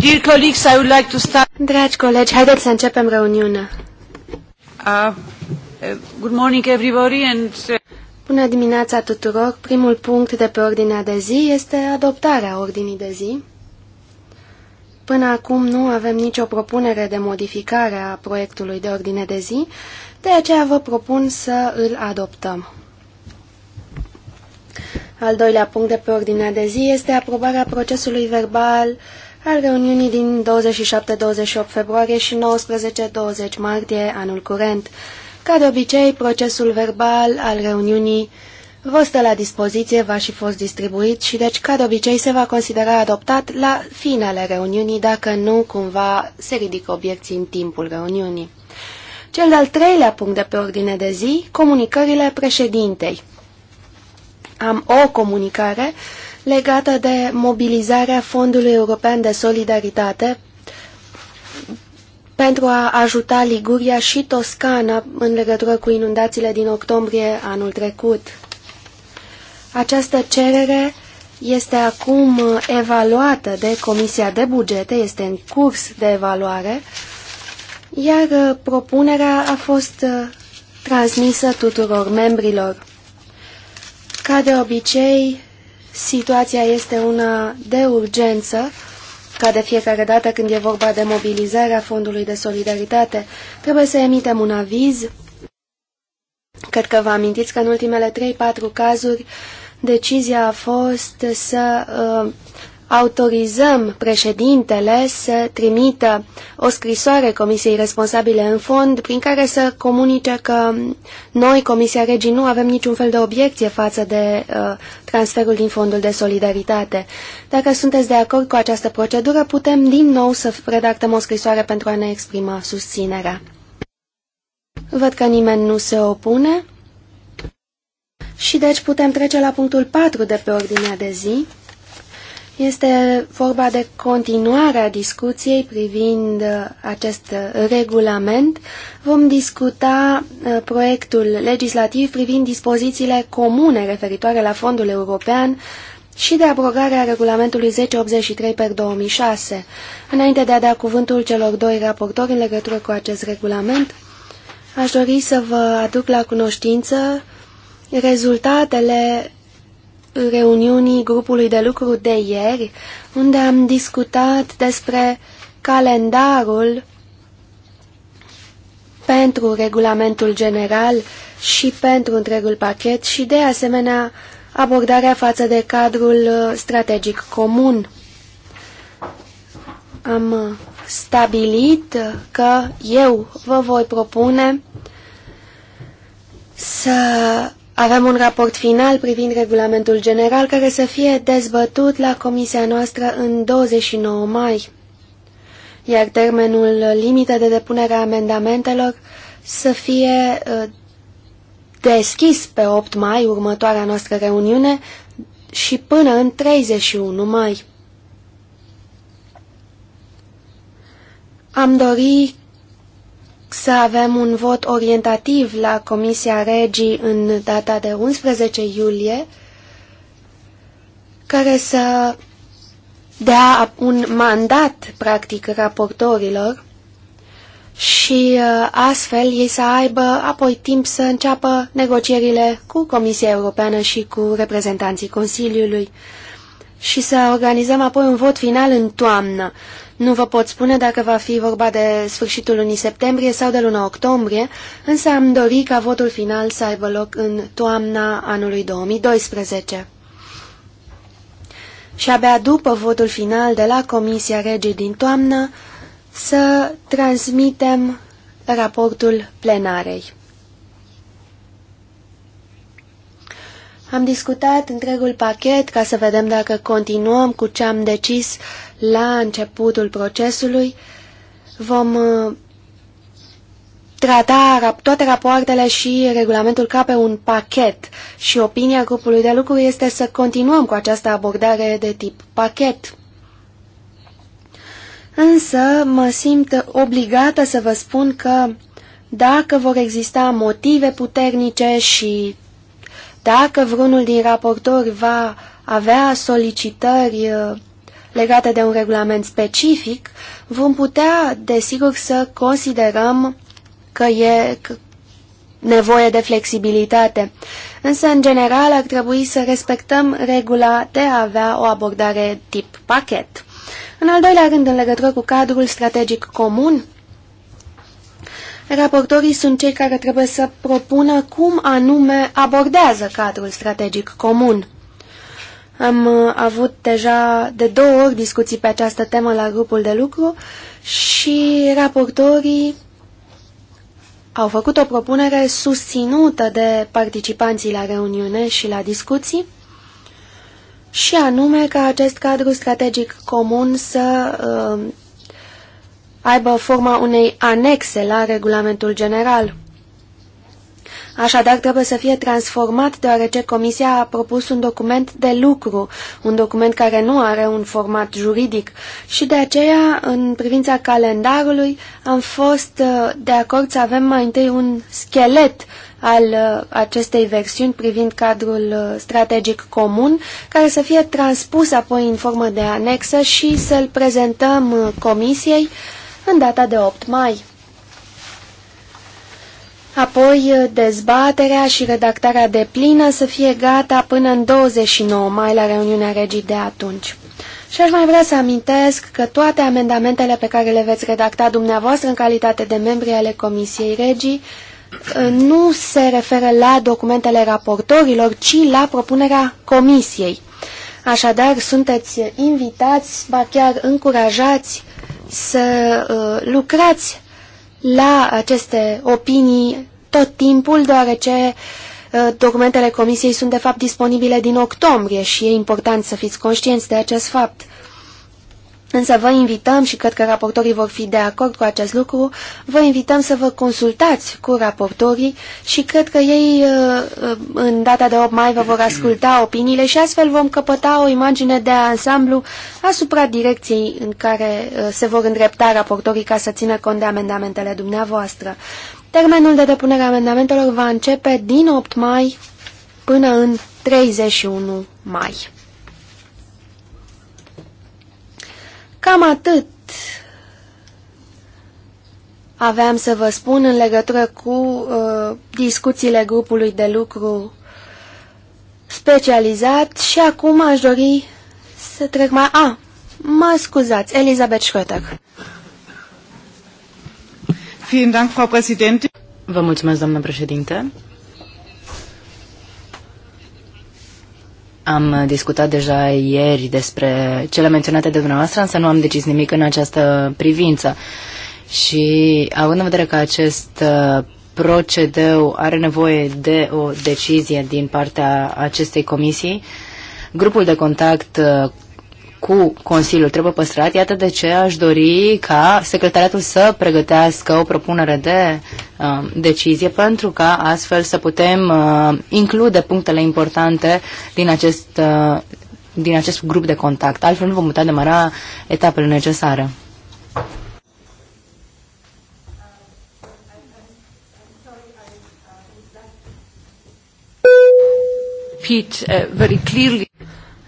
Dear colleagues, I would like to start... Dragi colegi, haideți să începem reuniunea. Uh, good morning everybody and... Uh, Bună dimineața tuturor! Primul punct de pe ordinea de zi este adoptarea ordinii de zi. Până acum nu avem nicio propunere de modificare a proiectului de ordine de zi, de aceea vă propun să îl adoptăm. Al doilea punct de pe ordinea de zi este aprobarea procesului verbal al reuniunii din 27-28 februarie și 19-20 martie anul curent. Ca de obicei, procesul verbal al reuniunii vă stă la dispoziție, va și fost distribuit și deci, ca de obicei, se va considera adoptat la finele reuniunii, dacă nu cumva se ridică obiecții în timpul reuniunii. Cel de-al treilea punct de pe ordine de zi, comunicările președintei. Am o comunicare legată de mobilizarea Fondului European de Solidaritate pentru a ajuta Liguria și Toscana în legătură cu inundațiile din octombrie anul trecut. Această cerere este acum evaluată de Comisia de Bugete, este în curs de evaluare, iar propunerea a fost transmisă tuturor membrilor. Ca de obicei, Situația este una de urgență, ca de fiecare dată când e vorba de mobilizarea Fondului de Solidaritate. Trebuie să emitem un aviz. Cred că vă amintiți că în ultimele 3-4 cazuri decizia a fost să uh, autorizăm președintele să trimită o scrisoare comisiei responsabile în fond prin care să comunice că noi, Comisia Regii, nu avem niciun fel de obiecție față de uh, transferul din Fondul de Solidaritate. Dacă sunteți de acord cu această procedură, putem din nou să redactăm o scrisoare pentru a ne exprima susținerea. Văd că nimeni nu se opune. Și deci putem trece la punctul 4 de pe ordinea de zi. Este vorba de continuarea discuției privind uh, acest uh, regulament. Vom discuta uh, proiectul legislativ privind dispozițiile comune referitoare la Fondul European și de abrogarea regulamentului 1083 per 2006. Înainte de a da cuvântul celor doi raportori în legătură cu acest regulament, aș dori să vă aduc la cunoștință rezultatele reuniunii grupului de lucru de ieri, unde am discutat despre calendarul pentru regulamentul general și pentru întregul pachet și, de asemenea, abordarea față de cadrul uh, strategic comun. Am uh, stabilit uh, că eu vă voi propune să avem un raport final privind regulamentul general care să fie dezbătut la comisia noastră în 29 mai, iar termenul limită de depunere a amendamentelor să fie ă, deschis pe 8 mai, următoarea noastră reuniune, și până în 31 mai. Am dori să avem un vot orientativ la Comisia Regii în data de 11 iulie, care să dea un mandat, practic, raportorilor și uh, astfel ei să aibă apoi timp să înceapă negocierile cu Comisia Europeană și cu reprezentanții Consiliului și să organizăm apoi un vot final în toamnă. Nu vă pot spune dacă va fi vorba de sfârșitul lunii septembrie sau de luna octombrie, însă am dori ca votul final să aibă loc în toamna anului 2012. Și abia după votul final de la Comisia Regii din toamnă, să transmitem raportul plenarei. Am discutat întregul pachet ca să vedem dacă continuăm cu ce am decis la începutul procesului. Vom uh, trata toate rapoartele și regulamentul ca pe un pachet și opinia grupului de lucru este să continuăm cu această abordare de tip pachet. Însă mă simt obligată să vă spun că dacă vor exista motive puternice și dacă vreunul din raportori va avea solicitări uh, legate de un regulament specific, vom putea, desigur, să considerăm că e nevoie de flexibilitate. Însă, în general, ar trebui să respectăm regula de a avea o abordare tip pachet. În al doilea rând, în legătură cu cadrul strategic comun, Raportorii sunt cei care trebuie să propună cum anume abordează cadrul strategic comun. Am uh, avut deja de două ori discuții pe această temă la grupul de lucru și raportorii au făcut o propunere susținută de participanții la reuniune și la discuții și anume ca acest cadru strategic comun să uh, aibă forma unei anexe la regulamentul general. Așadar, trebuie să fie transformat, deoarece Comisia a propus un document de lucru, un document care nu are un format juridic și de aceea, în privința calendarului, am fost uh, de acord să avem mai întâi un schelet al uh, acestei versiuni privind cadrul uh, strategic comun, care să fie transpus apoi în formă de anexă și să-l prezentăm Comisiei în data de 8 mai. Apoi, eh, dezbaterea și redactarea de plină să fie gata până în 29 mai la reuniunea regii de atunci. Și aș mai vrea să amintesc că toate amendamentele pe care le veți redacta dumneavoastră în calitate de membri ale Comisiei Regii eh, nu se referă la documentele raportorilor, ci la propunerea Comisiei. Așadar, sunteți invitați, ba chiar încurajați să uh, lucrați la aceste opinii tot timpul, deoarece uh, documentele comisiei sunt de fapt disponibile din octombrie și e important să fiți conștienți de acest fapt. Însă vă invităm, și cred că raportorii vor fi de acord cu acest lucru, vă invităm să vă consultați cu raportorii și cred că ei uh, uh, în data de 8 mai vă vor asculta opiniile și astfel vom căpăta o imagine de ansamblu asupra direcției în care uh, se vor îndrepta raportorii ca să țină cont de amendamentele dumneavoastră. Termenul de depunere a amendamentelor va începe din 8 mai până în 31 mai. Cam atât aveam să vă spun în legătură cu uh, discuțiile grupului de lucru specializat și acum aș dori să trec mai... A, ah, mă scuzați, Elizabeth Schröter. Vă mulțumesc, doamnă președinte. Am discutat deja ieri despre cele menționate de dumneavoastră, însă nu am decis nimic în această privință. Și având în vedere că acest uh, procedeu are nevoie de o decizie din partea acestei comisii, grupul de contact uh, cu Consiliul trebuie păstrat. Iată de ce aș dori ca secretariatul să pregătească o propunere de uh, decizie pentru ca astfel să putem uh, include punctele importante din acest, uh, din acest grup de contact. Altfel nu vom putea demara etapele necesare. Pete, uh, very clearly.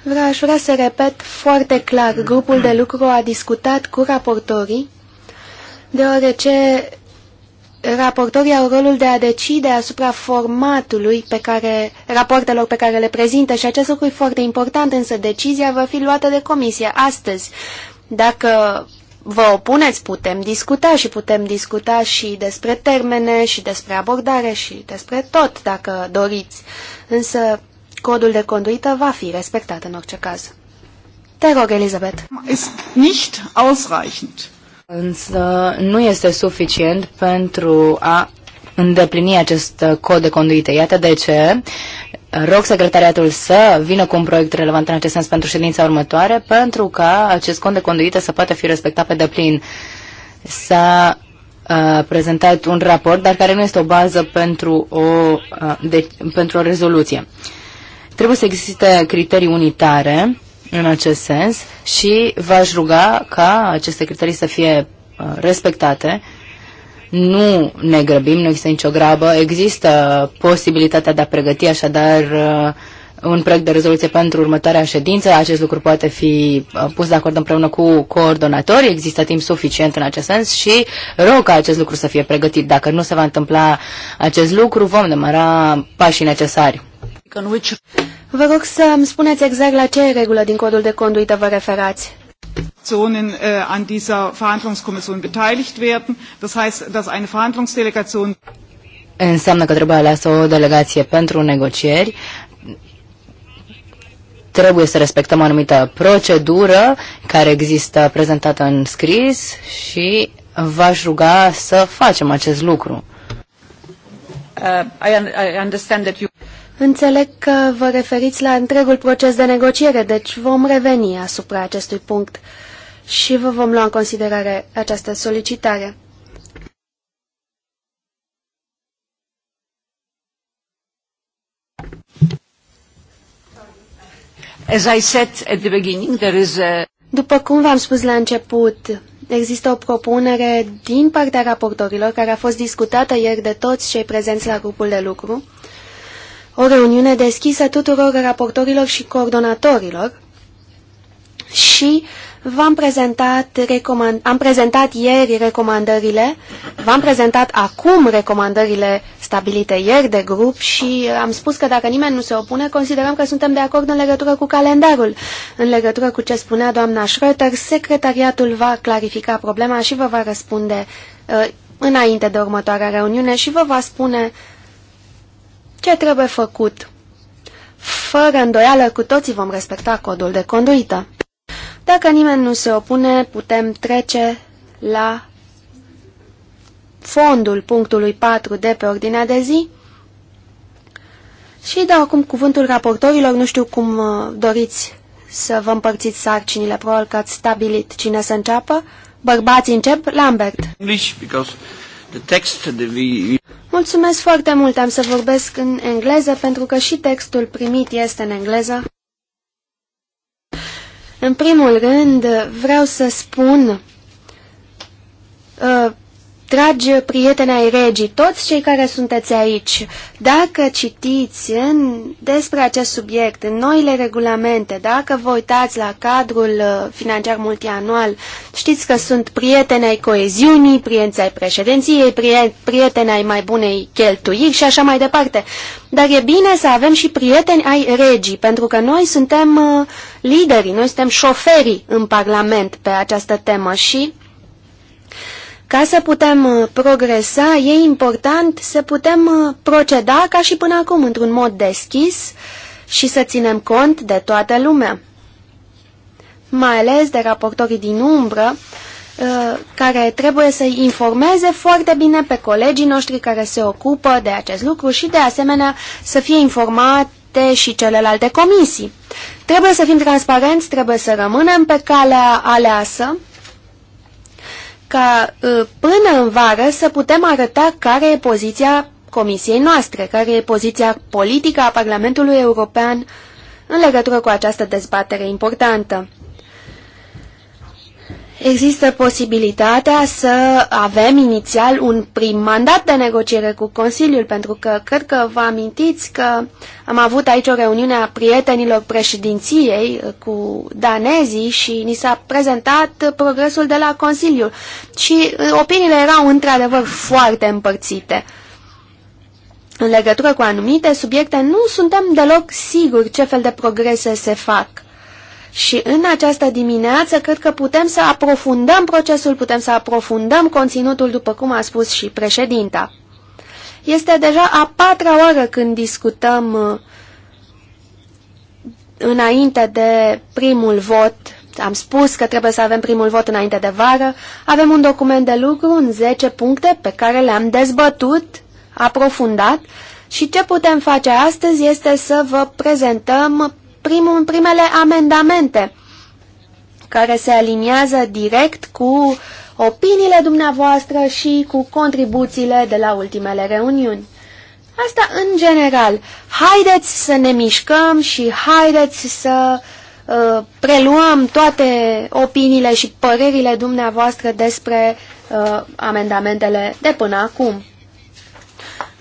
Vreau aș vrea să repet foarte clar, grupul de lucru a discutat cu raportorii, deoarece raportorii au rolul de a decide asupra formatului pe care, rapoartelor pe care le prezintă și acest lucru e foarte important, însă decizia va fi luată de comisie astăzi. Dacă vă opuneți, putem discuta și putem discuta și despre termene și despre abordare și despre tot, dacă doriți. Însă Codul de conduită va fi respectat în orice caz. Te rog, Elizabeth. Ist nicht ausreichend. Însă nu este suficient pentru a îndeplini acest cod de conduită. Iată de ce rog secretariatul să vină cu un proiect relevant în acest sens pentru ședința următoare, pentru ca acest cod de conduită să poată fi respectat pe deplin. S-a uh, prezentat un raport, dar care nu este o bază pentru o, uh, de, pentru o rezoluție. Uh, Trebuie să existe criterii unitare în acest sens și v-aș ruga ca aceste criterii să fie uh, respectate. Nu ne grăbim, nu există nicio grabă, există posibilitatea de a pregăti așadar uh, un proiect de rezoluție pentru următoarea ședință. Acest lucru poate fi uh, pus de acord împreună cu coordonatorii. Există timp suficient în acest sens și rog ca acest lucru să fie pregătit. Dacă nu se va întâmpla acest lucru, vom demara pașii necesari. Vă rog să îmi spuneți exact la ce regulă din codul de conduită vă referați. Delegationen eh, an dieser Verhandlungskommission beteiligt werden. Das heißt, dass eine Verhandlungsdelegation Înseamnă că trebuie aleasă o delegație pentru negocieri, trebuie să respectăm o anumită procedură care există prezentată în scris și v-aș ruga să facem acest lucru. Uh, I, I understand that you... Înțeleg că vă referiți la întregul proces de negociere, deci vom reveni asupra acestui punct și vă vom lua în considerare această solicitare. As I said at the beginning, there is a... După cum v-am spus la început, există o propunere din partea raportorilor care a fost discutată ieri de toți cei prezenți la grupul de lucru o reuniune deschisă tuturor raportorilor și coordonatorilor și v-am prezentat, recomand, am prezentat ieri recomandările, v-am prezentat acum recomandările stabilite ieri de grup și am spus că dacă nimeni nu se opune, considerăm că suntem de acord în legătură cu calendarul. În legătură cu ce spunea doamna Schroeter, secretariatul va clarifica problema și vă va răspunde uh, înainte de următoarea reuniune și vă va spune uh, ce trebuie făcut? Fără îndoială, cu toții vom respecta codul de conduită. Dacă nimeni nu se opune, putem trece la fondul punctului 4 de pe ordinea de zi și dau acum cuvântul raportorilor. Nu știu cum uh, doriți să vă împărțiți sarcinile. Probabil că ați stabilit cine să înceapă. Bărbații încep. Lambert. English, because The text, the... Mulțumesc foarte mult, am să vorbesc în engleză pentru că și textul primit este în engleză. În primul rând, vreau să spun uh, Dragi prieteni ai regii, toți cei care sunteți aici, dacă citiți în, despre acest subiect în noile regulamente, dacă vă uitați la cadrul uh, financiar multianual, știți că sunt prieteni ai coeziunii, prieteni ai președinției, prieteni ai mai bunei cheltuiri și așa mai departe. Dar e bine să avem și prieteni ai regii, pentru că noi suntem uh, liderii, noi suntem șoferii în Parlament pe această temă și ca să putem uh, progresa, e important să putem uh, proceda ca și până acum, într-un mod deschis și să ținem cont de toată lumea. Mai ales de raportorii din umbră, uh, care trebuie să informeze foarte bine pe colegii noștri care se ocupă de acest lucru și, de asemenea, să fie informate și celelalte comisii. Trebuie să fim transparenți, trebuie să rămânem pe calea aleasă, ca ă, până în vară să putem arăta care e poziția comisiei noastre, care e poziția politică a Parlamentului European în legătură cu această dezbatere importantă. Există posibilitatea să avem inițial un prim mandat de negociere cu Consiliul, pentru că cred că vă amintiți că am avut aici o reuniune a prietenilor președinției cu danezii și ni s-a prezentat progresul de la Consiliu și uh, opiniile erau într-adevăr foarte împărțite. În legătură cu anumite subiecte nu suntem deloc siguri ce fel de progrese se fac. Și în această dimineață cred că putem să aprofundăm procesul, putem să aprofundăm conținutul, după cum a spus și președinta. Este deja a patra oară când discutăm uh, înainte de primul vot. Am spus că trebuie să avem primul vot înainte de vară. Avem un document de lucru în 10 puncte pe care le-am dezbătut, aprofundat și ce putem face astăzi este să vă prezentăm primul, primele amendamente care se aliniază direct cu opiniile dumneavoastră și cu contribuțiile de la ultimele reuniuni. Asta în general. Haideți să ne mișcăm și haideți să uh, preluăm toate opiniile și părerile dumneavoastră despre uh, amendamentele de până acum.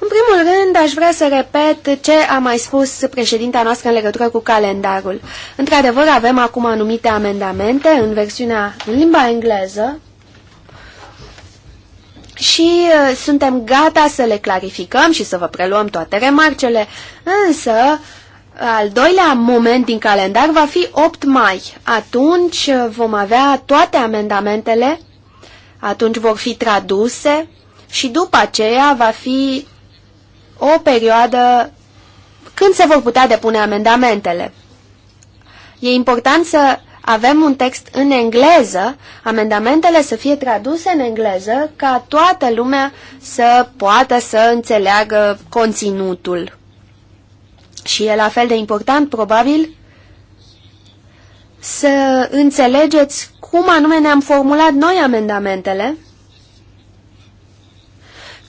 În primul rând, aș vrea să repet ce a mai spus președinta noastră în legătură cu calendarul. Într-adevăr, avem acum anumite amendamente în versiunea în limba engleză și uh, suntem gata să le clarificăm și să vă preluăm toate remarcele, însă al doilea moment din calendar va fi 8 mai. Atunci uh, vom avea toate amendamentele, atunci vor fi traduse și după aceea va fi o perioadă când se vor putea depune amendamentele. E important să avem un text în engleză, amendamentele să fie traduse în engleză, ca toată lumea să poată să înțeleagă conținutul. Și e la fel de important, probabil, să înțelegeți cum anume ne-am formulat noi amendamentele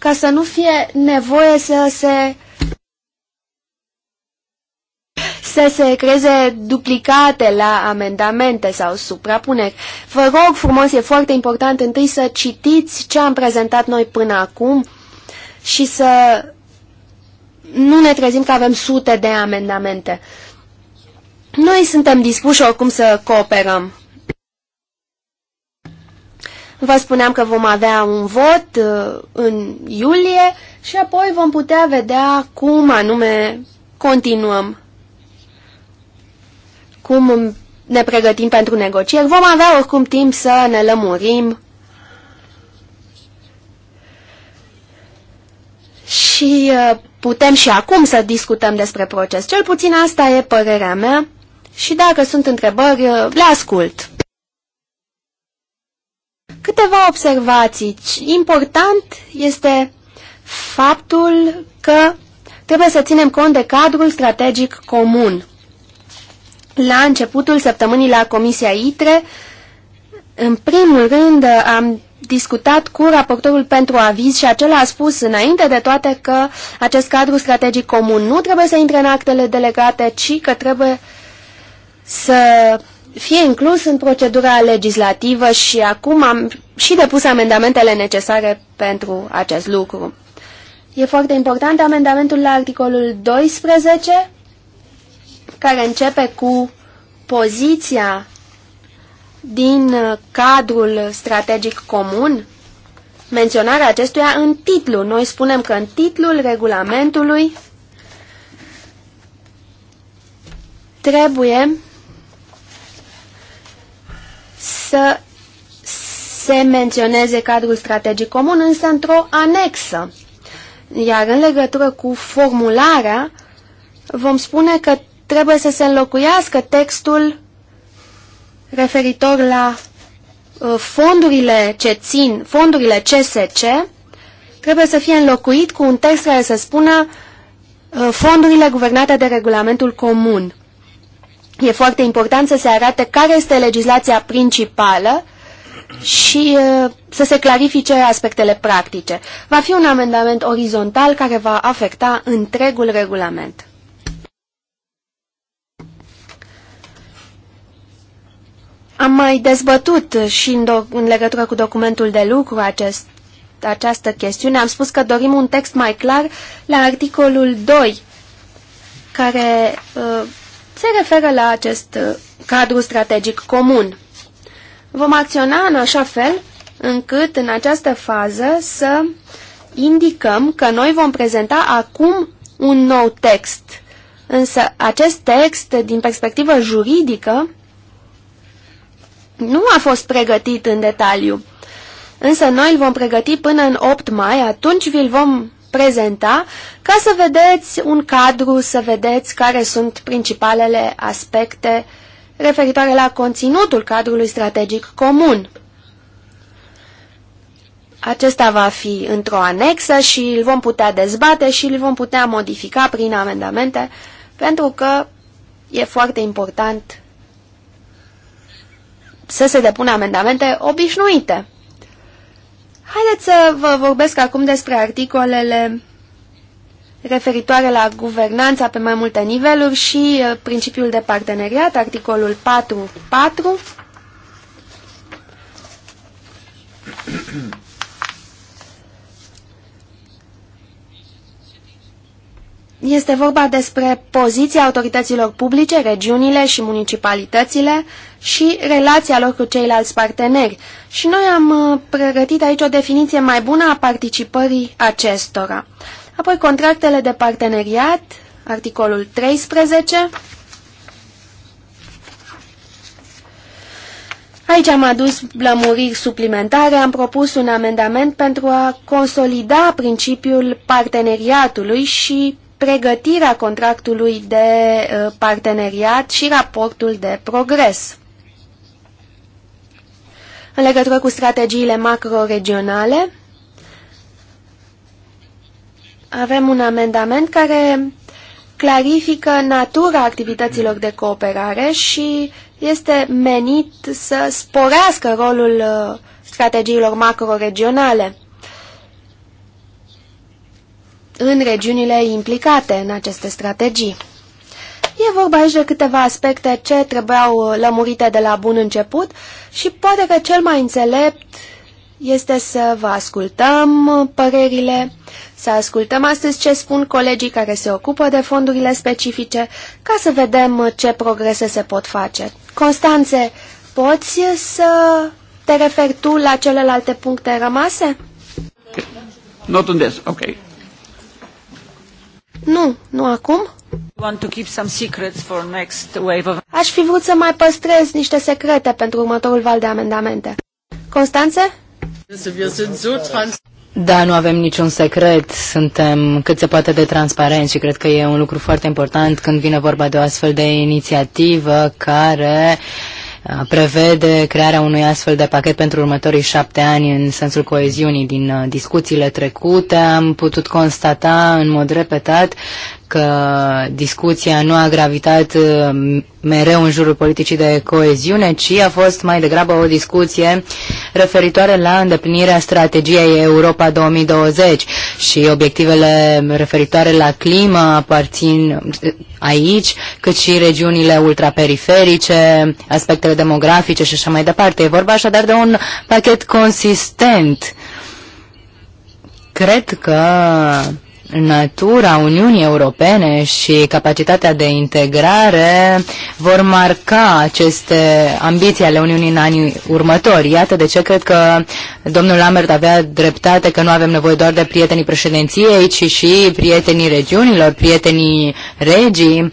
ca să nu fie nevoie să se să se creeze duplicate la amendamente sau suprapuneri. Vă rog frumos, e foarte important întâi să citiți ce am prezentat noi până acum și să nu ne trezim că avem sute de amendamente. Noi suntem dispuși oricum să cooperăm. Vă spuneam că vom avea un vot uh, în iulie și apoi vom putea vedea cum anume continuăm, cum ne pregătim pentru negocieri. Vom avea oricum timp să ne lămurim și uh, putem și acum să discutăm despre proces. Cel puțin asta e părerea mea și dacă sunt întrebări, uh, le ascult. Câteva observații. Important este faptul că trebuie să ținem cont de cadrul strategic comun. La începutul săptămânii la Comisia ITRE, în primul rând am discutat cu raportorul pentru aviz și acela a spus înainte de toate că acest cadru strategic comun nu trebuie să intre în actele delegate, ci că trebuie să fie inclus în procedura legislativă și acum am și depus amendamentele necesare pentru acest lucru. E foarte important amendamentul la articolul 12, care începe cu poziția din cadrul strategic comun, menționarea acestuia în titlu. Noi spunem că în titlul regulamentului trebuie să se menționeze cadrul strategic comun, însă într-o anexă. Iar în legătură cu formularea, vom spune că trebuie să se înlocuiască textul referitor la uh, fondurile ce țin, fondurile CSC, trebuie să fie înlocuit cu un text care să spună uh, fondurile guvernate de regulamentul comun. E foarte important să se arate care este legislația principală și să se clarifice aspectele practice. Va fi un amendament orizontal care va afecta întregul regulament. Am mai dezbătut și în, în legătură cu documentul de lucru acest, această chestiune. Am spus că dorim un text mai clar la articolul 2, care uh, se referă la acest uh, cadru strategic comun. Vom acționa în așa fel încât în această fază să indicăm că noi vom prezenta acum un nou text. Însă acest text, din perspectivă juridică, nu a fost pregătit în detaliu. Însă noi îl vom pregăti până în 8 mai, atunci vi-l vom prezenta, ca să vedeți un cadru, să vedeți care sunt principalele aspecte referitoare la conținutul cadrului strategic comun. Acesta va fi într-o anexă și îl vom putea dezbate și îl vom putea modifica prin amendamente, pentru că e foarte important să se depună amendamente obișnuite. Haideți să vă vorbesc acum despre articolele referitoare la guvernanța pe mai multe niveluri și uh, principiul de parteneriat, articolul 4.4. Este vorba despre poziția autorităților publice, regiunile și municipalitățile și relația lor cu ceilalți parteneri. Și noi am uh, pregătit aici o definiție mai bună a participării acestora. Apoi contractele de parteneriat, articolul 13. Aici am adus lămuriri suplimentare, am propus un amendament pentru a consolida principiul parteneriatului și pregătirea contractului de uh, parteneriat și raportul de progres. În legătură cu strategiile macroregionale, avem un amendament care clarifică natura activităților de cooperare și este menit să sporească rolul uh, strategiilor macroregionale în regiunile implicate în aceste strategii. E vorba aici de câteva aspecte ce trebuiau lămurite de la bun început și poate că cel mai înțelept este să vă ascultăm părerile, să ascultăm astăzi ce spun colegii care se ocupă de fondurile specifice, ca să vedem ce progrese se pot face. Constanțe, poți să te referi tu la celelalte puncte rămase? Okay. Not on this, okay. Nu, nu acum. Want to keep some secrets for next wave of... Aș fi vrut să mai păstrez niște secrete pentru următorul val de amendamente. Constanțe? Da, nu avem niciun secret, suntem cât se poate de transparenți și cred că e un lucru foarte important când vine vorba de o astfel de inițiativă care Uh, prevede crearea unui astfel de pachet pentru următorii șapte ani în sensul coeziunii. Din uh, discuțiile trecute am putut constata în mod repetat că discuția nu a gravitat uh, mereu în jurul politicii de coeziune, ci a fost mai degrabă o discuție referitoare la îndeplinirea strategiei Europa 2020 și obiectivele referitoare la climă aparțin aici, cât și regiunile ultraperiferice, aspectele demografice și așa mai departe. E vorba așadar de un pachet consistent. Cred că natura Uniunii Europene și capacitatea de integrare vor marca aceste ambiții ale Uniunii în anii următori. Iată de ce cred că domnul Lambert avea dreptate că nu avem nevoie doar de prietenii președinției, ci și prietenii regiunilor, prietenii regii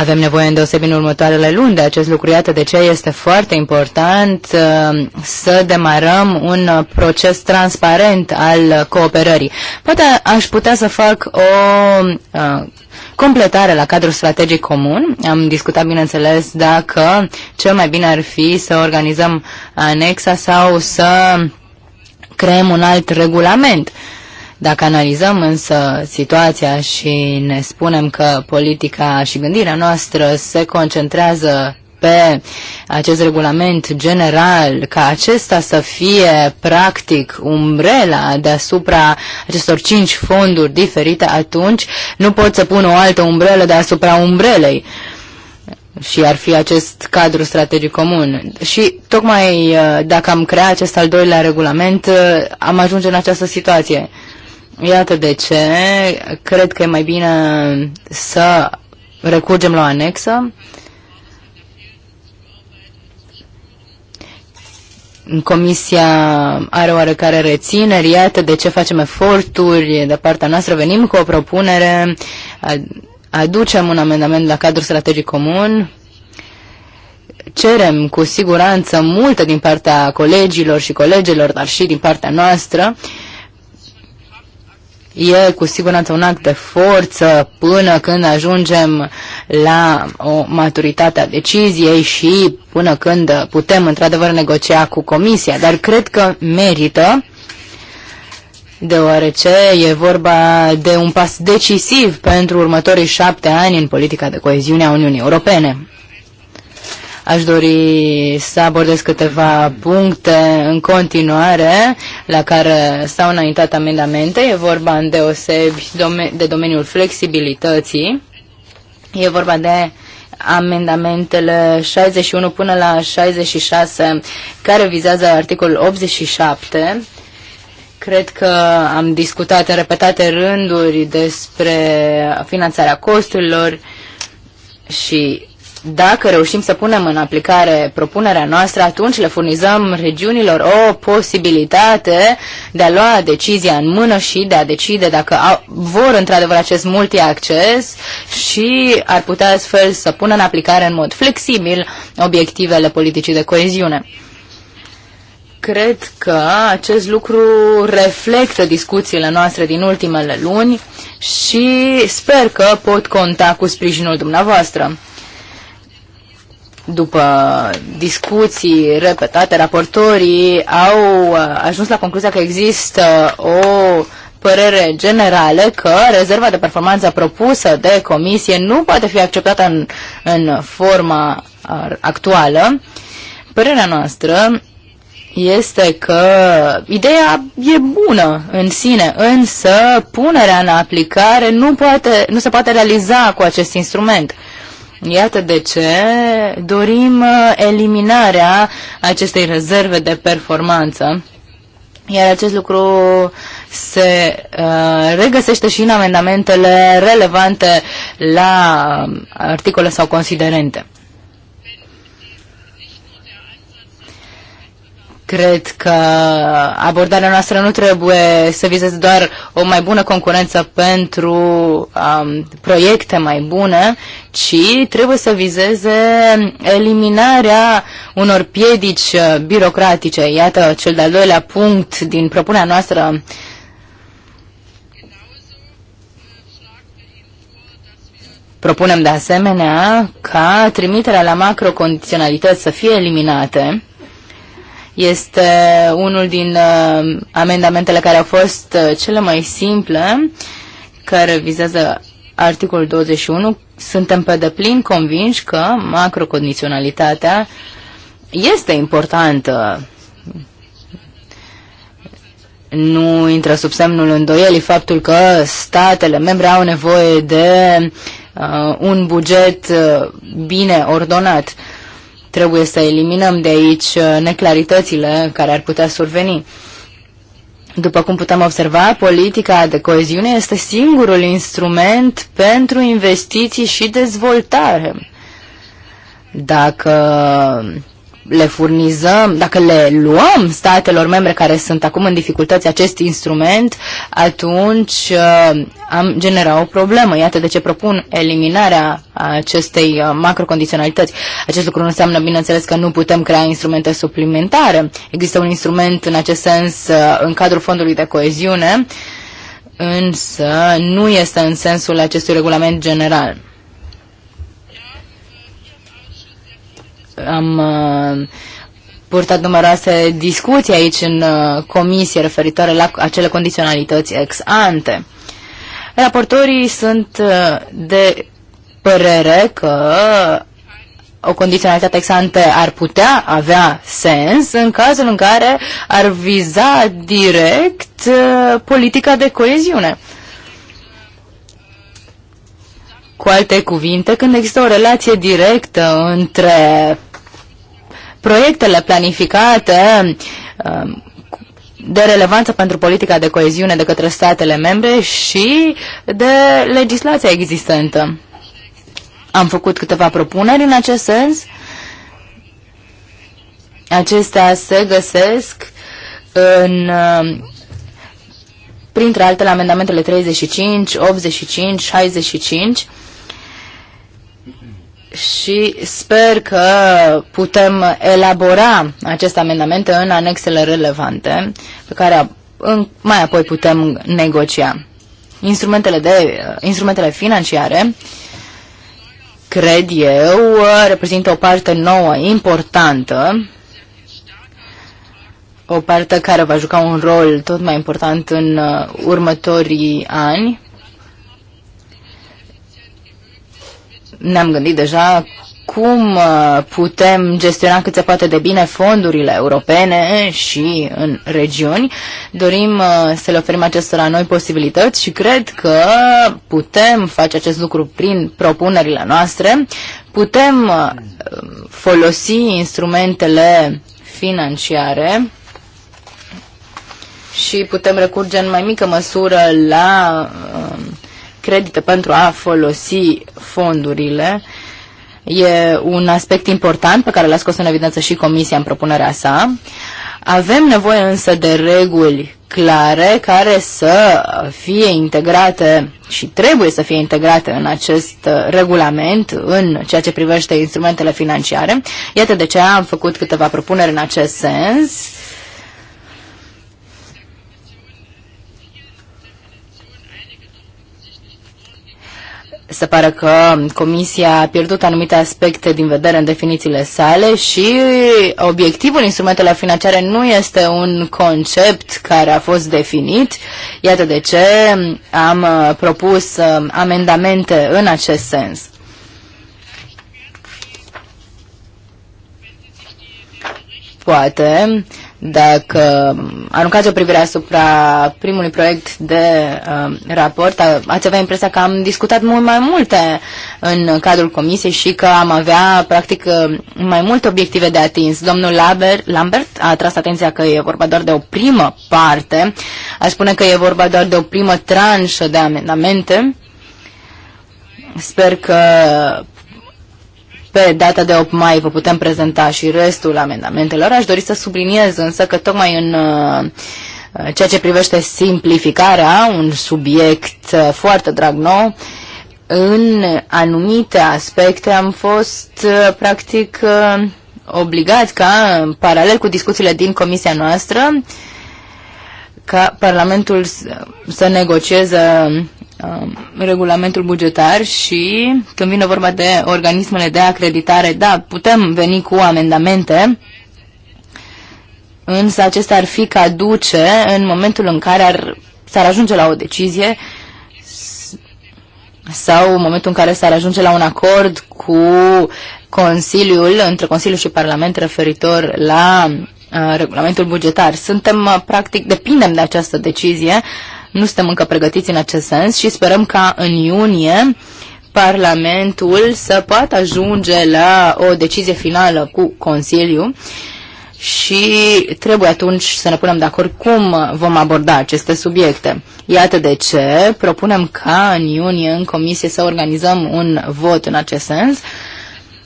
avem nevoie îndeosebi în următoarele luni de acest lucru. Iată de ce este foarte important uh, să demarăm un uh, proces transparent al cooperării. Poate aș putea să fac o uh, completare la cadrul strategic comun. Am discutat, bineînțeles, dacă cel mai bine ar fi să organizăm anexa sau să creăm un alt regulament. Uh, dacă analizăm însă situația și ne spunem că politica și gândirea noastră se concentrează pe acest regulament general, ca acesta să fie practic umbrela deasupra acestor cinci fonduri diferite, atunci nu pot să pun o altă umbrelă deasupra umbrelei și ar fi acest cadru strategic comun. Și tocmai uh, dacă am creat acest al doilea regulament, uh, am ajunge în această situație. Iată de ce cred că e mai bine să recurgem la o anexă. Comisia are oarecare rețineri, iată de ce facem eforturi de partea noastră, venim cu o propunere, aducem un amendament la cadrul strategic comun, cerem cu siguranță multă din partea colegilor și colegilor, dar și din partea noastră, uh, E cu siguranță un act de forță până când ajungem la o maturitate a deciziei și până când putem într-adevăr negocia cu comisia, dar cred că merită deoarece e vorba de un pas decisiv pentru următorii șapte ani în politica de coeziune a Uniunii Europene. Aș dori să abordez câteva puncte în continuare la care s-au înaintat amendamente. E vorba în deosebi de domeniul flexibilității. E vorba de amendamentele 61 până la 66 care vizează articolul 87 Cred că am discutat în repetate rânduri despre finanțarea costurilor și dacă reușim să punem în aplicare propunerea noastră, atunci le furnizăm regiunilor o posibilitate de a lua decizia în mână și de a decide dacă au, vor într-adevăr acest multiacces și ar putea astfel să pună în aplicare în mod flexibil obiectivele politicii de coeziune cred că acest lucru reflectă discuțiile noastre din ultimele luni și sper că pot conta cu sprijinul dumneavoastră. După discuții repetate, raportorii au uh, ajuns la concluzia că există o părere generală că rezerva de performanță propusă de comisie nu poate fi acceptată în, în forma uh, actuală. Părerea noastră este că ideea e bună în sine, însă punerea în aplicare nu, poate, nu se poate realiza cu acest instrument. Iată de ce dorim uh, eliminarea acestei rezerve de performanță. Iar acest lucru se uh, regăsește și în amendamentele relevante la articole sau considerente. Cred că abordarea noastră nu trebuie să vizeze doar o mai bună concurență pentru um, proiecte mai bune, ci trebuie să vizeze eliminarea unor piedici uh, birocratice. Iată cel de-al doilea punct din propunerea noastră Propunem de asemenea ca trimiterea la macrocondiționalități să fie eliminate este unul din uh, amendamentele care au fost uh, cele mai simple, care vizează articolul 21. Suntem pe deplin convinși că macrocondiționalitatea este importantă nu intră sub semnul îndoielii faptul că statele membre au nevoie de uh, un buget uh, bine ordonat. Trebuie să eliminăm de aici uh, neclaritățile care ar putea surveni. După cum putem observa, politica de coeziune este singurul instrument pentru investiții și dezvoltare. Dacă le furnizăm, dacă le luăm statelor membre care sunt acum în dificultăți acest instrument, atunci uh, am genera o problemă. Iată de ce propun eliminarea acestei uh, macrocondiționalități. Acest lucru nu înseamnă, bineînțeles, că nu putem crea instrumente suplimentare. Există un instrument în acest sens uh, în cadrul fondului de coeziune, însă nu este în sensul acestui regulament general. am uh, purtat numeroase discuții aici în uh, comisie referitoare la acele condiționalități ex ante. Raportorii sunt uh, de părere că o condiționalitate ex ante ar putea avea sens în cazul în care ar viza direct politica de coeziune. Cu alte cuvinte, când există o relație directă între proiectele planificate um, de relevanță pentru politica de coeziune de către statele membre și de legislația existentă. Am făcut câteva propuneri în acest sens. Acestea se găsesc în, um, printre altele, amendamentele 35, 85, 65 și sper că putem elabora aceste amendamente în anexele relevante pe care în, mai apoi putem negocia. Instrumentele, de, instrumentele financiare, cred eu, reprezintă o parte nouă, importantă, o parte care va juca un rol tot mai important în uh, următorii ani ne-am gândit deja cum uh, putem gestiona cât se poate de bine fondurile europene și în regiuni. Dorim uh, să le oferim acestora noi posibilități și cred că putem face acest lucru prin propunerile noastre. Putem uh, folosi instrumentele financiare și putem recurge în mai mică măsură la uh, credite pentru a folosi fondurile. E un aspect important pe care l-a scos în evidență și Comisia în propunerea sa. Avem nevoie însă de reguli clare care să fie integrate și trebuie să fie integrate în acest uh, regulament în ceea ce privește instrumentele financiare. Iată de ce am făcut câteva propuneri în acest sens se pare că Comisia a pierdut anumite aspecte din vedere în definițiile sale și obiectivul instrumentelor financiare nu este un concept care a fost definit. Iată de ce am uh, propus uh, amendamente în acest sens. Poate dacă aruncați o privire asupra primului proiect de uh, raport, ați avea impresia că am discutat mult mai multe în cadrul comisiei și că am avea, practic, mai multe obiective de atins. Domnul Lambert, Lambert a atras atenția că e vorba doar de o primă parte. Aș spune că e vorba doar de o primă tranșă de amendamente. Sper că pe data de 8 mai vă putem prezenta și restul amendamentelor. Aș dori să subliniez însă că tocmai în uh, ceea ce privește simplificarea, un subiect uh, foarte drag nou, în anumite aspecte am fost uh, practic obligați ca, în paralel cu discuțiile din comisia noastră, ca Parlamentul să negocieze Um, regulamentul bugetar și când vine vorba de organismele de acreditare, da, putem veni cu amendamente, însă acesta ar fi caduce în momentul în care ar, s-ar ajunge la o decizie sau în momentul în care s-ar ajunge la un acord cu Consiliul, între Consiliu și Parlament referitor la uh, regulamentul bugetar. Suntem, uh, practic, depindem de această decizie. Nu suntem încă pregătiți în acest sens și sperăm ca în iunie Parlamentul să poată ajunge la o decizie finală cu Consiliu și trebuie atunci să ne punem de acord cum vom aborda aceste subiecte. Iată de ce propunem ca în iunie în comisie să organizăm un vot în acest sens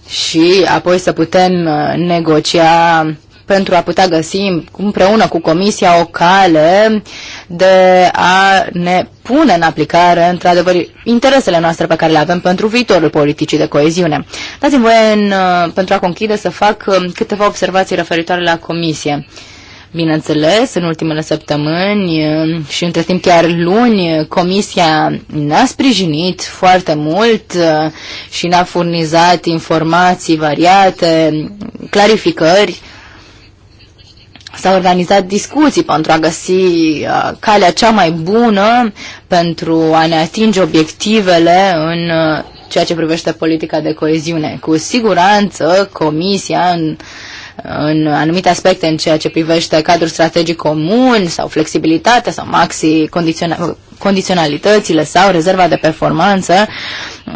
și apoi să putem negocia pentru a putea găsi împreună cu Comisia o cale de a ne pune în aplicare, într-adevăr, interesele noastre pe care le avem pentru viitorul politicii de coeziune. Dați-mi voie, în, uh, pentru a conchide, să fac uh, câteva observații referitoare la Comisie. Bineînțeles, în ultimele săptămâni uh, și între timp chiar luni, Comisia ne-a sprijinit foarte mult și ne-a furnizat informații variate, clarificări S-au organizat discuții pentru a găsi uh, calea cea mai bună pentru a ne atinge obiectivele în uh, ceea ce privește politica de coeziune. Cu siguranță, Comisia, în, în anumite aspecte, în ceea ce privește cadrul strategic comun sau flexibilitatea sau maxi condiționa, condiționalitățile sau rezerva de performanță,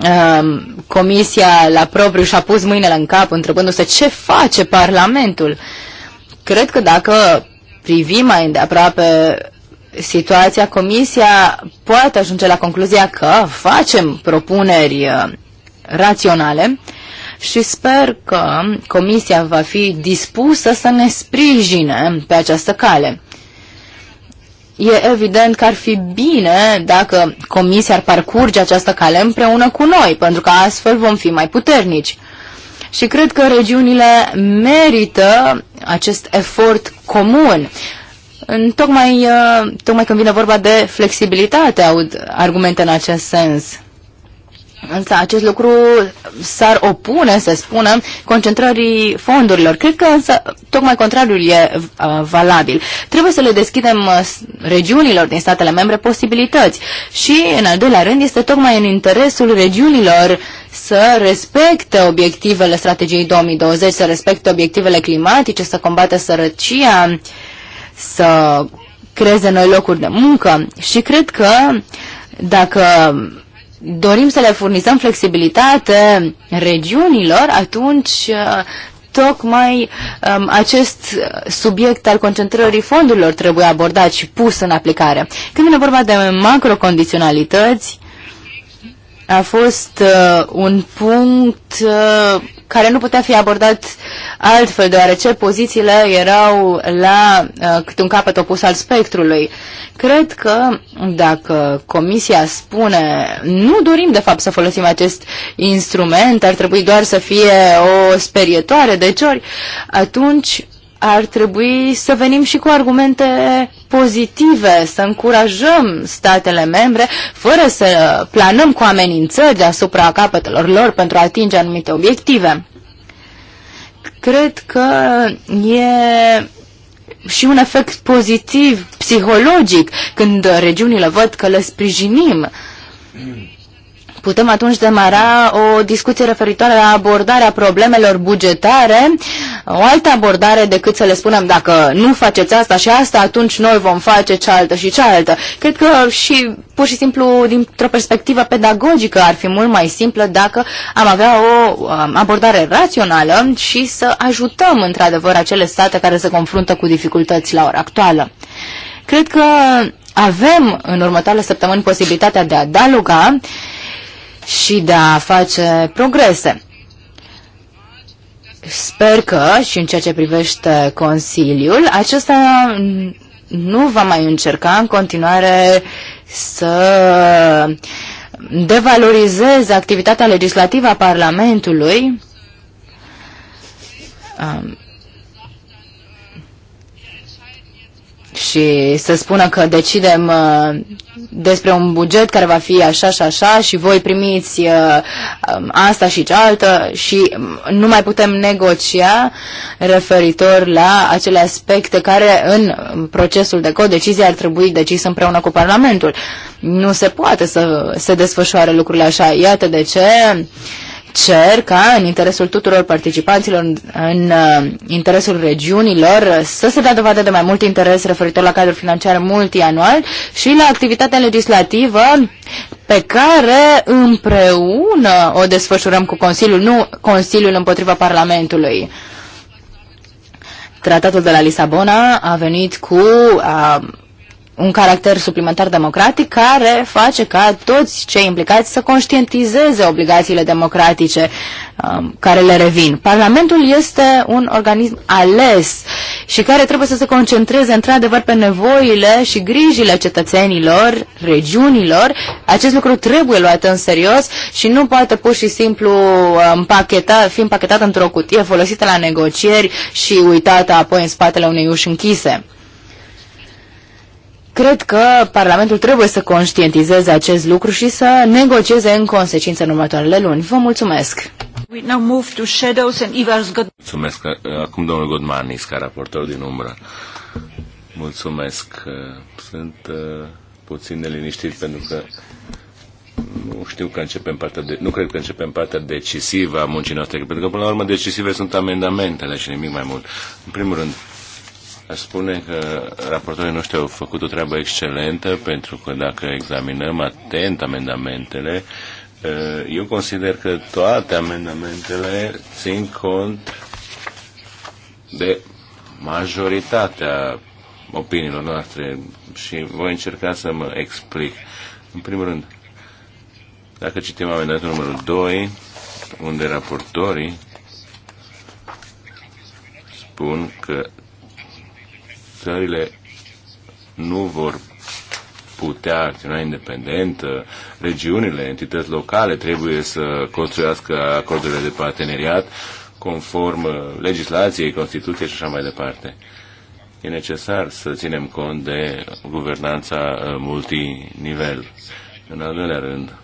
um, Comisia la propriu și-a pus mâinile în cap întrebându-se ce face Parlamentul Cred că dacă privim mai îndeaproape situația, Comisia poate ajunge la concluzia că facem propuneri uh, raționale și sper că Comisia va fi dispusă să ne sprijine pe această cale. E evident că ar fi bine dacă Comisia ar parcurge această cale împreună cu noi, pentru că astfel vom fi mai puternici. Și cred că regiunile merită acest efort comun. În tocmai, uh, tocmai când vine vorba de flexibilitate, aud argumente în acest sens. Însă acest lucru s-ar opune, să spunem, concentrării fondurilor. Cred că însă tocmai contrariul e uh, valabil. Trebuie să le deschidem uh, regiunilor din statele membre posibilități. Și, în al doilea rând, este tocmai în interesul regiunilor să respecte obiectivele strategiei 2020, să respecte obiectivele climatice, să combată sărăcia, să creeze noi locuri de muncă. Și cred că dacă dorim să le furnizăm flexibilitate regiunilor, atunci uh, tocmai um, acest subiect al concentrării fondurilor trebuie abordat și pus în aplicare. Când vine vorba de macrocondiționalități, a fost uh, un punct uh, care nu putea fi abordat altfel, deoarece pozițiile erau la uh, cât un capăt opus al spectrului. Cred că dacă Comisia spune nu dorim de fapt să folosim acest instrument, ar trebui doar să fie o sperietoare de ciori, atunci ar trebui să venim și cu argumente pozitive, să încurajăm statele membre fără să planăm cu amenințări deasupra capetelor lor pentru a atinge anumite obiective. Cred că e și un efect pozitiv psihologic când regiunile văd că le sprijinim. Putem atunci demara o discuție referitoare la abordarea problemelor bugetare, o altă abordare decât să le spunem dacă nu faceți asta și asta, atunci noi vom face cealaltă și cealaltă. Cred că și pur și simplu dintr-o perspectivă pedagogică ar fi mult mai simplă dacă am avea o um, abordare rațională și să ajutăm într-adevăr acele state care se confruntă cu dificultăți la ora actuală. Cred că avem în următoarele săptămâni posibilitatea de a dialoga și de a face progrese. Sper că și în ceea ce privește Consiliul, acesta nu va mai încerca în continuare să devalorizeze activitatea legislativă a Parlamentului um, și să spună că decidem uh, despre un buget care va fi așa și așa și voi primiți uh, um, asta și cealaltă și um, nu mai putem negocia referitor la acele aspecte care în procesul de codecizie ar trebui decis împreună cu Parlamentul. Nu se poate să se desfășoare lucrurile așa. Iată de ce uh, cer ca în interesul tuturor participanților, în, în uh, interesul regiunilor, uh, să se dea dovadă de mai mult interes referitor la cadrul financiar multianual și la activitatea legislativă pe care împreună o desfășurăm cu Consiliul, nu Consiliul împotriva Parlamentului. Tratatul de la Lisabona a venit cu a, uh, un caracter suplimentar democratic care face ca toți cei implicați să conștientizeze obligațiile democratice um, care le revin. Parlamentul este un organism ales și care trebuie să se concentreze într-adevăr pe nevoile și grijile cetățenilor, regiunilor. Acest lucru trebuie luat în serios și nu poate pur și simplu împacheta, um, fi împachetat într-o cutie folosită la negocieri și uitată apoi în spatele unei uși închise. Cred că Parlamentul trebuie să conștientizeze acest lucru și să negocieze în consecință în următoarele luni. Vă mulțumesc! mulțumesc acum domnul Godmanis, ca raportor din umbră. Mulțumesc. Sunt uh, puțin neliniștit pentru că nu știu că începem partea de, nu cred că începem partea decisivă a muncii noastre, pentru că până la urmă decisive sunt amendamentele și nimic mai mult. În primul rând, spune că raportorii noștri au făcut o treabă excelentă pentru că dacă examinăm atent amendamentele, eh, eu consider că toate amendamentele țin cont de majoritatea opiniilor noastre și voi încerca să mă explic. În primul rând, dacă citim amendamentul numărul 2, unde raportorii spun că țările nu vor putea acționa independent, regiunile, entități locale trebuie să construiască acordurile de parteneriat conform legislației, Constituției și așa mai departe. E necesar să ținem cont de guvernanța uh, multinivel. În al doilea rând,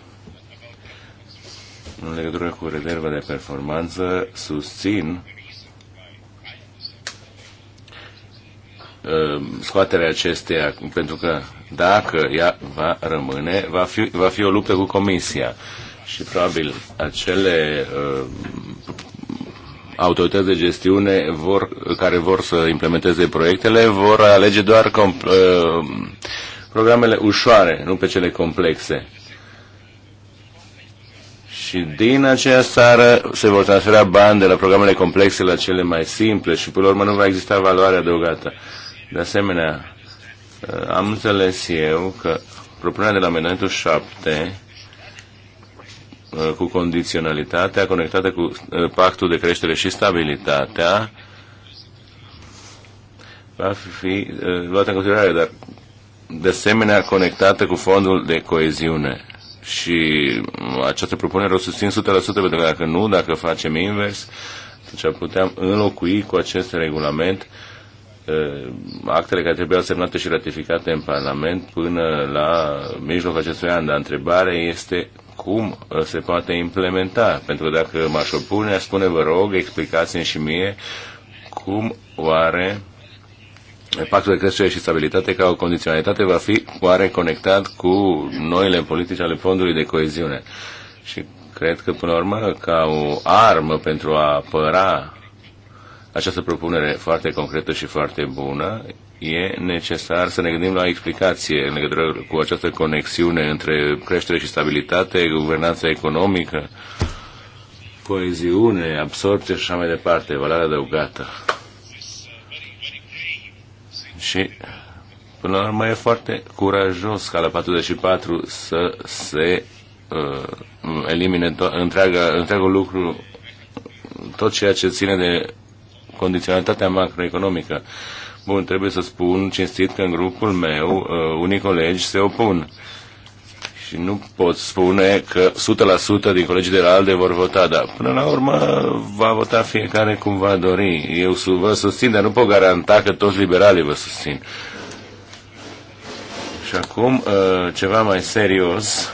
în legătură cu rezerva de performanță, susțin Uh, scoaterea acesteia, pentru că dacă ea va rămâne, va fi, va fi o luptă cu Comisia. Și probabil acele uh, autorități de gestiune vor, care vor să implementeze proiectele vor alege doar comp- uh, programele ușoare, nu pe cele complexe. Și din aceea țară se vor transfera bani de la programele complexe la cele mai simple și până la urmă nu va exista valoare adăugată. Uh, de asemenea, eh, am înțeles eu că propunerea de la amendamentul 7 eh, cu condiționalitatea conectată cu eh, pactul de creștere și stabilitatea va fi luată în considerare, dar de asemenea conectată cu fondul de coeziune. Și mm, această propunere o susțin 100% pentru că dacă nu, dacă facem invers, atunci deci puteam înlocui cu acest regulament uh, Uh, actele care trebuiau semnate și ratificate în Parlament până la mijlocul acestui an, dar întrebarea este cum uh, se poate implementa. Pentru că dacă m-aș opune, aș spune, vă rog, explicați-mi și mie cum oare pactul de creștere și stabilitate ca o condiționalitate va fi oare conectat cu noile politici ale fondului de coeziune. Și cred că, până la urmă, ca o armă pentru a apăra această propunere foarte concretă și foarte bună, e necesar să ne gândim la explicație în legătură cu această conexiune între creștere și stabilitate, guvernanța economică, coeziune, absorpție și așa mai departe, valoarea adăugată. Și până la urmă e foarte curajos ca la 44 să se uh, elimine to- întreaga, întreagul lucru, tot ceea ce ține de condiționalitatea macroeconomică. Bun, trebuie să spun cinstit că în grupul meu uh, unii colegi se opun. Și nu pot spune că 100% din colegii de la ALDE vor vota, dar până la urmă va vota fiecare cum va dori. Eu vă susțin, dar nu pot garanta că toți liberalii vă susțin. Și acum, uh, ceva mai serios,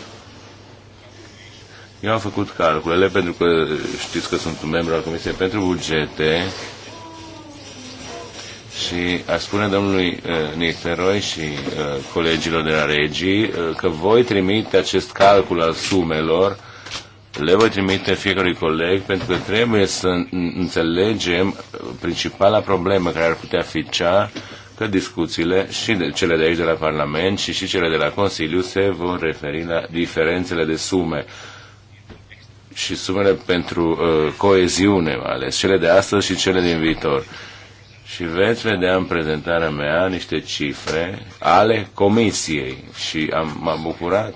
eu am făcut calculele pentru că știți că sunt un membru al Comisiei pentru Bugete și a spune domnului uh, eh, Niteroi și uh, colegilor de la regii uh, eh, că voi trimite acest calcul al sumelor, le voi trimite fiecărui coleg, pentru că trebuie să înțelegem principala problemă care ar putea fi cea că discuțiile și de cele de aici de la Parlament și și cele de la Consiliu se vor referi la diferențele de sume și sumele pentru uh, coeziune, ales cele de astăzi și cele din viitor. Uh, și veți vedea în prezentarea mea niște cifre ale comisiei și am, m-am bucurat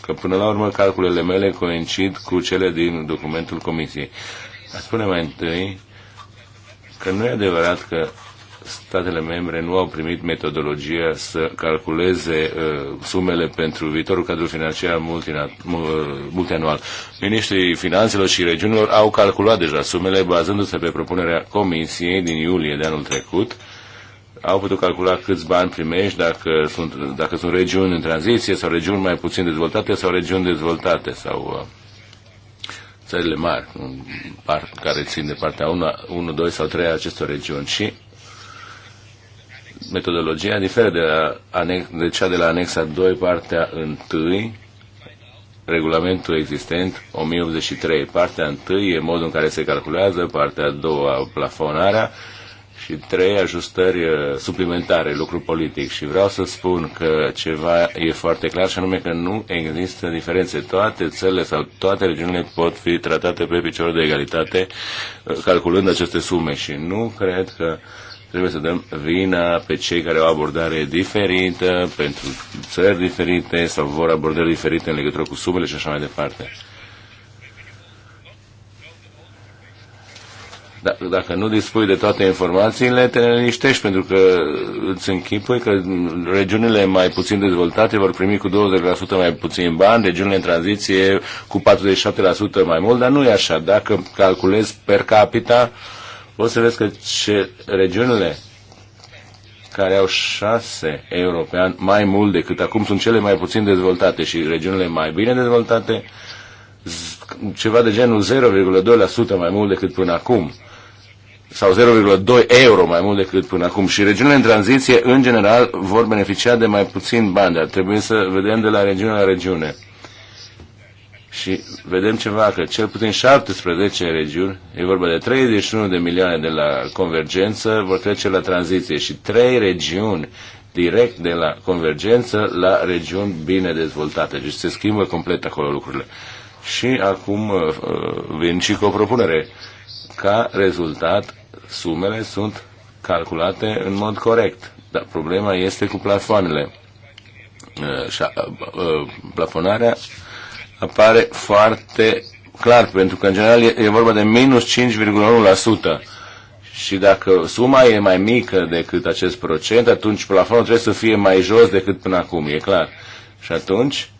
că până la urmă calculele mele coincid cu cele din documentul comisiei. A spune mai întâi că nu e adevărat că statele membre nu au primit metodologia să calculeze uh, sumele pentru viitorul cadru financiar uh, multianual. Ministrii finanțelor și regiunilor au calculat deja sumele bazându-se pe propunerea Comisiei din iulie de anul trecut au putut calcula câți bani primești dacă sunt, dacă sunt regiuni în tranziție sau regiuni mai puțin dezvoltate sau regiuni dezvoltate sau uh, țările mari par, care țin de partea 1, 1, 2 sau 3 a acestor regiuni și metodologia diferă de, la anex, de cea de la anexa 2, partea 1, regulamentul existent 1083. Partea 1 e modul în care se calculează, partea a doua plafonarea și 3, ajustări uh, suplimentare, lucru politic. Și vreau să spun că ceva e foarte clar și anume că nu există diferențe. Toate țările sau toate regiunile pot fi tratate pe picior de egalitate uh, calculând aceste sume și nu cred că trebuie să dăm vina pe cei care au abordare diferită, pentru țări diferite sau vor abordări diferite în legătură cu sumele și așa mai departe. Da, dacă nu dispui de toate informațiile, te liniștești, pentru că îți închipui că regiunile mai puțin dezvoltate vor primi cu 20% mai puțin bani, regiunile în tranziție cu 47% mai mult, dar nu e așa. Dacă calculezi per capita, uh, o să vezi că ce regiunile care au șase euro pe an mai mult decât acum sunt cele mai puțin dezvoltate și regiunile mai bine dezvoltate ceva de genul 0,2% mai mult decât până acum sau 0,2 euro mai mult decât până acum și regiunile în tranziție în general vor beneficia de mai puțin bani, dar trebuie să vedem de la regiune la regiune și vedem ceva, că cel puțin 17 regiuni, e vorba de 31 de milioane de la convergență, vor trece la tranziție și 3 regiuni direct de la convergență la regiuni bine dezvoltate. Deci se schimbă complet acolo lucrurile. Și acum uh, uh, vin și cu o propunere. Ca rezultat, sumele sunt calculate în mod corect. Dar problema este cu plafoanele. Uh, și plafonarea apare foarte clar, pentru că în general e, vorba de minus 5,1%. Și dacă suma e mai mică decât acest procent, atunci plafonul trebuie să fie mai jos decât până acum, e clar. Și atunci,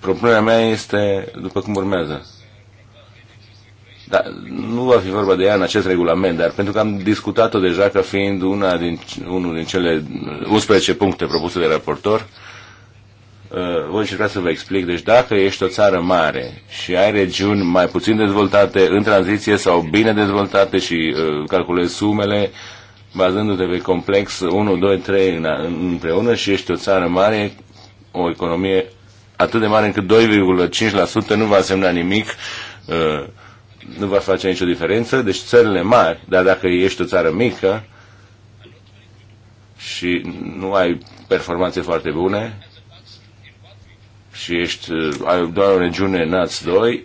propunerea mea este după cum urmează. Dar nu va fi vorba de ea în acest regulament, dar pentru că am discutat-o deja ca fiind una din, unul din cele 11 puncte propuse de raportor, uh, Uh, voi încerca să vă explic. Deci dacă ești o țară mare și ai regiuni mai puțin dezvoltate, în tranziție sau bine dezvoltate și uh, calculezi sumele, bazându-te pe complex 1, 2, 3 în, împreună și ești o țară mare, o economie atât de mare încât 2,5% nu va semna nimic, uh, nu va face nicio diferență. Deci țările mari, dar dacă ești o țară mică și nu ai performanțe foarte bune, și ești, uh, ai doar o regiune nat 2,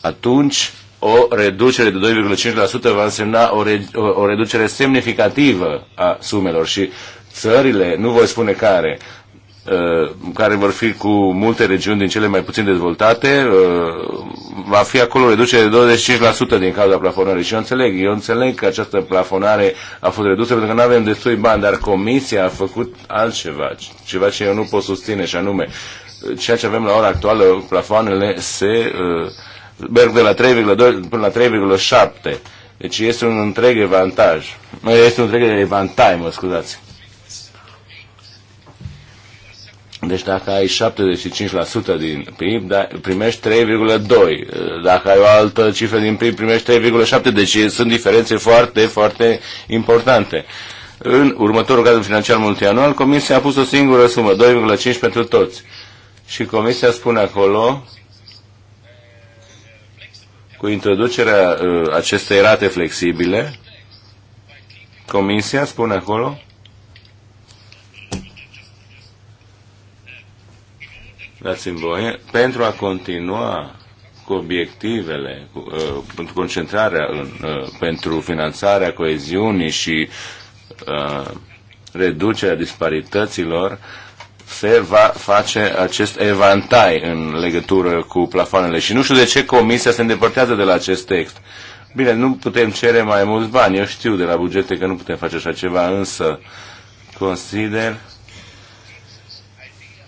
atunci o reducere de 2,5% va însemna o, re, o, o reducere semnificativă a sumelor și țările, nu voi spune care, uh, care vor fi cu multe regiuni din cele mai puțin dezvoltate, uh, va fi acolo reducere de 25% din cauza plafonării. Și eu înțeleg, eu înțeleg că această plafonare a fost redusă pentru că nu avem destui bani, dar comisia a făcut altceva, ceva ce eu nu pot susține și anume, ceea ce avem la ora actuală, plafoanele se uh, merg de la 3,2 până la 3,7. Deci este un întreg avantaj. Este un întreg avantaj, mă scuzați. Deci dacă ai 75% din PIB, da, primești 3,2%. Dacă ai o altă cifră din PIB, primești 3,7%. Deci sunt diferențe foarte, foarte importante. În următorul cadru financiar multianual, Comisia a pus o singură sumă, 2,5 pentru toți. Și Comisia spune acolo, cu introducerea uh, acestei rate flexibile, Comisia spune acolo dați-mi voie, pentru a continua cu obiectivele, cu, uh, pentru concentrarea, în, uh, pentru finanțarea coeziunii și uh, reducerea disparităților, se va face acest evantai în legătură cu plafoanele. Și nu știu de ce Comisia se îndepărtează de la acest text. Bine, nu putem cere mai mulți bani, eu știu de la bugete că nu putem face așa ceva, însă consider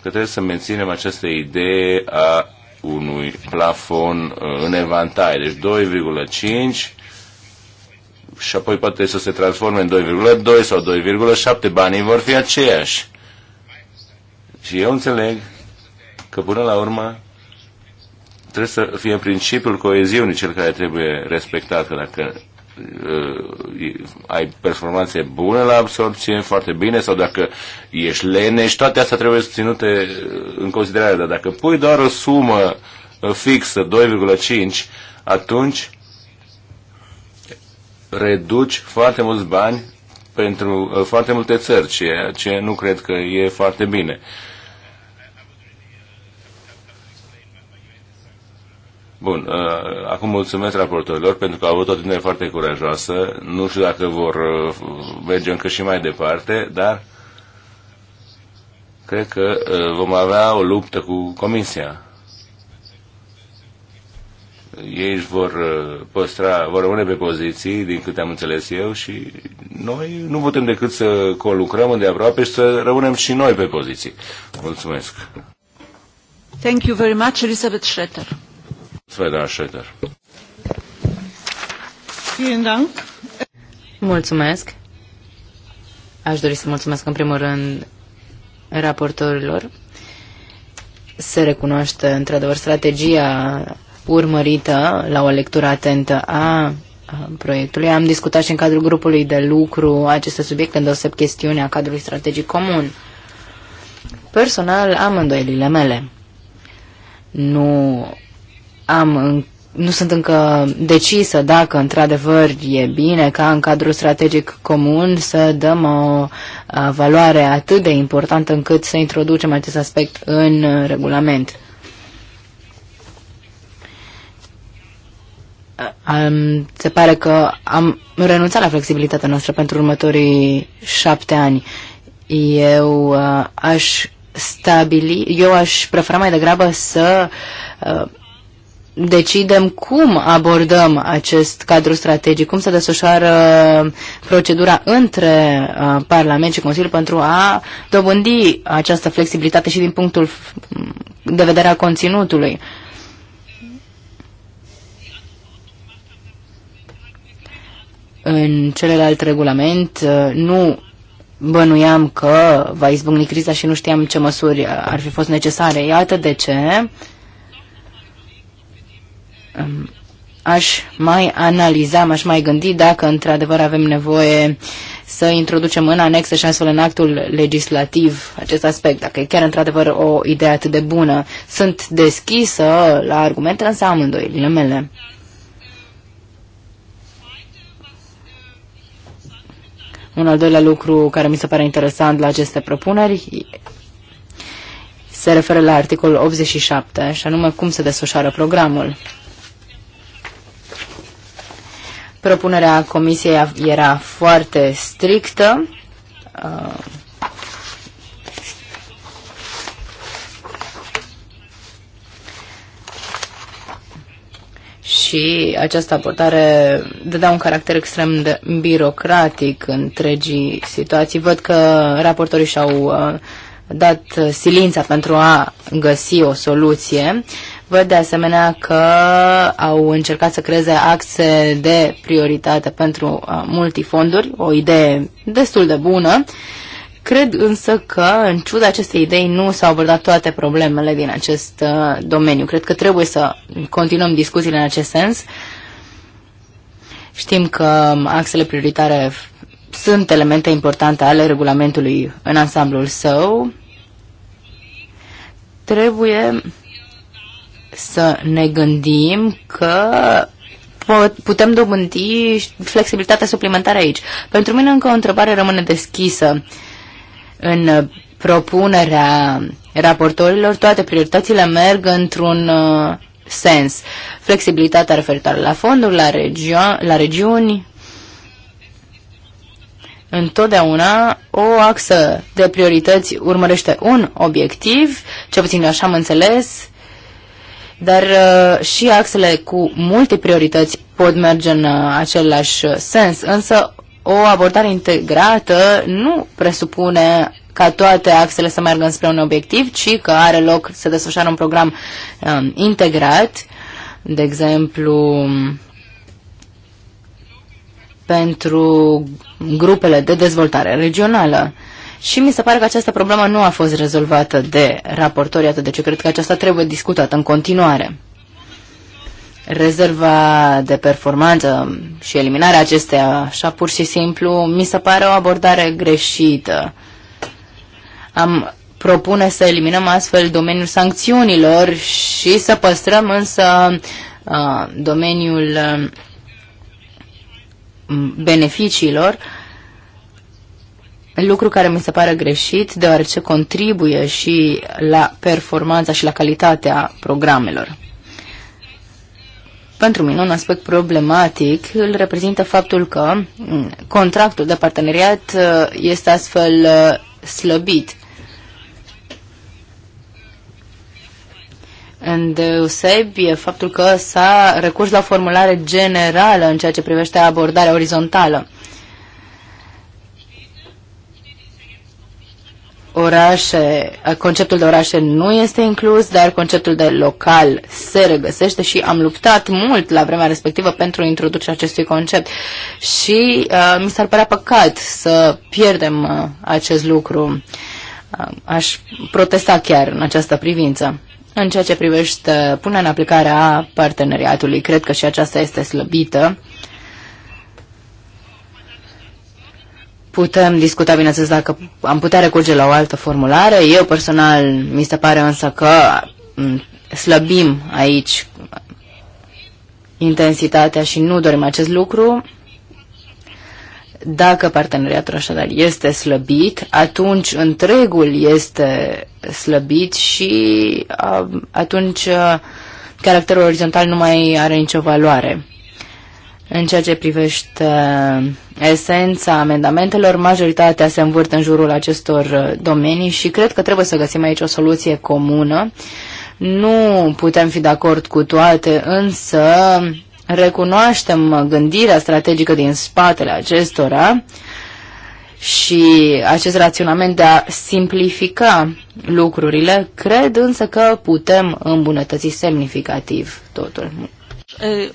că trebuie să menținem această idee a unui plafon uh, în evantai, deci 2,5 și apoi poate să se transforme în 2,2 sau 2,7, banii vor fi aceiași. Și eu înțeleg că până la urmă trebuie să fie principiul coeziunii cel care trebuie respectat, că dacă ai performanțe bune la absorpție, foarte bine, sau dacă ești leneș, toate astea trebuie ținute în considerare. Dar dacă pui doar o sumă fixă, 2,5, atunci reduci foarte mulți bani pentru foarte multe țări, ceea ce nu cred că e foarte bine. Uh, Bun, uh, acum mulțumesc raportorilor pentru că au avut o atitudine foarte curajoasă. Nu știu dacă vor uh, merge încă și mai departe, dar cred că uh, vom avea o luptă cu Comisia. Ei își vor păstra, vor rămâne pe poziții, din câte am înțeles eu, și noi nu putem decât să colucrăm îndeaproape și să rămânem și noi pe poziții. Mulțumesc! Thank you very much, Elizabeth Schroeter. Mulțumesc, doamna Schroeder. Mulțumesc. Aș dori să mulțumesc în primul rând raportorilor. Se recunoaște într-adevăr strategia urmărită la o lectură atentă a proiectului. Am discutat și în cadrul grupului de lucru aceste subiecte, îndoseb chestiunea cadrului strategic comun. Personal, am îndoielile mele. Nu am, nu sunt încă decisă dacă într-adevăr e bine ca în cadrul strategic comun să dăm o valoare atât de importantă încât să introducem acest aspect în regulament. um, se pare că am renunțat la flexibilitatea noastră pentru următorii șapte ani. Eu uh, aș stabili, eu aș prefera mai degrabă să uh, decidem cum abordăm acest cadru strategic, cum se desfășoară procedura între uh, Parlament și Consiliu pentru a dobândi această flexibilitate și din punctul mm, de vedere al conținutului. În celălalt regulament uh, nu bănuiam că va izbucni criza și nu știam ce măsuri ar fi fost necesare. Iată de ce uh, aș mai analiza, m-aș mai gândi dacă într-adevăr avem nevoie să introducem în anexă și astfel în actul legislativ acest aspect, dacă e chiar într-adevăr o idee atât de bună. Sunt deschisă la argumente, însă amândoile mele. Un al doilea lucru care mi se pare interesant la aceste propuneri se referă la articolul 87, și anume cum se desfășoară programul. Propunerea comisiei era foarte strictă. și această abordare dădea un caracter extrem de birocratic întregii situații. Văd că raportorii și-au uh, dat silința pentru a găsi o soluție. Văd de asemenea că au încercat să creeze axe de prioritate pentru uh, multifonduri, o idee destul de bună. Cred însă că, în ciuda acestei idei, nu s-au abordat toate problemele din acest uh, domeniu. Cred că trebuie să continuăm discuțiile în acest sens. Știm că axele prioritare sunt elemente importante ale regulamentului în ansamblul său. Trebuie să ne gândim că putem dobândi flexibilitatea suplimentară aici. Pentru mine încă o întrebare rămâne deschisă. În propunerea raportorilor, toate prioritățile merg într-un uh, sens. Flexibilitatea referitoare la fonduri, la, regio- la regiuni, întotdeauna o axă de priorități urmărește un obiectiv, ce puțin așa am înțeles, dar uh, și axele cu multe priorități pot merge în uh, același uh, sens, însă o abordare integrată nu presupune ca toate axele să meargă spre un obiectiv, ci că are loc să desfășoare un program um, integrat, de exemplu pentru grupele de dezvoltare regională și mi se pare că această problemă nu a fost rezolvată de raportori, atât de ce cred că aceasta trebuie discutată în continuare. Rezerva de performanță și eliminarea acesteia, așa pur și simplu, mi se pare o abordare greșită. Am propune să eliminăm astfel domeniul sancțiunilor și să păstrăm însă uh, domeniul uh, beneficiilor uh, lucru care mi se pare greșit, deoarece contribuie și la performanța și la calitatea programelor. Pentru mine, un aspect problematic îl reprezintă faptul că mm, contractul de parteneriat uh, este astfel uh, slăbit. Îndeosebi faptul că s-a recurs la formulare generală în ceea ce privește abordarea orizontală. orașe, conceptul de orașe nu este inclus, dar conceptul de local se regăsește și am luptat mult la vremea respectivă pentru introducerea acestui concept și uh, mi s-ar părea păcat să pierdem uh, acest lucru. Uh, aș protesta chiar în această privință. În ceea ce privește punerea în aplicare a parteneriatului, cred că și aceasta este slăbită. Putem discuta, bineînțeles, dacă am putea recurge la o altă formulare. Eu personal mi se pare însă că slăbim aici intensitatea și nu dorim acest lucru. Dacă parteneriatul așadar este slăbit, atunci întregul este slăbit și atunci caracterul orizontal nu mai are nicio valoare. În ceea ce privește uh, esența amendamentelor, majoritatea se învârt în jurul acestor uh, domenii și cred că trebuie să găsim aici o soluție comună. Nu putem fi de acord cu toate, însă recunoaștem gândirea strategică din spatele acestora și acest raționament de a simplifica lucrurile, cred însă că putem îmbunătăți semnificativ totul. Eh,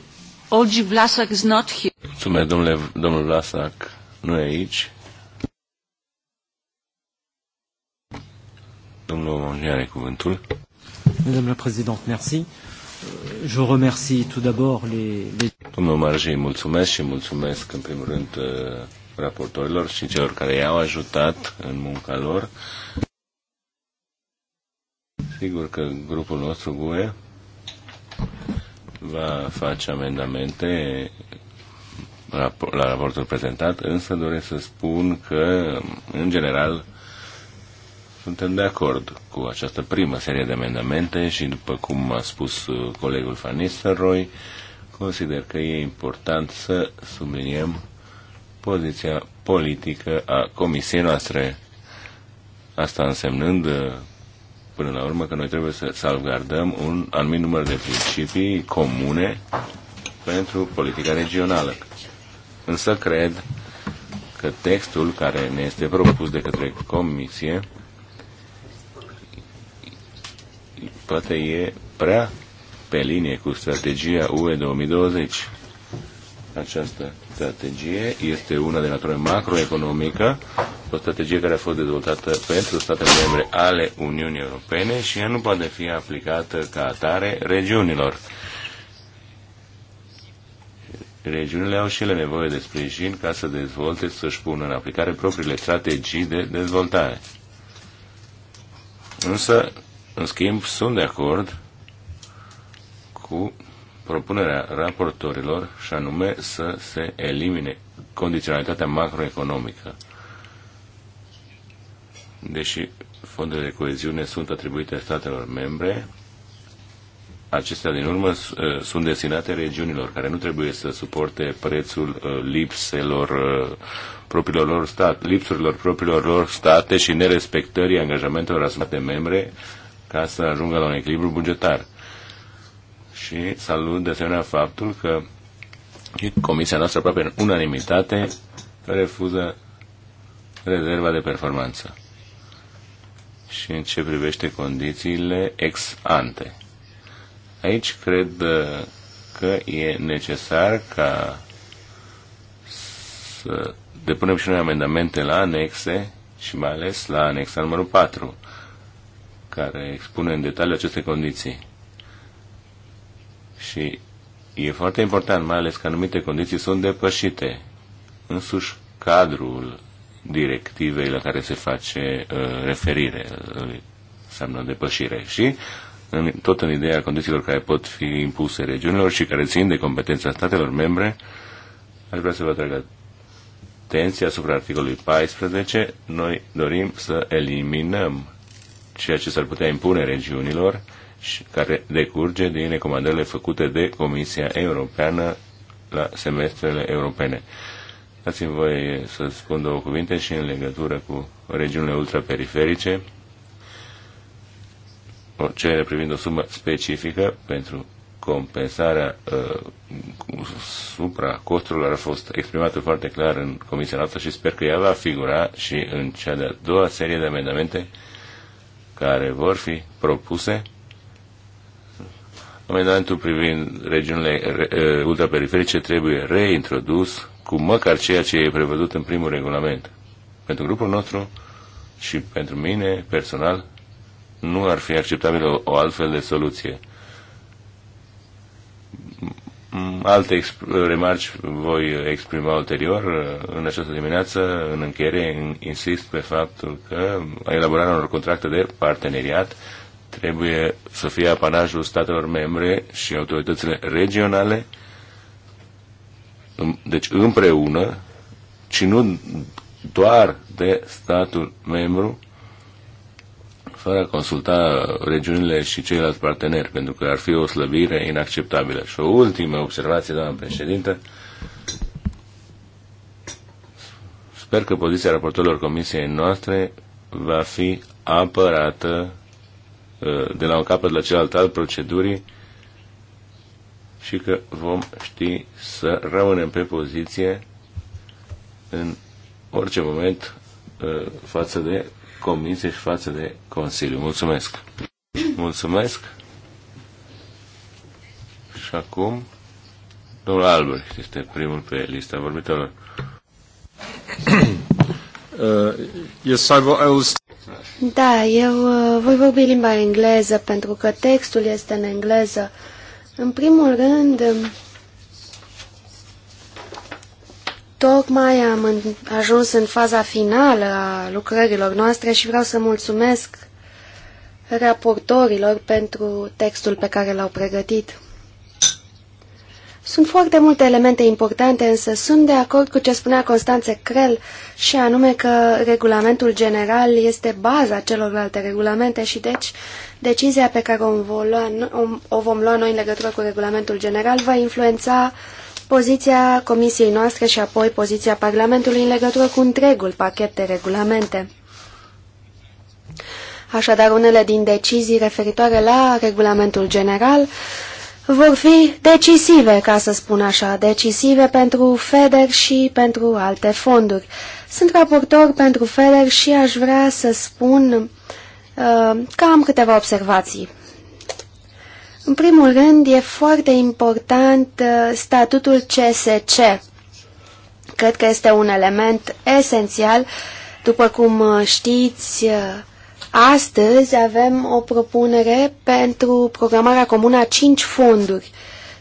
Olgi Vlasak is not here. Mulțumesc, domnule, domnul Vlasak nu e aici. Domnul Mangier are cuvântul. Madame la merci. Euh, je remercie tout d'abord les, les... Domnul Marge, mulțumesc și mulțumesc în primul rând uh, raportorilor și celor care i-au ajutat în munca lor. Sigur că grupul nostru GUE va face amendamente la raportul prezentat, însă doresc să spun că, în general, suntem de acord cu această primă serie de amendamente și, după cum a spus colegul Van Roy consider că e important să subliniem poziția politică a comisiei noastre. Asta însemnând până la urmă că noi trebuie să salvgardăm un anumit număr de principii comune pentru politica regională. Însă cred că textul care ne este propus de către Comisie poate e prea pe linie cu strategia UE 2020. Această strategie este una de natură macroeconomică, o strategie care a fost dezvoltată pentru statele membre ale Uniunii Europene și ea nu poate fi aplicată ca atare regiunilor. Regiunile au și ele nevoie de sprijin ca să dezvolte, să-și pună în aplicare propriile strategii de dezvoltare. Însă, în schimb, sunt de acord cu propunerea raportorilor și anume să se elimine condiționalitatea macroeconomică. Deși fondurile de coeziune sunt atribuite statelor membre, acestea din urmă uh, sunt destinate regiunilor care nu trebuie să suporte prețul uh, lipselor uh, propriilor lor stat, lipsurilor propriilor lor state și nerespectării angajamentelor asumate membre ca să ajungă la un echilibru bugetar și salut de asemenea faptul că Comisia noastră aproape în unanimitate refuză rezerva de performanță și în ce privește condițiile ex ante. Aici cred uh, că e necesar ca să depunem și noi amendamente la anexe și mai ales la anexa numărul 4, care expune în detaliu aceste condiții. Și e foarte important, mai ales că anumite condiții sunt depășite. Însuși cadrul directivei la care se face uh, referire, uh, înseamnă depășire. Și în, tot în ideea condițiilor care pot fi impuse regiunilor și care țin de competența statelor membre, aș vrea să vă atrag atenția asupra articolului 14. Noi dorim să eliminăm ceea ce s-ar putea impune regiunilor uh, și care decurge din recomandările făcute de Comisia Europeană la semestrele europene. Dați-mi voi să spun două cuvinte și în legătură cu regiunile ultraperiferice, o cerere privind o sumă specifică pentru compensarea uh, supra costurilor a fost exprimată foarte clar în comisia noastră și sper că ea va figura și în cea de-a doua serie de amendamente care vor fi propuse Amendamentul privind regiunile ultraperiferice trebuie reintrodus cu măcar ceea ce e prevăzut în primul regulament. Pentru grupul nostru și pentru mine personal nu ar fi acceptabilă o, o altfel de soluție. Alte remarci voi exprima ulterior în această dimineață. În încheiere insist pe faptul că elaborarea unor contracte de parteneriat trebuie să fie apanajul statelor membre și autoritățile regionale, deci împreună, ci nu doar de statul membru, fără a consulta regiunile și ceilalți parteneri, pentru că ar fi o slăbire inacceptabilă. Și o ultimă observație, doamnă președintă, sper că poziția raportorilor comisiei noastre va fi apărată Uh, de la un capăt la celălalt al procedurii și că vom ști să rămânem pe poziție în orice moment uh, față de Comisie și față de Consiliu. Mulțumesc! Mulțumesc! Și acum, domnul Albrecht este primul pe lista vorbitorilor. uh, yes, I will, I will... Da, eu uh, voi vorbi limba engleză pentru că textul este în engleză. În primul rând, um, tocmai am ajuns în faza finală a lucrărilor noastre și vreau să mulțumesc raportorilor pentru textul pe care l-au pregătit. Sunt foarte multe elemente importante, însă sunt de acord cu ce spunea Constanțe Crel, și anume că regulamentul general este baza celorlalte regulamente și deci decizia pe care o vom lua, o vom lua noi în legătură cu regulamentul general va influența poziția comisiei noastre și apoi poziția Parlamentului în legătură cu întregul pachet de regulamente. Așadar, unele din decizii referitoare la regulamentul general uh, vor fi decisive, ca să spun așa, decisive pentru FEDER și pentru alte fonduri. Sunt raportor pentru FEDER și aș vrea să spun uh, că am câteva observații. În primul rând, e foarte important uh, statutul CSC. Cred că este un element esențial. După cum uh, știți, uh, Astăzi avem o propunere pentru programarea comună a cinci fonduri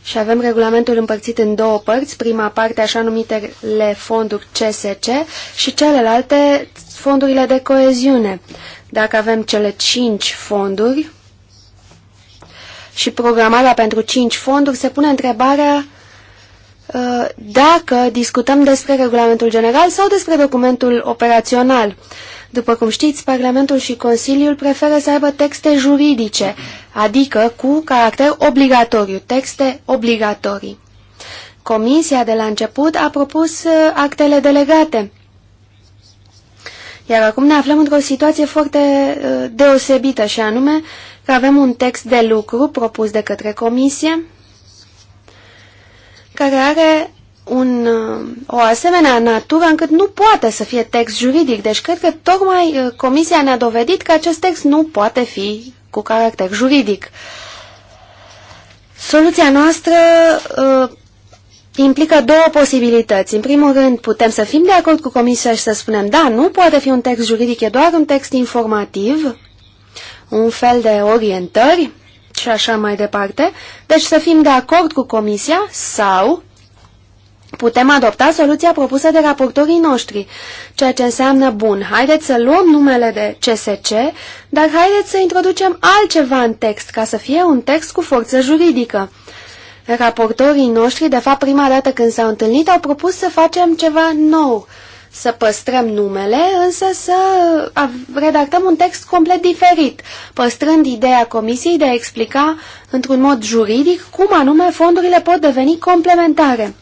și avem regulamentul împărțit în două părți, prima parte așa numitele fonduri CSC și celelalte fondurile de coeziune. Dacă avem cele cinci fonduri și programarea pentru cinci fonduri, se pune întrebarea ă, dacă discutăm despre regulamentul general sau despre documentul operațional. După cum știți, Parlamentul și Consiliul preferă să aibă texte juridice, adică cu caracter obligatoriu, texte obligatorii. Comisia de la început a propus uh, actele delegate, iar acum ne aflăm într-o situație foarte uh, deosebită și anume că avem un text de lucru propus de către Comisie, care are un, o asemenea natură încât nu poate să fie text juridic. Deci cred că tocmai uh, Comisia ne-a dovedit că acest text nu poate fi cu caracter juridic. Soluția noastră uh, implică două posibilități. În primul rând, putem să fim de acord cu Comisia și să spunem, da, nu poate fi un text juridic, e doar un text informativ, un fel de orientări și așa mai departe. Deci să fim de acord cu Comisia sau Putem adopta soluția propusă de raportorii noștri, ceea ce înseamnă bun. Haideți să luăm numele de CSC, dar haideți să introducem altceva în text, ca să fie un text cu forță juridică. Raportorii noștri, de fapt prima dată când s-au întâlnit, au propus să facem ceva nou, să păstrăm numele, însă să redactăm un text complet diferit, păstrând ideea comisiei de a explica într-un mod juridic cum anume fondurile pot deveni complementare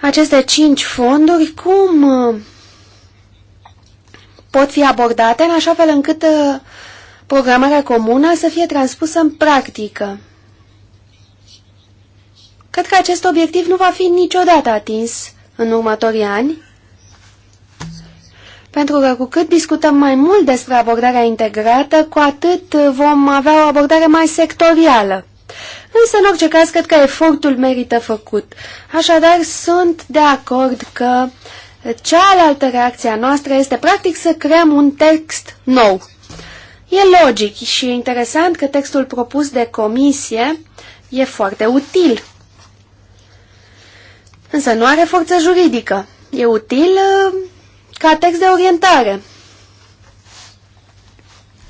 aceste cinci fonduri, cum uh, pot fi abordate în așa fel încât uh, programarea comună să fie transpusă în practică. Cred că acest obiectiv nu va fi niciodată atins în următorii ani, pentru că cu cât discutăm mai mult despre abordarea integrată, cu atât uh, vom avea o abordare mai sectorială. Însă, în orice caz, cred că efortul merită făcut. Așadar, sunt de acord că cealaltă reacție a noastră este, practic, să creăm un text nou. E logic și interesant că textul propus de comisie e foarte util. Însă nu are forță juridică. E util uh, ca text de orientare.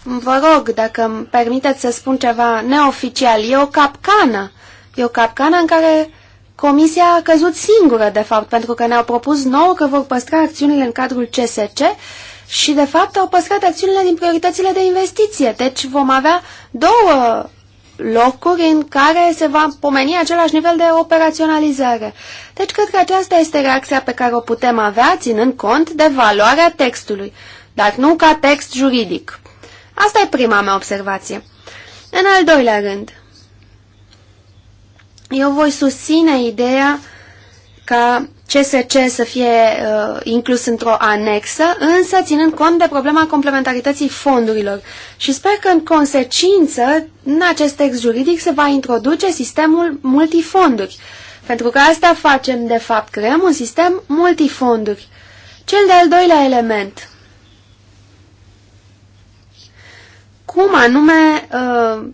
Vă rog, dacă îmi permiteți să spun ceva neoficial, e o capcană. E o capcană în care Comisia a căzut singură, de fapt, pentru că ne-au propus nou că vor păstra acțiunile în cadrul CSC și, de fapt, au păstrat acțiunile din prioritățile de investiție. Deci vom avea două locuri în care se va pomeni același nivel de operaționalizare. Deci cred că aceasta este reacția pe care o putem avea, ținând cont de valoarea textului, dar nu ca text juridic. Asta e prima mea observație. În al doilea rând, eu voi susține ideea ca CSC să fie uh, inclus într-o anexă, însă ținând cont de problema complementarității fondurilor. Și sper că în consecință, în acest text juridic se va introduce sistemul multifonduri. Pentru că asta facem, de fapt, creăm un sistem multifonduri. Cel de-al doilea element. cum anume uh,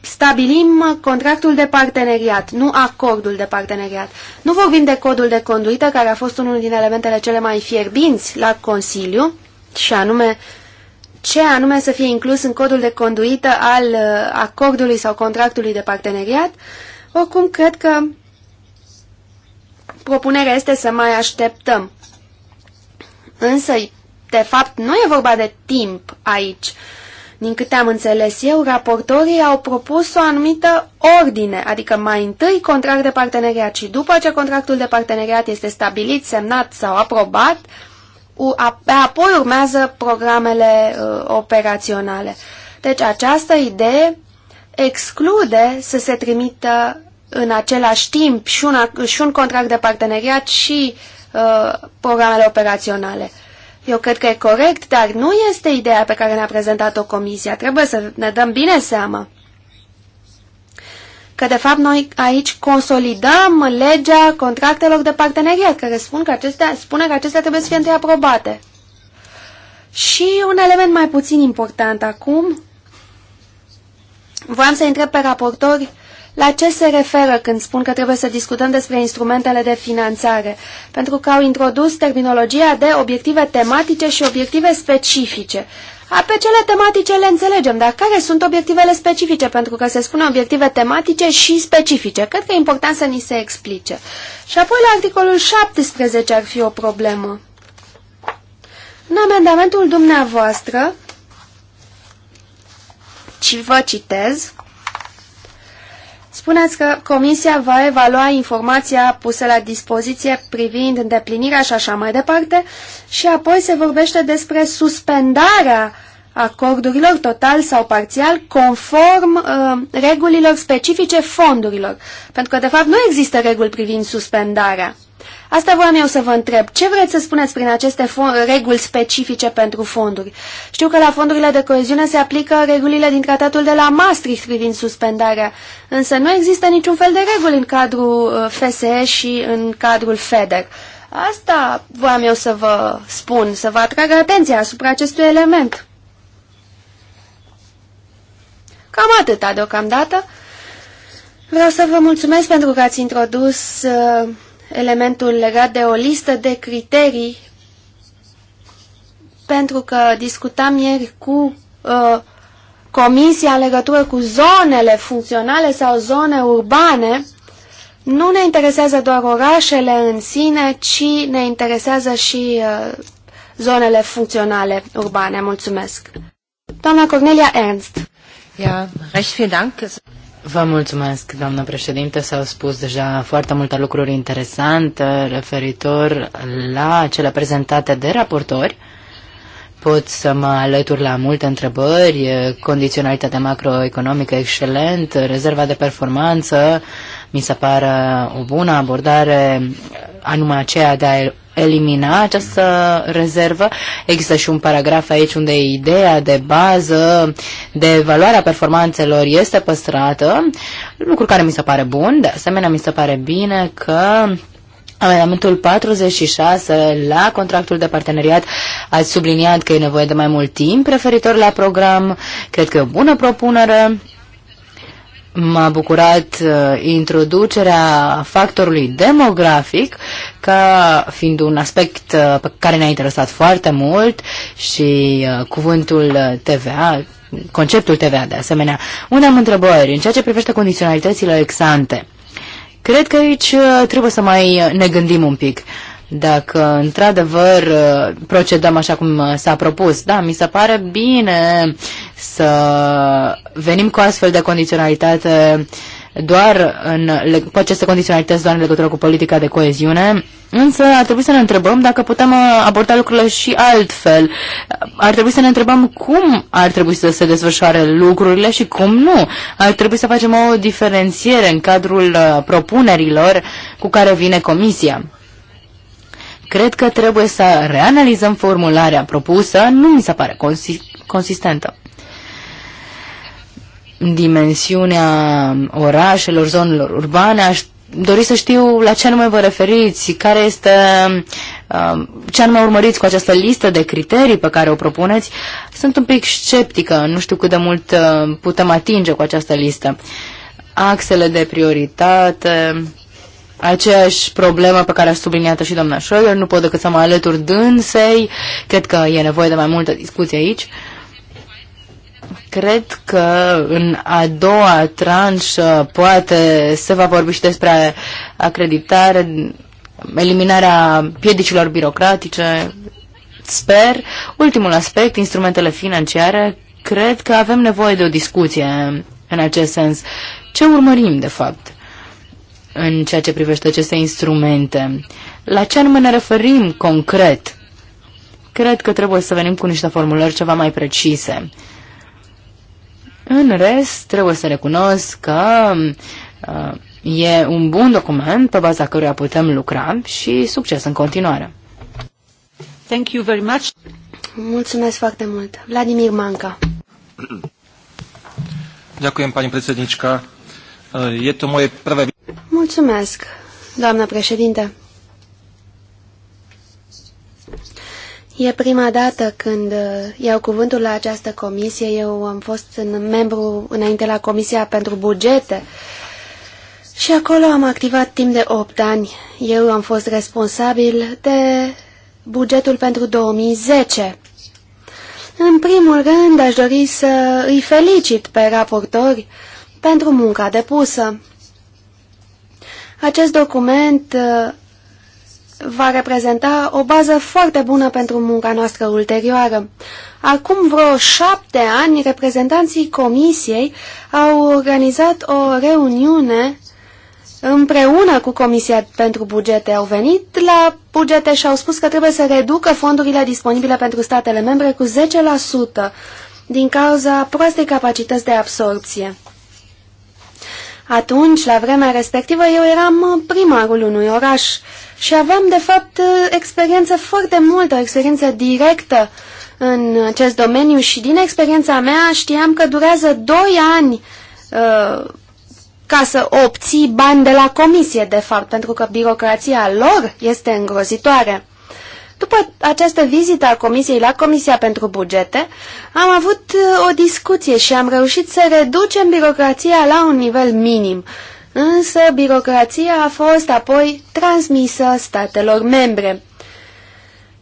stabilim contractul de parteneriat, nu acordul de parteneriat. Nu vorbim de codul de conduită, care a fost unul din elementele cele mai fierbinți la Consiliu, și anume ce anume să fie inclus în codul de conduită al uh, acordului sau contractului de parteneriat. Oricum, cred că propunerea este să mai așteptăm. Însă, de fapt, nu e vorba de timp aici. Uh, din câte am înțeles eu, raportorii au propus o anumită ordine, adică mai întâi contract de parteneriat și după ce contractul de parteneriat este stabilit, semnat sau aprobat, apoi urmează programele uh, operaționale. Deci această idee exclude să se trimită în același timp și, una, și un contract de parteneriat și uh, programele operaționale. Eu cred că e corect, dar nu este ideea pe care ne-a prezentat-o comisia. Trebuie să ne dăm bine seama că de fapt noi aici consolidăm legea contractelor de parteneriat, care spun că acestea, spune că acestea trebuie să fie întâi aprobate. Și un element mai puțin important acum, voiam să întreb pe raportori la ce se referă când spun că trebuie să discutăm despre instrumentele de finanțare? Pentru că au introdus terminologia de obiective tematice și obiective specifice. A, pe cele tematice le înțelegem, dar care sunt obiectivele specifice? Pentru că se spune obiective tematice și specifice. Cred că e important să ni se explice. Și apoi la articolul 17 ar fi o problemă. În amendamentul dumneavoastră, și vă citez, Spuneți că Comisia va evalua informația pusă la dispoziție privind îndeplinirea și așa mai departe și apoi se vorbește despre suspendarea acordurilor total sau parțial conform uh, regulilor specifice fondurilor. Pentru că, de fapt, nu există reguli privind suspendarea. Asta voiam eu să vă întreb. Ce vreți să spuneți prin aceste reguli specifice pentru fonduri? Știu că la fondurile de coeziune se aplică regulile din tratatul de la Maastricht privind suspendarea, însă nu există niciun fel de reguli în cadrul uh, FSE și în cadrul FEDER. Asta voiam eu să vă spun, să vă atrag atenția asupra acestui element. Cam atâta deocamdată. Vreau să vă mulțumesc pentru că ați introdus uh, elementul legat de o listă de criterii, pentru că discutam ieri cu uh, Comisia în legătură cu zonele funcționale sau zone urbane, nu ne interesează doar orașele în sine, ci ne interesează și uh, zonele funcționale urbane. Mulțumesc! Doamna Cornelia Ernst. Ja, recht vielen Dank. Vă mulțumesc, doamnă președinte. S-au spus deja foarte multe lucruri interesante referitor la cele prezentate de raportori. Pot să mă alătur la multe întrebări, condiționalitatea macroeconomică excelent, rezerva de performanță, mi se pare o bună abordare, anume aceea de a elimina această rezervă. Există și un paragraf aici unde ideea de bază de evaluarea performanțelor este păstrată, lucru care mi se pare bun. De asemenea, mi se pare bine că Amendamentul 46 la contractul de parteneriat ați subliniat că e nevoie de mai mult timp referitor la program. Cred că e o bună propunere. M-a bucurat uh, introducerea factorului demografic ca fiind un aspect uh, pe care ne-a interesat foarte mult și uh, cuvântul TVA, conceptul TVA de asemenea. Unde am întrebări în ceea ce privește condiționalitățile exante. Cred că aici trebuie să mai ne gândim un pic. Uh, dacă într-adevăr procedăm așa cum s-a propus. Da, mi se pare bine să venim cu astfel de condiționalitate doar în, cu aceste condiționalități doar în legătură cu politica de coeziune, însă ar trebui să ne întrebăm dacă putem uh, aborda lucrurile și altfel. Ar trebui să ne întrebăm cum ar trebui să se desfășoare lucrurile și cum nu. Ar trebui să facem o diferențiere în cadrul uh, propunerilor cu care vine Comisia. Cred că trebuie să reanalizăm formularea propusă, nu mi se pare consi consistentă. Dimensiunea orașelor, zonelor urbane, aș dori să știu la ce anume vă referiți, care este, um, ce anume urmăriți cu această listă de criterii pe care o propuneți. Sunt un pic sceptică, nu știu cât de mult uh, putem atinge cu această listă. Axele de prioritate, aceeași problemă pe care a subliniat-o și doamna Schroeder, nu pot decât să mă alătur dânsei, cred că e nevoie de mai multă discuție aici. Cred că în a doua tranșă poate se va vorbi și despre acreditare, eliminarea piedicilor birocratice, sper. Ultimul aspect, instrumentele financiare, cred că avem nevoie de o discuție în acest sens. Ce urmărim, de fapt? în ceea ce privește aceste instrumente. La ce anume ne referim concret? Cred că trebuie să venim cu niște formulări ceva mai precise. În rest, trebuie să recunosc că uh, e un bun document pe baza căruia putem lucra și succes în continuare. Thank you very much. Mulțumesc foarte mult. Vladimir Manca. Ďakujem, pani predsednička. Uh, e to moje prvé... Mulțumesc, doamnă președinte. E prima dată când uh, iau cuvântul la această comisie. Eu am fost în membru înainte la Comisia pentru Bugete și acolo am activat timp de 8 ani. Eu am fost responsabil de bugetul pentru 2010. În primul rând, aș dori să îi felicit pe raportori pentru munca depusă. Acest document uh, va reprezenta o bază foarte bună pentru munca noastră ulterioară. Acum vreo șapte ani, reprezentanții Comisiei au organizat o reuniune împreună cu Comisia pentru Bugete. Au venit la bugete și au spus că trebuie să reducă fondurile disponibile pentru statele membre cu 10% din cauza proastei capacități de absorpție. Atunci, la vremea respectivă, eu eram uh, primarul unui oraș și aveam, de fapt, uh, experiență foarte multă, o experiență directă în acest domeniu și din experiența mea știam că durează doi ani uh, ca să obții bani de la comisie, de fapt, pentru că birocrația lor este îngrozitoare. După această vizită a Comisiei la Comisia pentru Bugete, am avut uh, o discuție și am reușit să reducem birocrația la un nivel minim, însă birocrația a fost apoi transmisă statelor membre.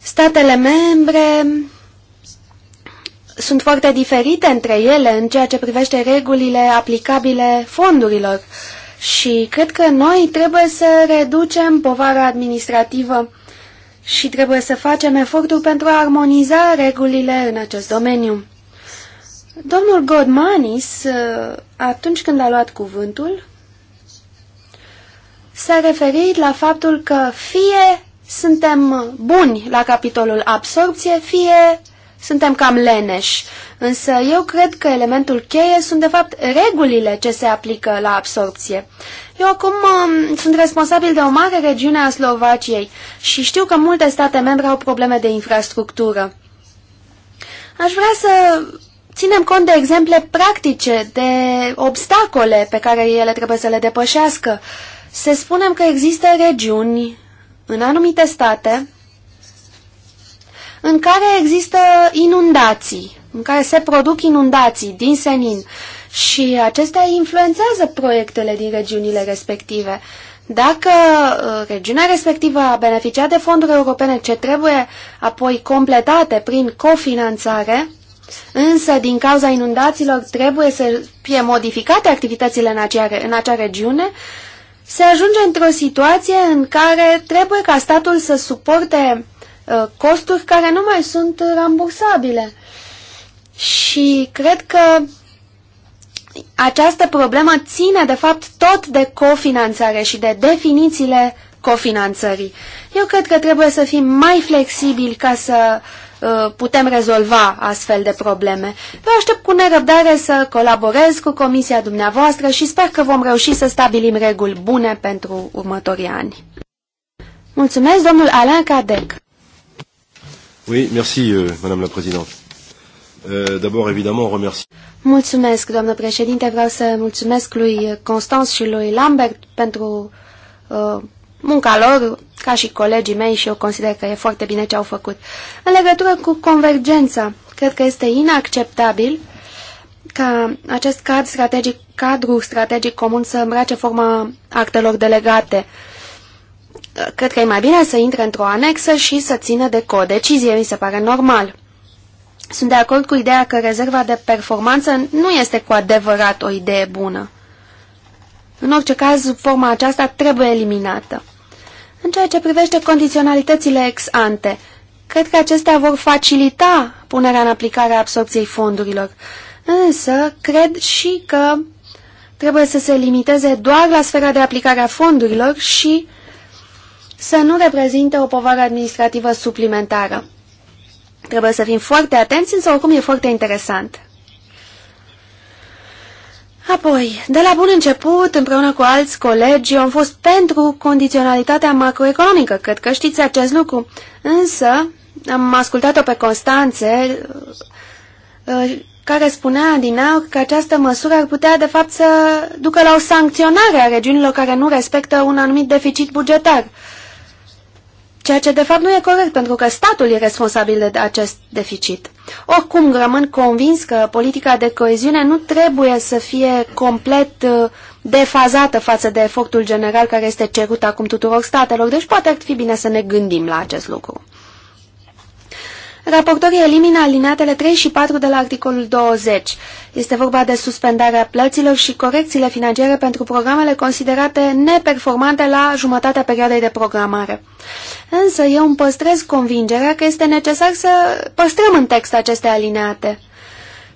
Statele membre sunt foarte diferite între ele în ceea ce privește regulile aplicabile fondurilor și cred că noi trebuie să reducem povara administrativă și trebuie să facem efortul pentru a armoniza regulile în acest domeniu. Domnul Godmanis, uh, atunci când a luat cuvântul, s-a referit la faptul că fie suntem buni la capitolul absorpție, fie suntem cam leneși. Însă eu cred că elementul cheie sunt de fapt regulile ce se aplică la absorpție. Eu acum um, sunt responsabil de o mare regiune a Slovaciei și știu că multe state membre au probleme de infrastructură. Aș vrea să ținem cont de exemple practice, de obstacole pe care ele trebuie să le depășească. Se spunem că există regiuni în anumite state în care există inundații în care se produc inundații din senin și acestea influențează proiectele din regiunile respective. Dacă uh, regiunea respectivă a beneficiat de fonduri europene ce trebuie apoi completate prin cofinanțare, însă din cauza inundațiilor trebuie să fie modificate activitățile în acea, în acea regiune, se ajunge într-o situație în care trebuie ca statul să suporte uh, costuri care nu mai sunt rambursabile. Și cred că această problemă ține, de fapt, tot de cofinanțare și de definițiile cofinanțării. Eu cred că trebuie să fim mai flexibili ca să uh, putem rezolva astfel de probleme. Vă aștept cu nerăbdare să colaborez cu comisia dumneavoastră și sper că vom reuși să stabilim reguli bune pentru următorii ani. Mulțumesc, domnul Alain Cadec. Oui, merci, euh, madame la présidente. Euh, d'abord, évidemment, remercie. Mulțumesc, doamnă președinte. Vreau să mulțumesc lui Constans și lui Lambert pentru uh, munca lor, ca și colegii mei, și eu consider că e foarte bine ce au făcut. În legătură cu convergența, cred că este inacceptabil ca acest cadru strategic, cadru strategic comun să îmbrace forma actelor delegate. Cred că e mai bine să intre într-o anexă și să țină de codecizie, mi se pare normal. Sunt de acord cu ideea că rezerva de performanță nu este cu adevărat o idee bună. În orice caz, forma aceasta trebuie eliminată. În ceea ce privește condiționalitățile ex ante, cred că acestea vor facilita punerea în aplicare a absorpției fondurilor, însă cred și că trebuie să se limiteze doar la sfera de aplicare a fondurilor și să nu reprezinte o povară administrativă suplimentară. Trebuie să fim foarte atenți, însă oricum e foarte interesant. Apoi, de la bun început, împreună cu alți colegi, eu am fost pentru condiționalitatea macroeconomică, cred că știți acest lucru, însă am ascultat-o pe Constanțe, uh, uh, care spunea din aur că această măsură ar putea, de fapt, să ducă la o sancționare a regiunilor care nu respectă un anumit deficit bugetar. Ceea ce de fapt nu e corect, pentru că statul e responsabil de acest deficit. Oricum, rămân convins că politica de coeziune nu trebuie să fie complet uh, defazată față de efortul general care este cerut acum tuturor statelor, deci poate ar fi bine să ne gândim la acest lucru. Raportorii elimină alineatele 3 și 4 de la articolul 20. Este vorba de suspendarea plăților și corecțiile financiare pentru programele considerate neperformante la jumătatea perioadei de programare. Însă eu îmi păstrez convingerea că este necesar să păstrăm în text aceste alineate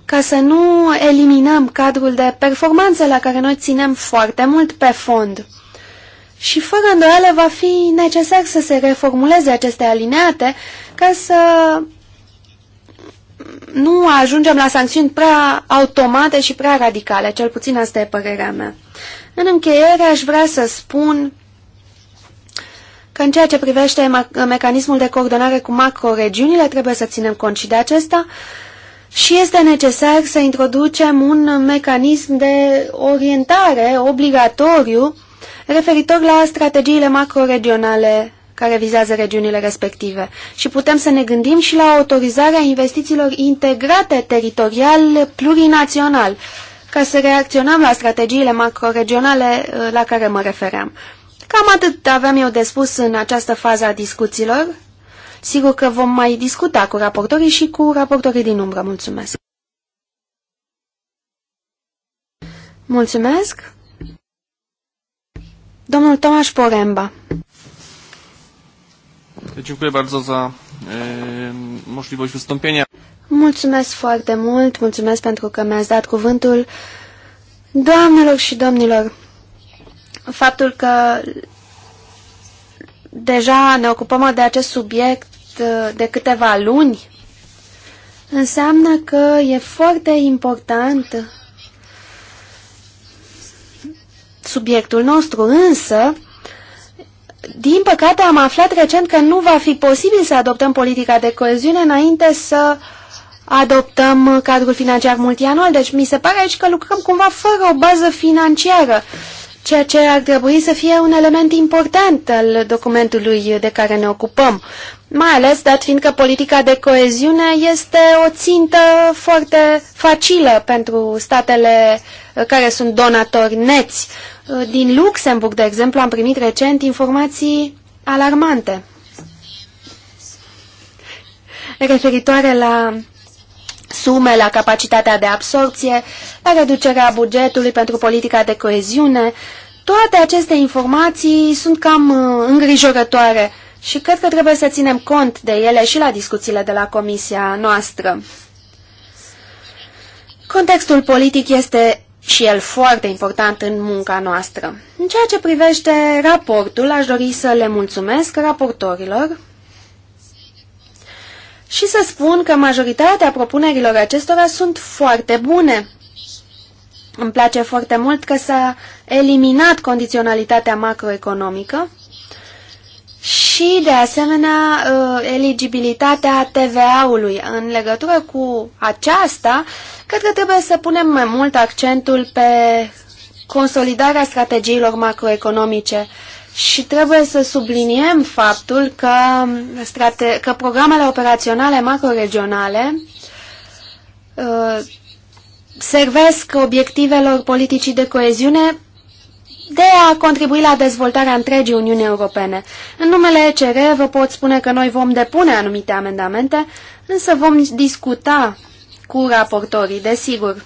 ca să nu eliminăm cadrul de performanță la care noi ținem foarte mult pe fond. Și fără îndoială va fi necesar să se reformuleze aceste alineate ca să nu ajungem la sancțiuni prea automate și prea radicale, cel puțin asta e părerea mea. În încheiere aș vrea să spun că în ceea ce privește mecanismul de coordonare cu macroregiunile trebuie să ținem cont și de acesta și este necesar să introducem un mecanism de orientare obligatoriu referitor la strategiile macroregionale care vizează regiunile respective. Și putem să ne gândim și la autorizarea investițiilor integrate teritorial plurinațional, ca să reacționăm la strategiile macroregionale uh, la care mă refeream. Cam atât aveam eu de spus în această fază a discuțiilor. Sigur că vom mai discuta cu raportorii și cu raportorii din umbră. Mulțumesc! Mulțumesc! Domnul Tomaș Poremba Dziękuję bardzo za możliwość wystąpienia. Mulțumesc foarte mult, mulțumesc pentru că mi-ați dat cuvântul. Doamnelor și domnilor, faptul că deja ne ocupăm de acest subiect de câteva luni înseamnă că e foarte important subiectul nostru, însă din păcate am aflat recent că nu va fi posibil să adoptăm politica de coeziune înainte să adoptăm cadrul financiar multianual. Deci mi se pare aici că lucrăm cumva fără o bază financiară, ceea ce ar trebui să fie un element important al documentului de care ne ocupăm. Mai ales dat fiindcă politica de coeziune este o țintă foarte facilă pentru statele care sunt donatori neți. Uh, din Luxemburg, de exemplu, am primit recent informații alarmante referitoare la sume, la capacitatea de absorpție, la reducerea bugetului pentru politica de coeziune. Toate aceste informații sunt cam uh, îngrijorătoare și cred că trebuie să ținem cont de ele și la discuțiile de la comisia noastră. Contextul politic este și el foarte important în munca noastră. În ceea ce privește raportul, aș dori să le mulțumesc raportorilor și să spun că majoritatea propunerilor acestora sunt foarte bune. Îmi place foarte mult că s-a eliminat condiționalitatea macroeconomică și, de asemenea, uh, eligibilitatea TVA-ului. În legătură cu aceasta, cred că trebuie să punem mai mult accentul pe consolidarea strategiilor macroeconomice și trebuie să subliniem faptul că, strate că programele operaționale macroregionale uh, servesc obiectivelor politicii de coeziune de a contribui la dezvoltarea întregii Uniuni Europene. În numele ECR vă pot spune că noi vom depune anumite amendamente, însă vom discuta cu raportorii, desigur.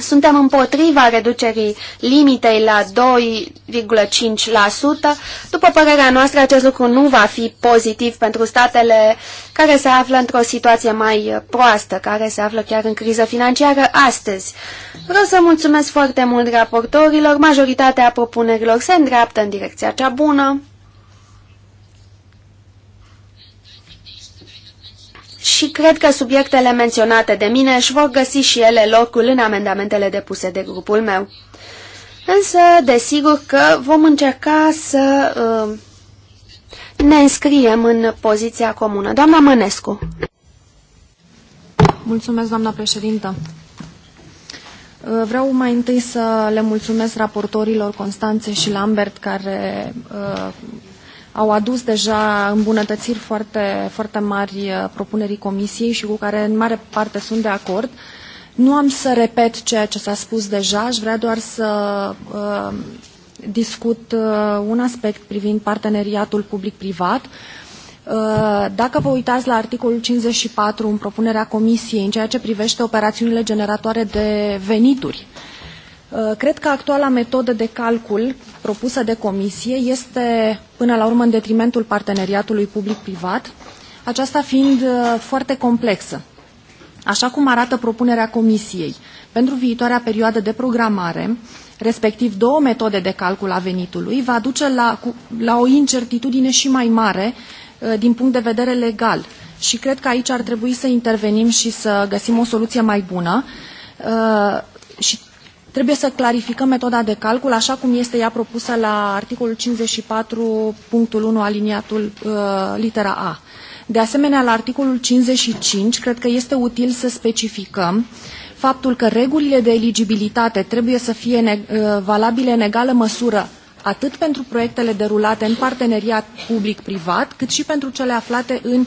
Suntem împotriva reducerii limitei la 2,5%. După părerea noastră, acest lucru nu va fi pozitiv pentru statele care se află într-o situație mai proastă, care se află chiar în criză financiară astăzi. Vreau să mulțumesc foarte mult raportorilor. Majoritatea propunerilor se îndreaptă în direcția cea bună. și cred că subiectele menționate de mine își vor găsi și ele locul în amendamentele depuse de grupul meu. Însă, desigur că vom încerca să uh, ne înscriem în poziția comună. Doamna Mănescu. Mulțumesc, doamna președintă. Uh, vreau mai întâi să le mulțumesc raportorilor Constanțe și Lambert, care uh, au adus deja îmbunătățiri foarte, foarte mari uh, propunerii Comisiei și cu care în mare parte sunt de acord. Nu am să repet ceea ce s-a spus deja, aș vrea doar să uh, discut uh, un aspect privind parteneriatul public-privat. Uh, dacă vă uitați la articolul 54 în propunerea Comisiei în ceea ce privește operațiunile generatoare de venituri, uh, Uh, cred că actuala metodă de calcul propusă de comisie este până la urmă în detrimentul parteneriatului public-privat, aceasta fiind uh, foarte complexă. Așa cum arată propunerea comisiei, pentru viitoarea perioadă de programare, respectiv două metode de calcul a venitului, va duce la, la o incertitudine și mai mare uh, din punct de vedere legal. Și cred că aici ar trebui să intervenim și să găsim o soluție mai bună. Și Trebuie să clarificăm metoda de calcul, așa cum este ea propusă la articolul 54.1 aliniatul uh, litera A. De asemenea, la articolul 55, cred că este util să specificăm faptul că regulile de eligibilitate trebuie să fie uh, valabile în egală măsură atât pentru proiectele derulate în parteneriat public-privat, cât și pentru cele aflate în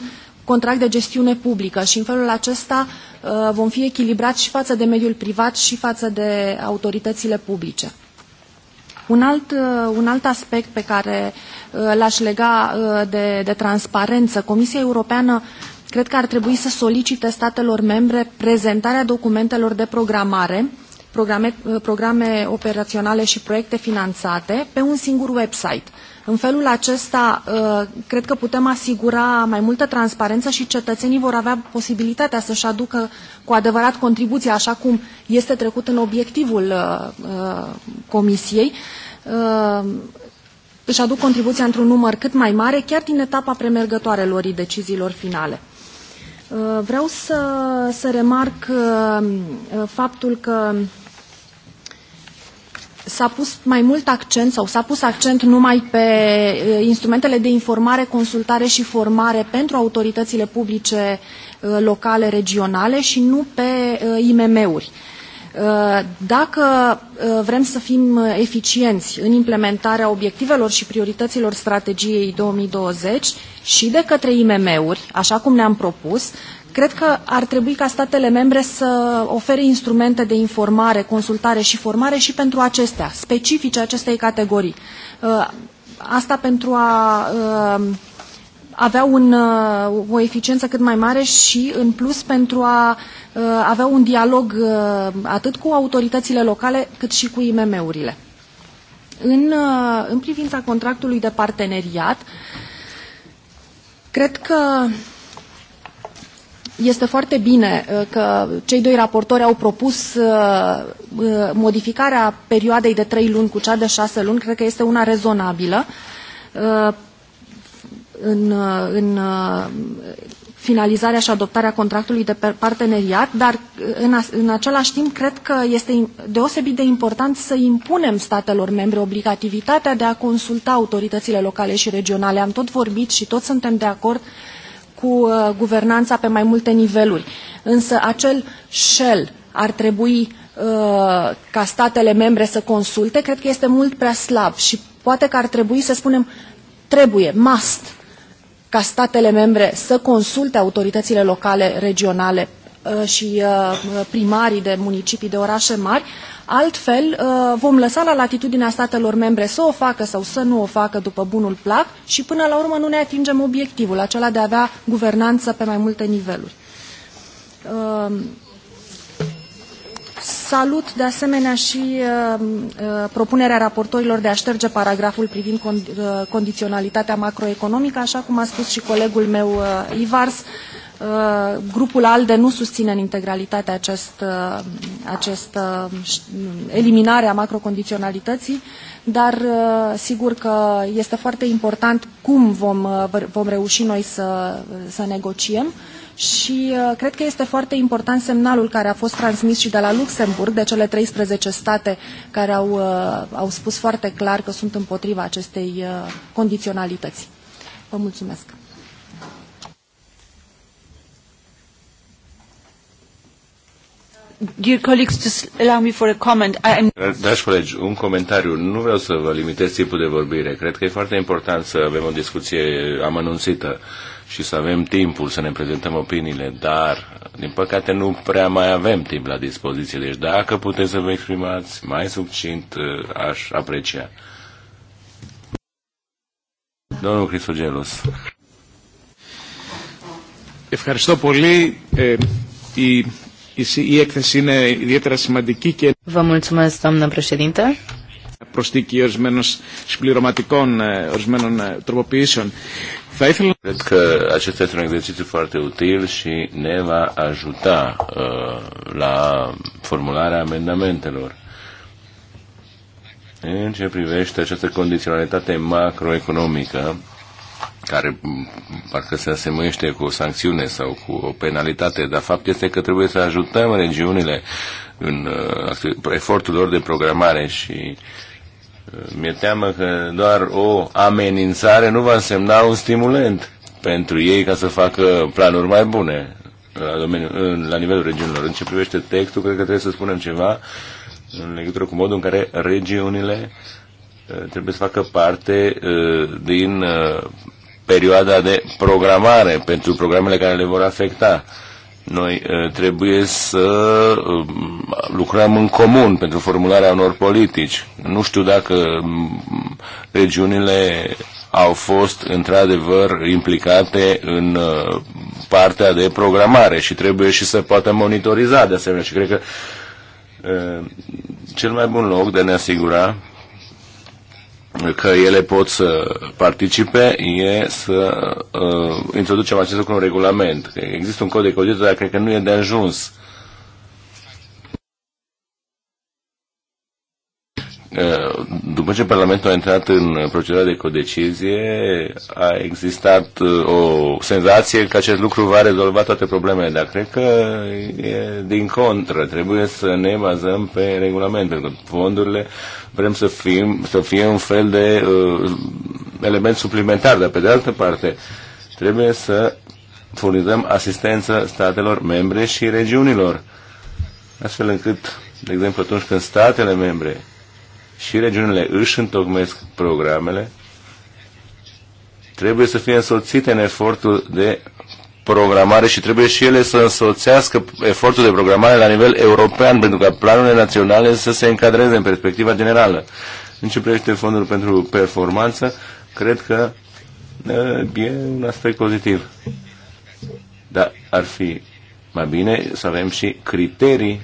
contract de gestiune publică și în felul acesta uh, vom fi echilibrați și față de mediul privat și față de autoritățile publice. Un alt, uh, un alt aspect pe care uh, l-aș lega de, de transparență, Comisia Europeană cred că ar trebui să solicite statelor membre prezentarea documentelor de programare, programe, programe operaționale și proiecte finanțate pe un singur website. În felul acesta, uh, cred că putem asigura mai multă transparență și cetățenii vor avea posibilitatea să-și aducă cu adevărat contribuția, așa cum este trecut în obiectivul uh, uh, Comisiei își aduc contribuția într-un număr cât mai mare, chiar din etapa premergătoare lorii deciziilor finale. Vreau să, să remarc faptul că s-a pus mai mult accent sau s-a pus accent numai pe eh, instrumentele de informare, consultare și formare pentru autoritățile publice eh, locale, regionale și nu pe eh, IMM-uri. Dacă vrem să fim eficienți în implementarea obiectivelor și priorităților strategiei 2020 și de către IMM-uri, așa cum ne-am propus, Cred că ar trebui ca statele membre să ofere instrumente de informare, consultare și formare și pentru acestea, specifice acestei categorii. Uh, asta pentru a uh, avea un, uh, o eficiență cât mai mare și, în plus, pentru a avea un dialog atât cu autoritățile locale cât și cu IMM-urile. În, în privința contractului de parteneriat, cred că este foarte bine uh, că cei doi raportori au propus uh, uh, modificarea perioadei de trei luni cu cea de șase luni. Cred că este una rezonabilă. În, în finalizarea și adoptarea contractului de parteneriat, dar în, în același timp cred că este deosebit de important să impunem statelor membre obligativitatea de a consulta autoritățile locale și regionale. Am tot vorbit și toți suntem de acord uh, cu uh, guvernanța pe mai multe niveluri. Însă acel shell ar trebui uh, ca statele membre să consulte, cred că este mult prea slab și poate că ar trebui să spunem trebuie, must, ca statele membre să consulte autoritățile locale, regionale uh, și primarii de municipii, de orașe mari, Altfel, uh, vom lăsa la latitudinea statelor membre să o facă sau să nu o facă după bunul plac și până la urmă nu ne atingem obiectivul acela de a avea guvernanță pe mai multe niveluri. Uh, salut de asemenea și uh, propunerea raportorilor de a șterge paragraful privind condiționalitatea macroeconomică, așa cum a spus și colegul meu Ivars. Uh, grupul ALDE nu susține în integralitate acest, uh, acest uh, a macrocondiționalității, dar sigur că este foarte important cum vom, vom reuși noi să, să negociem și cred că este foarte important semnalul care a fost transmis și de la Luxemburg, de cele 13 state care au, au spus foarte clar că sunt împotriva acestei condiționalități. Vă mulțumesc! Dragi colegi, un comentariu. Nu vreau să vă limitez tipul de vorbire. Cred că e foarte important să avem o discuție amănunțită și să avem timpul să ne prezentăm opiniile, dar, din păcate, nu prea mai avem timp la dispoziție. Deci, dacă puteți să vă exprimați mai succint, uh, aș aprecia. Domnul Cristogelos. Ευχαριστώ πολύ. Ε, η η έκθεση είναι ιδιαίτερα σημαντική και... Vă mulțumesc, doamnă președinte προστίκη ορισμένων συμπληρωματικών, ορισμένων τροποποιήσεων. Θα ήθελα... Cred că acesta este un exercițiu foarte util și ne va ajuta uh, la formularea amendamentelor. În ce privește această condiționalitate macroeconomică, care parcă se asemănește cu o sancțiune sau cu o penalitate, dar fapt este că trebuie să ajutăm regiunile în uh, efortul lor de programare și uh, mi-e teamă că doar o amenințare nu va însemna un stimulent pentru ei ca să facă planuri mai bune uh, la, domeniul, uh, la nivelul regiunilor. În ce privește textul, cred că trebuie să spunem ceva în legătură cu modul în care regiunile uh, trebuie să facă parte din perioada de programare pentru programele care le vor afecta. Noi uh, trebuie să um, lucrăm în comun pentru formularea unor politici. Nu știu dacă um, regiunile au fost într-adevăr implicate în uh, partea de programare și trebuie și să poată monitoriza de asemenea. Și cred că uh, cel mai bun loc de a ne asigura că ele pot să participe e să uh, introducem acest lucru în regulament. Există un cod de conduită, dar cred că nu e de ajuns. după ce Parlamentul a intrat în procedura de codecizie, a existat o senzație că acest lucru va rezolva toate problemele, dar cred că e din contră. Trebuie să ne bazăm pe regulament, pentru că fondurile vrem să, fim, să fie un fel de uh, element suplimentar, dar pe de altă parte trebuie să furnizăm asistență statelor membre și regiunilor, astfel încât, de exemplu, atunci când statele membre și regiunile își întocmesc programele, trebuie să fie însoțite în efortul de programare și trebuie și ele să însoțească efortul de programare la nivel european, pentru ca planurile naționale să se încadreze în perspectiva generală. În ce privește fondul pentru performanță, cred că e un aspect pozitiv. Dar ar fi mai bine să avem și criterii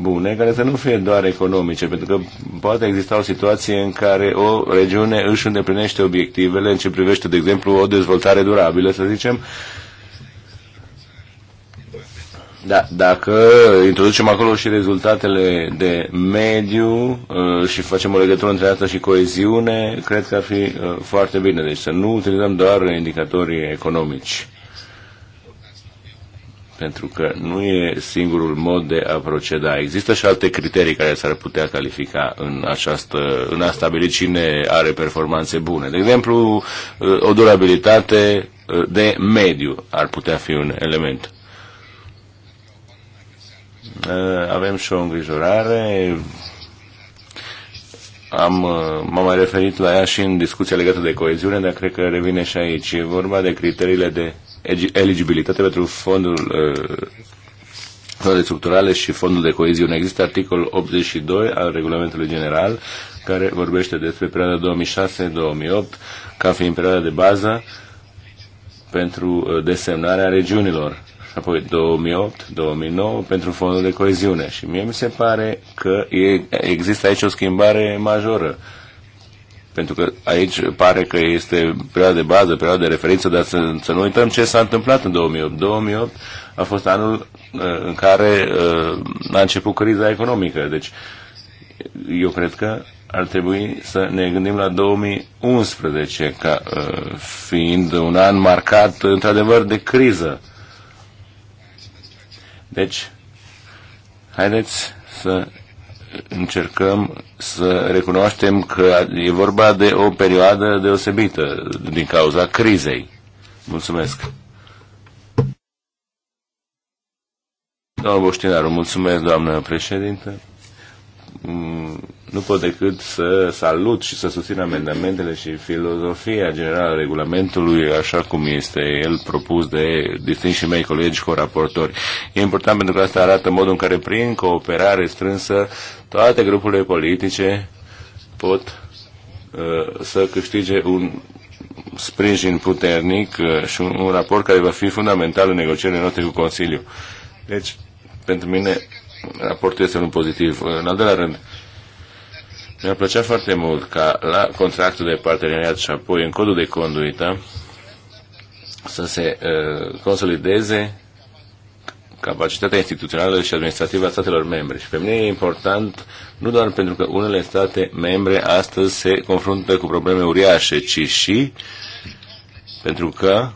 bune, care să nu fie doar economice, pentru că poate exista o situație în care o regiune își îndeplinește obiectivele în ce privește, de exemplu, o dezvoltare durabilă, să zicem, da, dacă introducem acolo și rezultatele de mediu uh, și facem o legătură între asta și coeziune, cred că ar fi uh, foarte bine. Deci să nu utilizăm doar indicatorii economici pentru că nu e singurul mod de a proceda. Există și alte criterii care s-ar putea califica în, această, în a stabili cine are performanțe bune. De exemplu, o durabilitate uh, de mediu ar putea fi un element. Uh, avem și o îngrijorare am, uh, m-am mai referit la ea și în discuția legată de coeziune, dar cred că revine și aici. E vorba de criteriile de eligibilitate pentru fondul uh, fondurile structurale și fondul de coeziune. Există articolul 82 al regulamentului general care vorbește despre perioada 2006-2008 ca fiind perioada de bază pentru uh, desemnarea regiunilor apoi 2008-2009 pentru fondul de coeziune. Și mie mi se pare că e, există aici o schimbare majoră pentru că aici pare că este perioada de bază, perioada de referință, dar să, să nu uităm ce s-a întâmplat în 2008. 2008 a fost anul uh, în care uh, a început criza economică, deci eu cred că ar trebui să ne gândim la 2011 ca uh, fiind un an marcat într-adevăr de criză. Deci, haideți să încercăm să recunoaștem că e vorba de o perioadă deosebită din cauza crizei. Mulțumesc! Domnul Boștinaru, mulțumesc, doamnă președinte nu pot decât să salut și să susțin amendamentele și filozofia generală a regulamentului așa cum este el propus de distinși mei colegi cu raportori E important pentru că asta arată modul în care prin cooperare strânsă toate grupurile politice pot uh, să câștige un sprijin puternic uh, și un, un raport care va fi fundamental în negocierile noastre cu Consiliu. Deci, pentru mine raportul este unul pozitiv. În al doilea rând, mi-ar plăcea foarte mult ca la contractul de parteneriat și apoi în codul de conduită să se uh, consolideze capacitatea instituțională și administrativă a statelor membre. Și pe mine e important nu doar pentru că unele state membre astăzi se confruntă cu probleme uriașe, ci și pentru că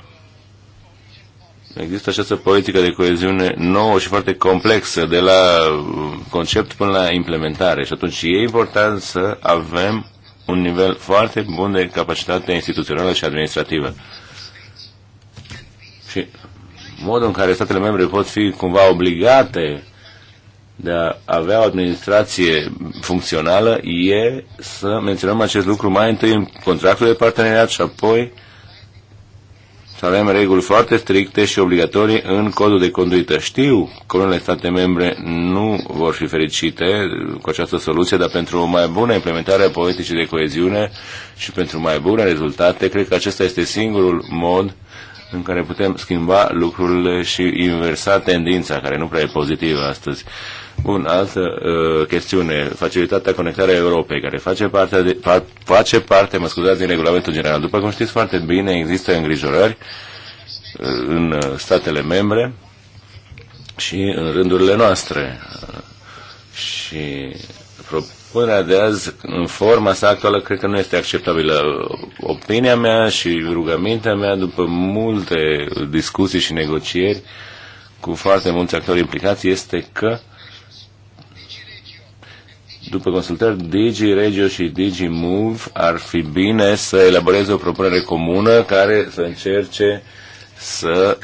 Există această politică de coeziune nouă și foarte complexă, de la uh, concept până la implementare. Și atunci e important să avem un nivel foarte bun de capacitate instituțională și administrativă. Și modul în care statele membre pot fi cumva obligate de a avea o administrație funcțională e să menționăm acest lucru mai întâi în contractul de parteneriat și apoi uh, să avem reguli foarte stricte și obligatorii în codul de conduită. Știu că unele state membre nu vor fi fericite cu această soluție, dar pentru o mai bună implementare a politicii de coeziune și pentru mai bune rezultate, cred că acesta este singurul mod în care putem schimba lucrurile și inversa tendința, care nu prea e pozitivă astăzi. Bun, altă uh, chestiune, facilitatea conectarea Europei, care face parte, de, fa, face parte, mă scuzați, din regulamentul general. După cum știți foarte bine, există îngrijorări uh, în uh, statele membre și în rândurile noastre. Uh, și propunerea de azi, în forma sa actuală, cred că nu este acceptabilă. Opinia mea și rugămintea mea, după multe discuții și negocieri cu foarte mulți actori implicați, este că uh, după consultări, Digi Regio și Digi Move ar fi bine să elaboreze o propunere comună care să încerce să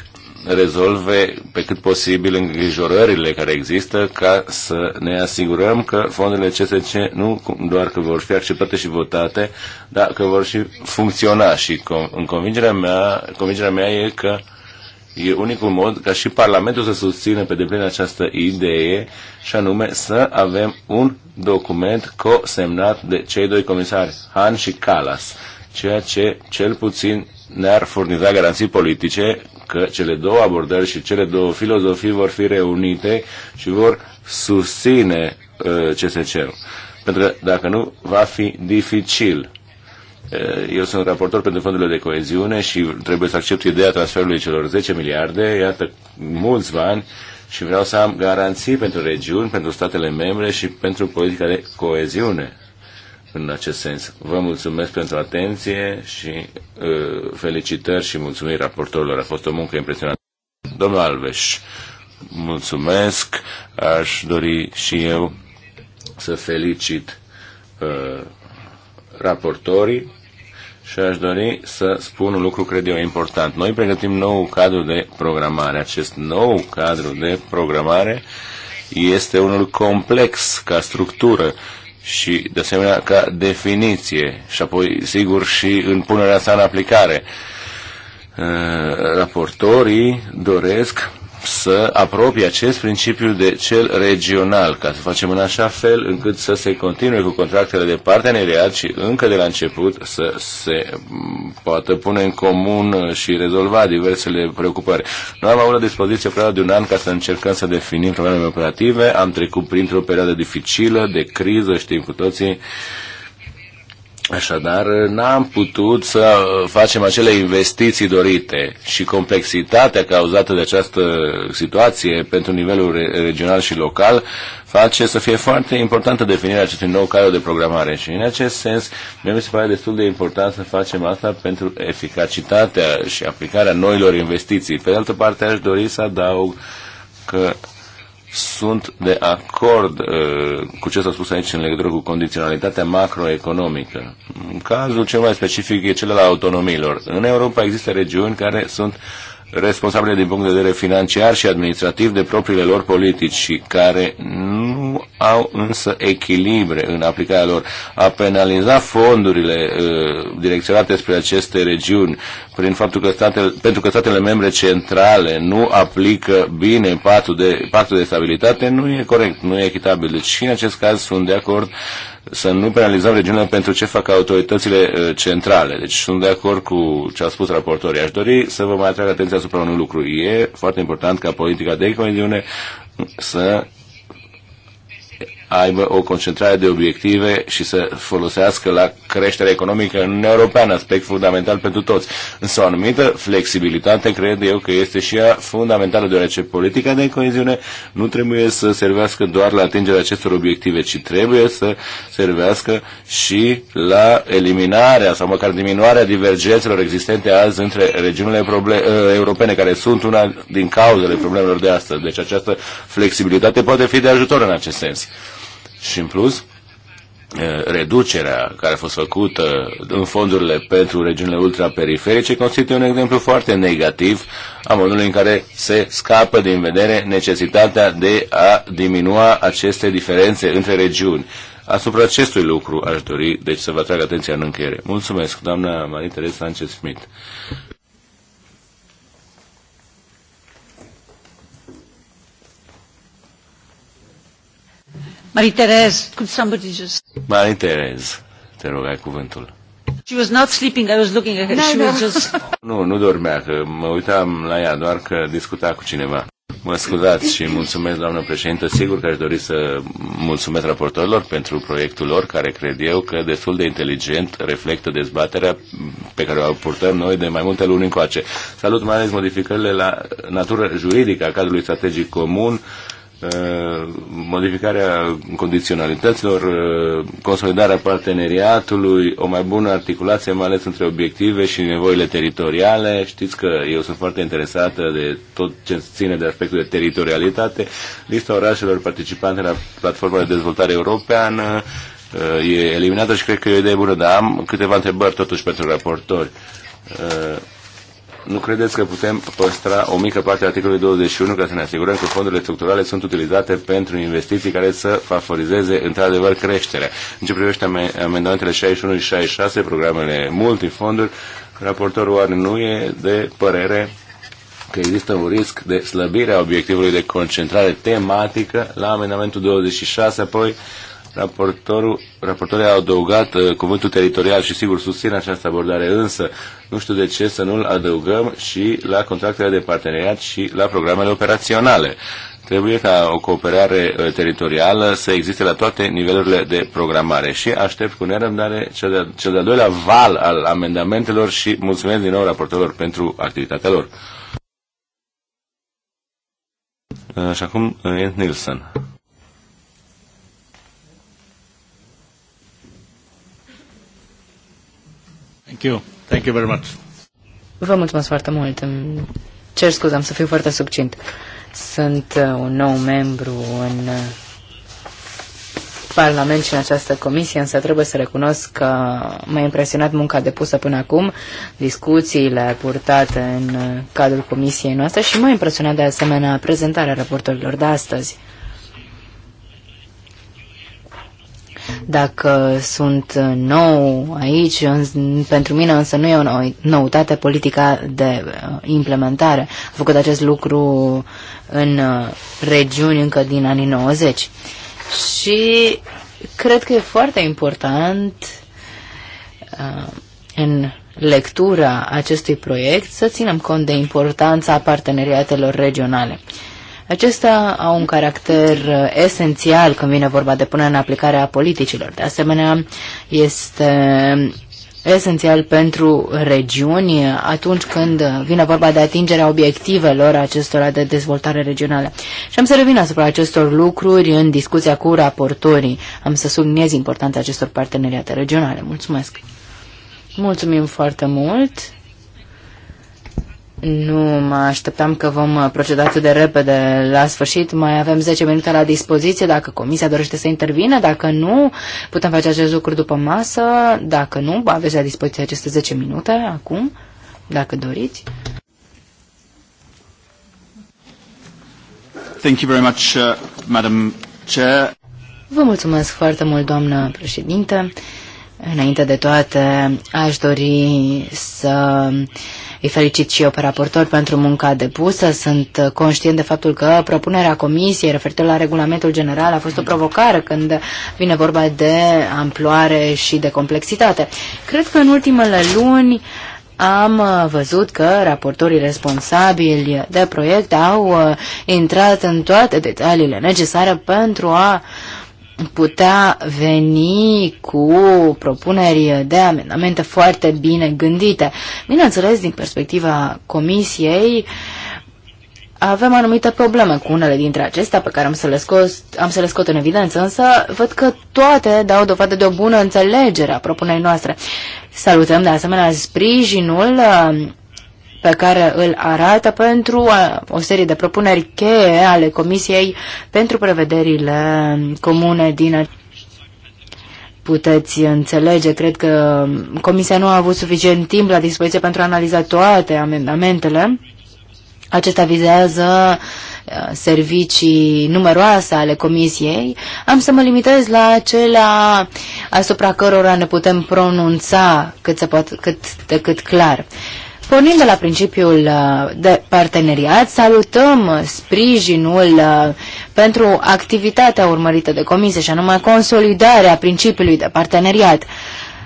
rezolve pe cât posibil îngrijorările care există ca să ne asigurăm că fondurile CSC nu doar că vor fi acceptate și votate, dar că vor și funcționa și în convingerea mea, convingerea mea e că uh, E unicul mod ca și Parlamentul să susțină pe deplin această idee și anume să avem un document cosemnat de cei doi comisari, Han și Calas, ceea ce cel puțin ne-ar furniza garanții politice că cele două abordări și cele două filozofii vor fi reunite și vor susține uh, ce ul Pentru că dacă nu, va fi dificil Eh, eu sunt raportor pentru fondurile de coeziune și trebuie să accept ideea transferului celor 10 miliarde, iată, mulți bani, și vreau să am garanții pentru regiuni, pentru statele membre și pentru politica de coeziune în acest sens. Vă mulțumesc pentru atenție și uh, felicitări și mulțumiri raportorilor. A fost o muncă impresionantă. Domnul Alveș, mulțumesc. Aș dori și eu să felicit uh, raportorii și aș dori să spun un lucru, cred eu, important. Noi pregătim nou cadru de programare. Acest nou cadru de programare este unul complex ca structură și, de asemenea, ca definiție și apoi, sigur, și în punerea sa în aplicare. Uh, raportorii doresc să apropie acest principiu de cel regional, ca să facem în așa fel încât să se continue cu contractele de parteneriat și încă de la început să se mm, poată pune în comun și rezolva diversele preocupări. Noi am avut la dispoziție o de un an ca să încercăm să definim problemele operative, am trecut printr-o perioadă dificilă, de criză, știm cu toții, Așadar, n-am putut să uh, facem acele investiții dorite și complexitatea cauzată de această situație pentru nivelul regional și local face să fie foarte importantă definirea acestui nou cadru de programare și în acest sens mi se pare destul de important să facem asta pentru eficacitatea și aplicarea noilor investiții. Pe de altă parte, aș dori să adaug că sunt de acord uh, cu ce s-a spus aici în legătură cu condiționalitatea macroeconomică. Cazul cel mai specific e cel al autonomiilor. În Europa există regiuni care sunt responsabile din punct de vedere financiar și administrativ de propriile lor politici și care nu au însă echilibre în aplicarea lor. A penaliza fondurile uh, direcționate spre aceste regiuni prin faptul că statele, pentru că statele membre centrale nu aplică bine pactul de, pactul de stabilitate nu e corect, nu e echitabil. Deci și în acest caz sunt de acord uh, să nu penalizăm regiunile pentru ce fac autoritățile uh, centrale. Deci sunt de acord cu ce a spus raportorii. Aș dori să vă mai atrag atenția asupra unui lucru. E foarte important ca politica de coeziune să aibă o concentrare de obiective și să folosească la creșterea economică în Uniunea Europeană, aspect fundamental pentru toți. Însă o anumită flexibilitate cred eu că este și ea fundamentală, deoarece politica de coeziune nu trebuie să servească doar la atingerea acestor obiective, ci trebuie să servească și la eliminarea sau măcar diminuarea divergențelor existente azi între regiunile ă, europene, care sunt una din cauzele problemelor de astăzi. Deci această flexibilitate poate fi de ajutor în acest sens. Și în plus, reducerea care a fost făcută în fondurile pentru regiunile ultraperiferice constituie un exemplu foarte negativ a modului în care se scapă din vedere necesitatea de a diminua aceste diferențe între regiuni. Asupra acestui lucru aș dori, deci, să vă atrag atenția în încheiere. Mulțumesc, doamna Marie Teresa Sanchez-Smith. Marie-Therese, could somebody just... Marie-Therese, te rog, ai cuvântul. She was not sleeping, I was looking at her. No, She no. was just... Nu, nu dormea, că mă uitam la ea, doar că discuta cu cineva. Mă scuzați și mulțumesc, doamnă președintă. Sigur că aș dori să mulțumesc raportorilor pentru proiectul lor, care cred eu că destul de inteligent reflectă dezbaterea pe care o purtăm noi de mai multe luni încoace. Salut mai ales modificările la natură juridică a cadrului strategic comun, Uh, modificarea condiționalităților, uh, consolidarea parteneriatului, o mai bună articulație, mai ales între obiective și nevoile teritoriale. Știți că eu sunt foarte interesată de tot ce ține de aspectul de teritorialitate. Lista orașelor participante la platforma de dezvoltare europeană uh, e eliminată și cred că e o idee bună, dar am câteva întrebări totuși pentru raportori nu credeți că putem păstra o mică parte a articolului 21 ca să ne asigurăm că fondurile structurale sunt utilizate pentru investiții care să favorizeze într-adevăr creșterea? În ce privește amendamentele 61 și 66, programele multifonduri, raportorul Oare nu e de părere că există un risc de slăbire a obiectivului de concentrare tematică la amendamentul 26, apoi Raportorul, raportorii au adăugat uh, cuvântul teritorial și sigur susțin această abordare, însă nu știu de ce să nu-l adăugăm și la contractele de parteneriat și la programele operaționale. Trebuie ca o cooperare uh, teritorială să existe la toate nivelurile de programare și aștept cu nerăbdare cel de-al de, doilea val al amendamentelor și mulțumesc din nou raportorilor pentru activitatea lor. Uh, și acum uh, Jens Nilsson. you. Thank you very much. Vă mulțumesc foarte mult. Îmi cer scuze, am să fiu foarte succint. Sunt uh, un nou membru în uh, Parlament și în această comisie, însă trebuie să recunosc că m-a impresionat munca depusă până acum, discuțiile purtate în uh, cadrul comisiei noastre și m-a impresionat de asemenea prezentarea raportorilor de astăzi. Dacă sunt nou aici, pentru mine însă nu e o noutate politica de uh, implementare. A făcut acest lucru în uh, regiuni încă din anii 90. Și cred că e foarte important uh, în lectura acestui proiect să ținem cont de importanța parteneriatelor regionale. Acestea au un caracter uh, esențial când vine vorba de punerea în aplicare a politicilor. De asemenea, este esențial pentru regiuni atunci când vine vorba de atingerea obiectivelor acestora de dezvoltare regională. Și am să revin asupra acestor lucruri în discuția cu raportorii. Am să subliniez importanța acestor parteneriate regionale. Mulțumesc! Mulțumim foarte mult! Nu mă așteptam că vom uh, proceda atât de repede la sfârșit. Mai avem 10 minute la dispoziție dacă comisia dorește să intervină. Dacă nu, putem face acest lucru după masă. Dacă nu, aveți la dispoziție aceste 10 minute acum, dacă doriți. Thank you very much, uh, Madam Chair. Vă mulțumesc foarte mult, doamnă președinte. Înainte de toate, aș dori să îi felicit și eu pe raportor pentru munca depusă. Sunt conștient de faptul că propunerea comisiei referitor la regulamentul general a fost o provocare când vine vorba de amploare și de complexitate. Cred că în ultimele luni am văzut că raportorii responsabili de proiect au intrat în toate detaliile necesare pentru a uh, putea veni cu propuneri de amendamente foarte bine gândite. Bineînțeles, din perspectiva comisiei, avem anumite probleme cu unele dintre acestea pe care am să le, scos, am să le scot în evidență, însă văd că toate dau dovadă de o bună înțelegere a propunerii noastre. Salutăm de asemenea sprijinul pe care îl arată pentru o serie de propuneri cheie ale Comisiei pentru prevederile comune din puteți înțelege. Cred că Comisia nu a avut suficient timp la dispoziție pentru a analiza toate amendamentele. Acesta vizează uh, servicii numeroase ale comisiei. Am să mă limitez la acelea asupra cărora ne putem pronunța cât, se poate, cât de cât clar. Uh, Pornind de la principiul uh, de parteneriat, salutăm sprijinul uh, pentru activitatea urmărită de comisie și anume consolidarea principiului de parteneriat.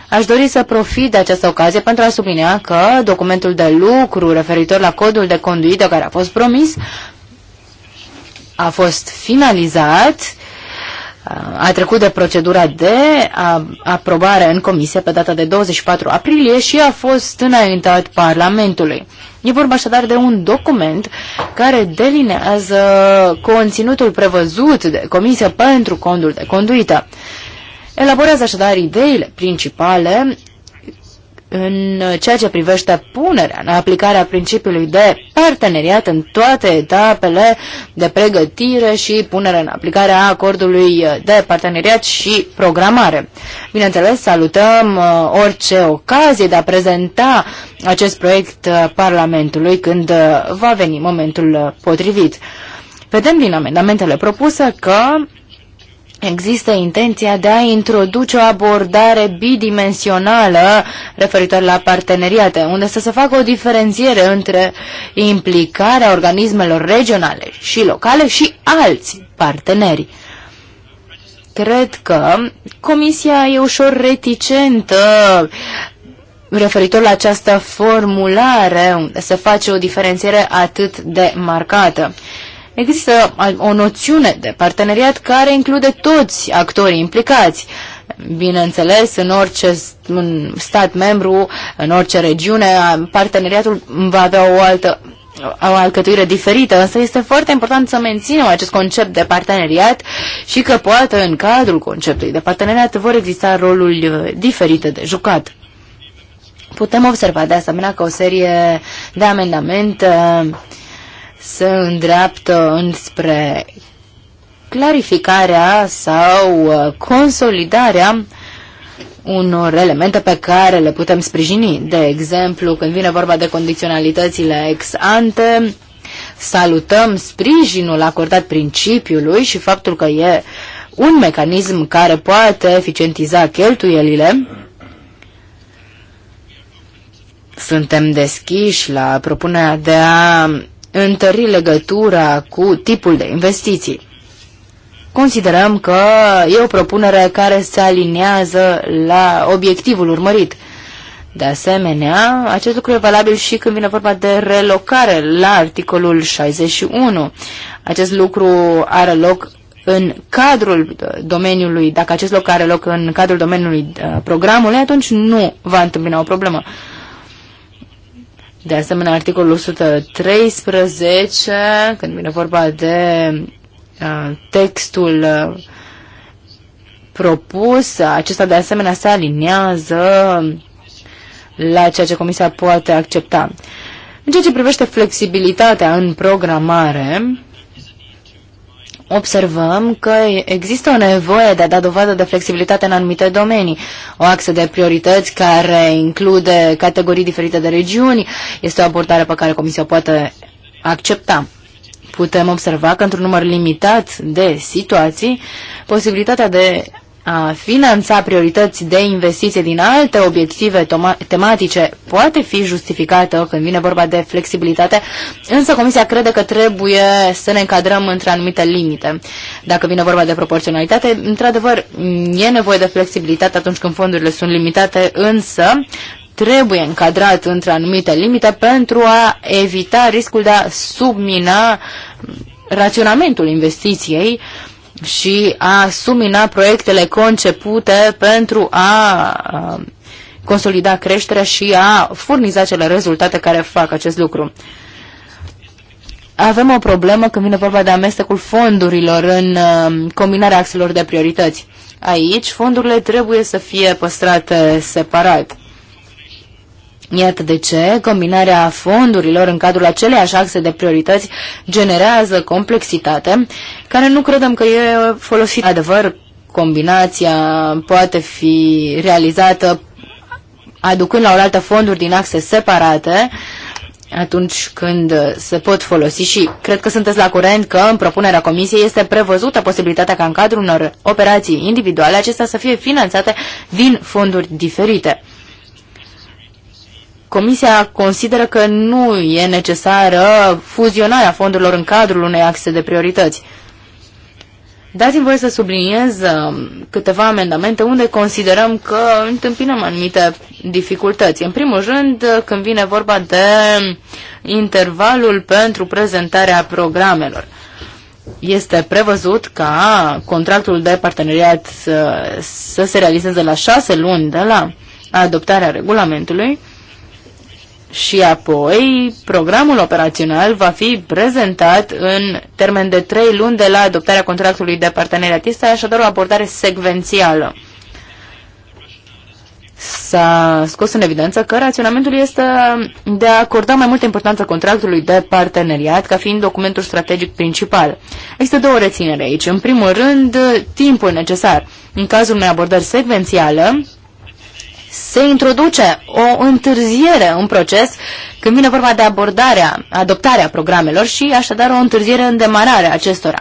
Aș dori să profit de această ocazie pentru a sublinia că documentul de lucru referitor la codul de conduită care a fost promis a fost finalizat a trecut de procedura de aprobare în comisie pe data de 24 aprilie și a fost înaintat Parlamentului. E vorba așadar de un document care delinează conținutul prevăzut de comisia pentru condul de conduită. Elaborează așadar ideile principale în ceea ce privește punerea în aplicarea principiului de parteneriat în toate etapele de pregătire și punere în aplicare a acordului de parteneriat și programare. Bineînțeles, salutăm uh, orice ocazie de a prezenta acest proiect uh, Parlamentului când uh, va veni momentul potrivit. Vedem din amendamentele propuse că Există intenția de a introduce o abordare bidimensională referitor la parteneriate, unde să se facă o diferențiere între implicarea organismelor regionale și locale și alți parteneri. Cred că Comisia e ușor reticentă referitor la această formulare, unde se face o diferențiere atât de marcată. Există o noțiune de parteneriat care include toți actorii implicați. Bineînțeles, în orice stat membru, în orice regiune, parteneriatul va avea o altă o alcătuire diferită, însă este foarte important să menținem acest concept de parteneriat și că poate în cadrul conceptului de parteneriat vor exista roluri uh, diferite de jucat. Putem observa de asemenea că o serie de amendamente uh, se îndreaptă înspre clarificarea sau uh, consolidarea unor elemente pe care le putem sprijini. De exemplu, când vine vorba de condiționalitățile ex ante, salutăm sprijinul acordat principiului și faptul că e un mecanism care poate eficientiza cheltuielile. Suntem deschiși la propunerea de a întări legătura cu tipul de investiții. Considerăm că e o propunere care se aliniază la obiectivul urmărit. De asemenea, acest lucru e valabil și când vine vorba de relocare la articolul 61. Acest lucru are loc în cadrul domeniului, dacă acest loc are loc în cadrul domeniului uh, programului, atunci nu va întâmpina o problemă. De asemenea, articolul 113, când vine vorba de uh, textul uh, propus, acesta de asemenea se aliniază la ceea ce Comisia poate accepta. În ceea ce privește flexibilitatea în programare, observăm că există o nevoie de a da dovadă de flexibilitate în anumite domenii. O axă de priorități care include categorii diferite de regiuni este o abordare pe care Comisia poate accepta. Putem observa că într-un număr limitat de situații, posibilitatea de a finanța priorități de investiție din alte obiective tematice poate fi justificată când vine vorba de flexibilitate, însă Comisia crede că trebuie să ne încadrăm între anumite limite. Dacă vine vorba de proporționalitate, într-adevăr, e nevoie de flexibilitate atunci când fondurile sunt limitate, însă trebuie încadrat între anumite limite pentru a evita riscul de a submina raționamentul investiției uh, și a sumina proiectele concepute pentru a consolida creșterea și a furniza cele rezultate care fac acest lucru. Avem o problemă când vine vorba de amestecul fondurilor în combinarea axelor de priorități. Aici, fondurile trebuie să fie păstrate separat. Iată de ce combinarea fondurilor în cadrul aceleiași axe de priorități generează complexitate, care nu credem că e folosit. Adevăr, combinația poate fi realizată aducând la oaltă fonduri din axe separate, atunci când se pot folosi și cred că sunteți la curent că în propunerea comisiei este prevăzută posibilitatea ca în cadrul unor operații individuale acestea să fie finanțate din fonduri diferite. Comisia consideră că nu e necesară fuzionarea fondurilor în cadrul unei axe de priorități. Dați-mi voie să subliniez um, câteva amendamente unde considerăm că întâmpinăm anumite dificultăți. În primul rând, când vine vorba de intervalul pentru prezentarea programelor. Este prevăzut ca contractul de parteneriat să, uh, să se realizeze la șase luni de la adoptarea regulamentului, și apoi programul operațional va fi prezentat în termen de trei luni de la adoptarea contractului de parteneriat. Este așadar o abordare secvențială. S-a scos în evidență că raționamentul este de a acorda mai multă importanță contractului de parteneriat ca fiind documentul strategic principal. Există două reținere aici. În primul rând, timpul necesar. În cazul unei abordări secvențială, se introduce o întârziere în proces când vine vorba de abordarea, adoptarea programelor și așadar o întârziere în demararea acestora.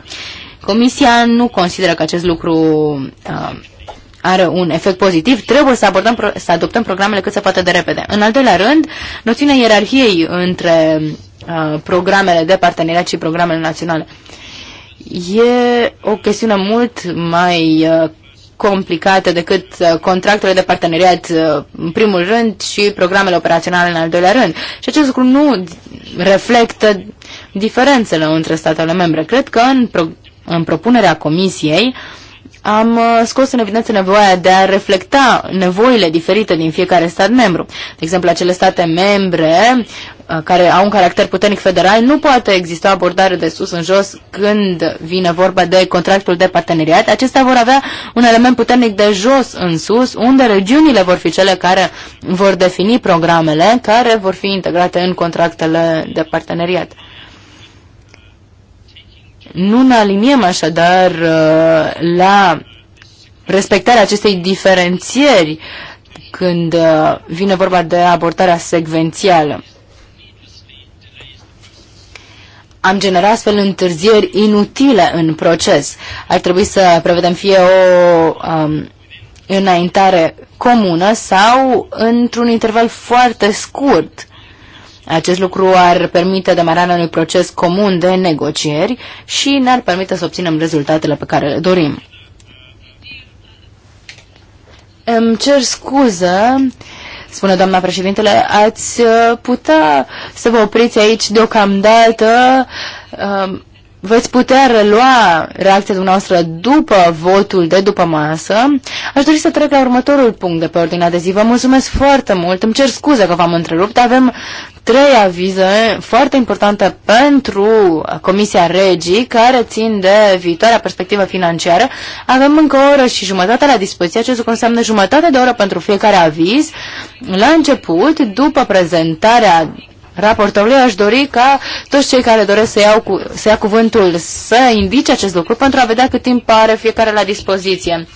Comisia nu consideră că acest lucru uh, are un efect pozitiv, trebuie să, abordăm, să adoptăm programele cât se poate de repede. În al doilea rând, noțiunea ierarhiei între uh, programele de parteneriat și programele naționale. E o chestiune mult mai uh, complicată decât uh, contractele de parteneriat uh, în primul rând și programele operaționale în al doilea rând. Și acest lucru nu reflectă diferențele între statele membre. Cred că în, pro- în propunerea comisiei am uh, scos în evidență nevoia de a reflecta nevoile diferite din fiecare stat membru. De exemplu, acele state membre Uh, care au un caracter puternic federal, nu poate exista abordare de sus în jos când vine vorba de contractul de parteneriat. Acestea vor avea un element puternic de jos în sus, unde regiunile vor fi cele care vor defini programele care vor fi integrate în contractele de parteneriat. Nu ne aliniem așadar uh, la respectarea acestei diferențieri când uh, vine vorba de abordarea secvențială. am generat astfel întârzieri inutile în proces. Ar trebui să prevedem fie o um, înaintare comună sau într-un interval foarte scurt. Acest lucru ar permite demararea unui proces comun de negocieri și ne-ar permite să obținem rezultatele pe care le dorim. Îmi cer scuză spune doamna președintele, ați uh, putea să vă opriți aici deocamdată. Um, veți putea relua reacția dumneavoastră după votul de după masă. Aș dori să trec la următorul punct de pe ordinea de zi. Vă mulțumesc foarte mult. Îmi cer scuze că v-am întrerupt. Avem trei avize foarte importante pentru Comisia Regii care țin de viitoarea perspectivă financiară. Avem încă o oră și jumătate la dispoziție, acest lucru înseamnă jumătate de oră pentru fiecare aviz. La început, după prezentarea raportorului, aș dori ca toți cei care doresc să, iau cu, să ia cuvântul să indice acest lucru pentru a vedea cât timp are fiecare la dispoziție.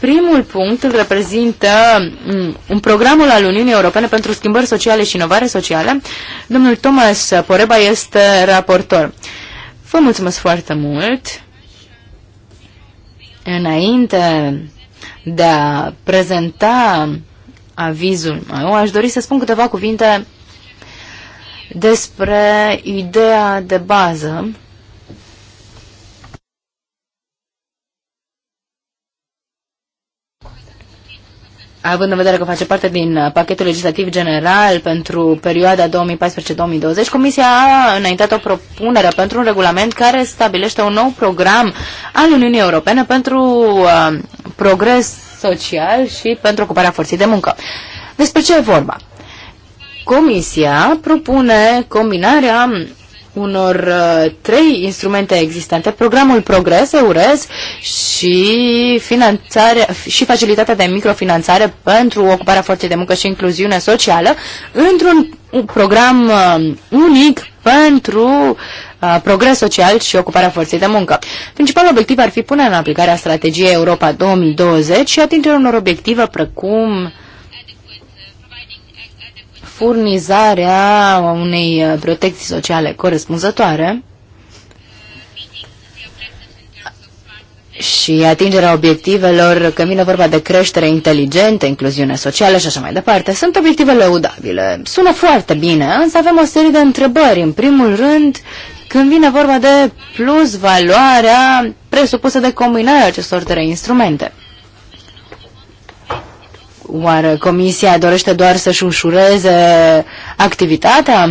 Primul punct îl reprezintă mm, un programul al Uniunii Europene pentru schimbări sociale și inovare socială. Domnul Thomas Poreba este raportor. Vă mulțumesc foarte mult. Înainte de a prezenta avizul meu, aș dori să spun câteva cuvinte despre ideea de bază având în vedere că face parte din pachetul legislativ general pentru perioada 2014-2020, Comisia a înaintat o propunere pentru un regulament care stabilește un nou program al Uniunii Europene pentru uh, progres social și pentru ocuparea forței de muncă. Despre ce e vorba? Comisia propune combinarea unor uh, trei instrumente existente, programul Progres, EURES și, finanțare, și facilitatea de microfinanțare pentru ocuparea forței de muncă și incluziune socială într-un program uh, unic pentru uh, progres social și ocuparea forței de muncă. Principalul obiectiv ar fi punerea în aplicare a strategiei Europa 2020 și atingerea unor obiective precum furnizarea unei uh, protecții sociale corespunzătoare și atingerea obiectivelor, când vine vorba de creștere inteligentă, incluziune socială și așa mai departe, sunt obiective lăudabile. Sună foarte bine, însă avem o serie de întrebări. În primul rând, când vine vorba de plus valoarea presupusă de combinarea acestor trei instrumente. Oare Comisia dorește doar să-și ușureze activitatea?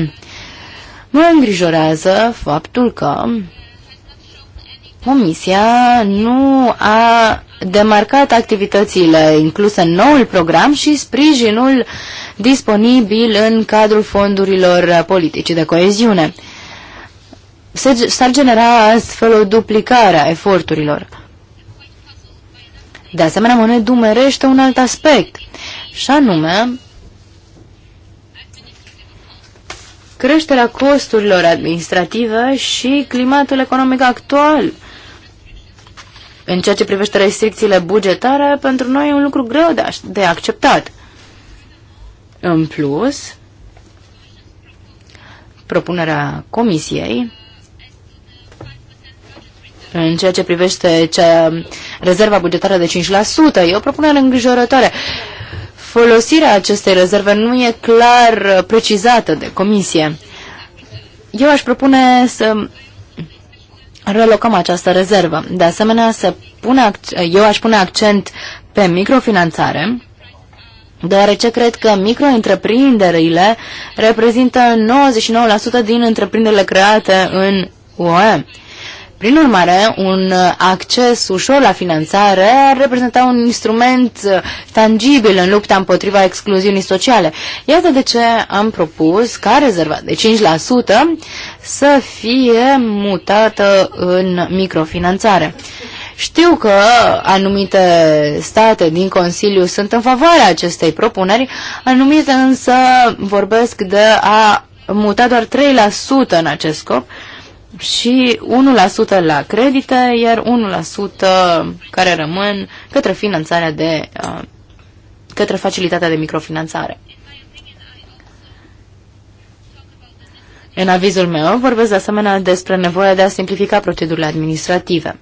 Mă îngrijorează faptul că Comisia nu a demarcat activitățile incluse în noul program și sprijinul disponibil în cadrul fondurilor politicii de coeziune. S-ar genera astfel o duplicare a eforturilor. De asemenea, mă dumerește un alt aspect, și anume creșterea costurilor administrative și climatul economic actual. În ceea ce privește restricțiile bugetare, pentru noi e un lucru greu de, de acceptat. În plus, propunerea Comisiei în ceea ce privește cea, rezerva bugetară de 5%, e o propunere îngrijorătoare. Folosirea acestei rezerve nu e clar precizată de comisie. Eu aș propune să relocăm această rezervă. De asemenea, să pune, eu aș pune accent pe microfinanțare, deoarece cred că micro-întreprinderile reprezintă 99% din întreprinderile create în UE. Prin urmare, un uh, acces ușor la finanțare ar reprezenta un instrument uh, tangibil în lupta împotriva excluziunii sociale. Iată de ce am propus ca rezerva de 5% să fie mutată în microfinanțare. Știu că anumite state din Consiliu sunt în favoarea acestei propuneri, anumite însă vorbesc de a muta doar 3% în acest scop, și 1% la credite, iar 1% care rămân către finanțarea de uh, către facilitatea de microfinanțare. În avizul meu vorbesc de asemenea despre nevoia de a simplifica procedurile administrative.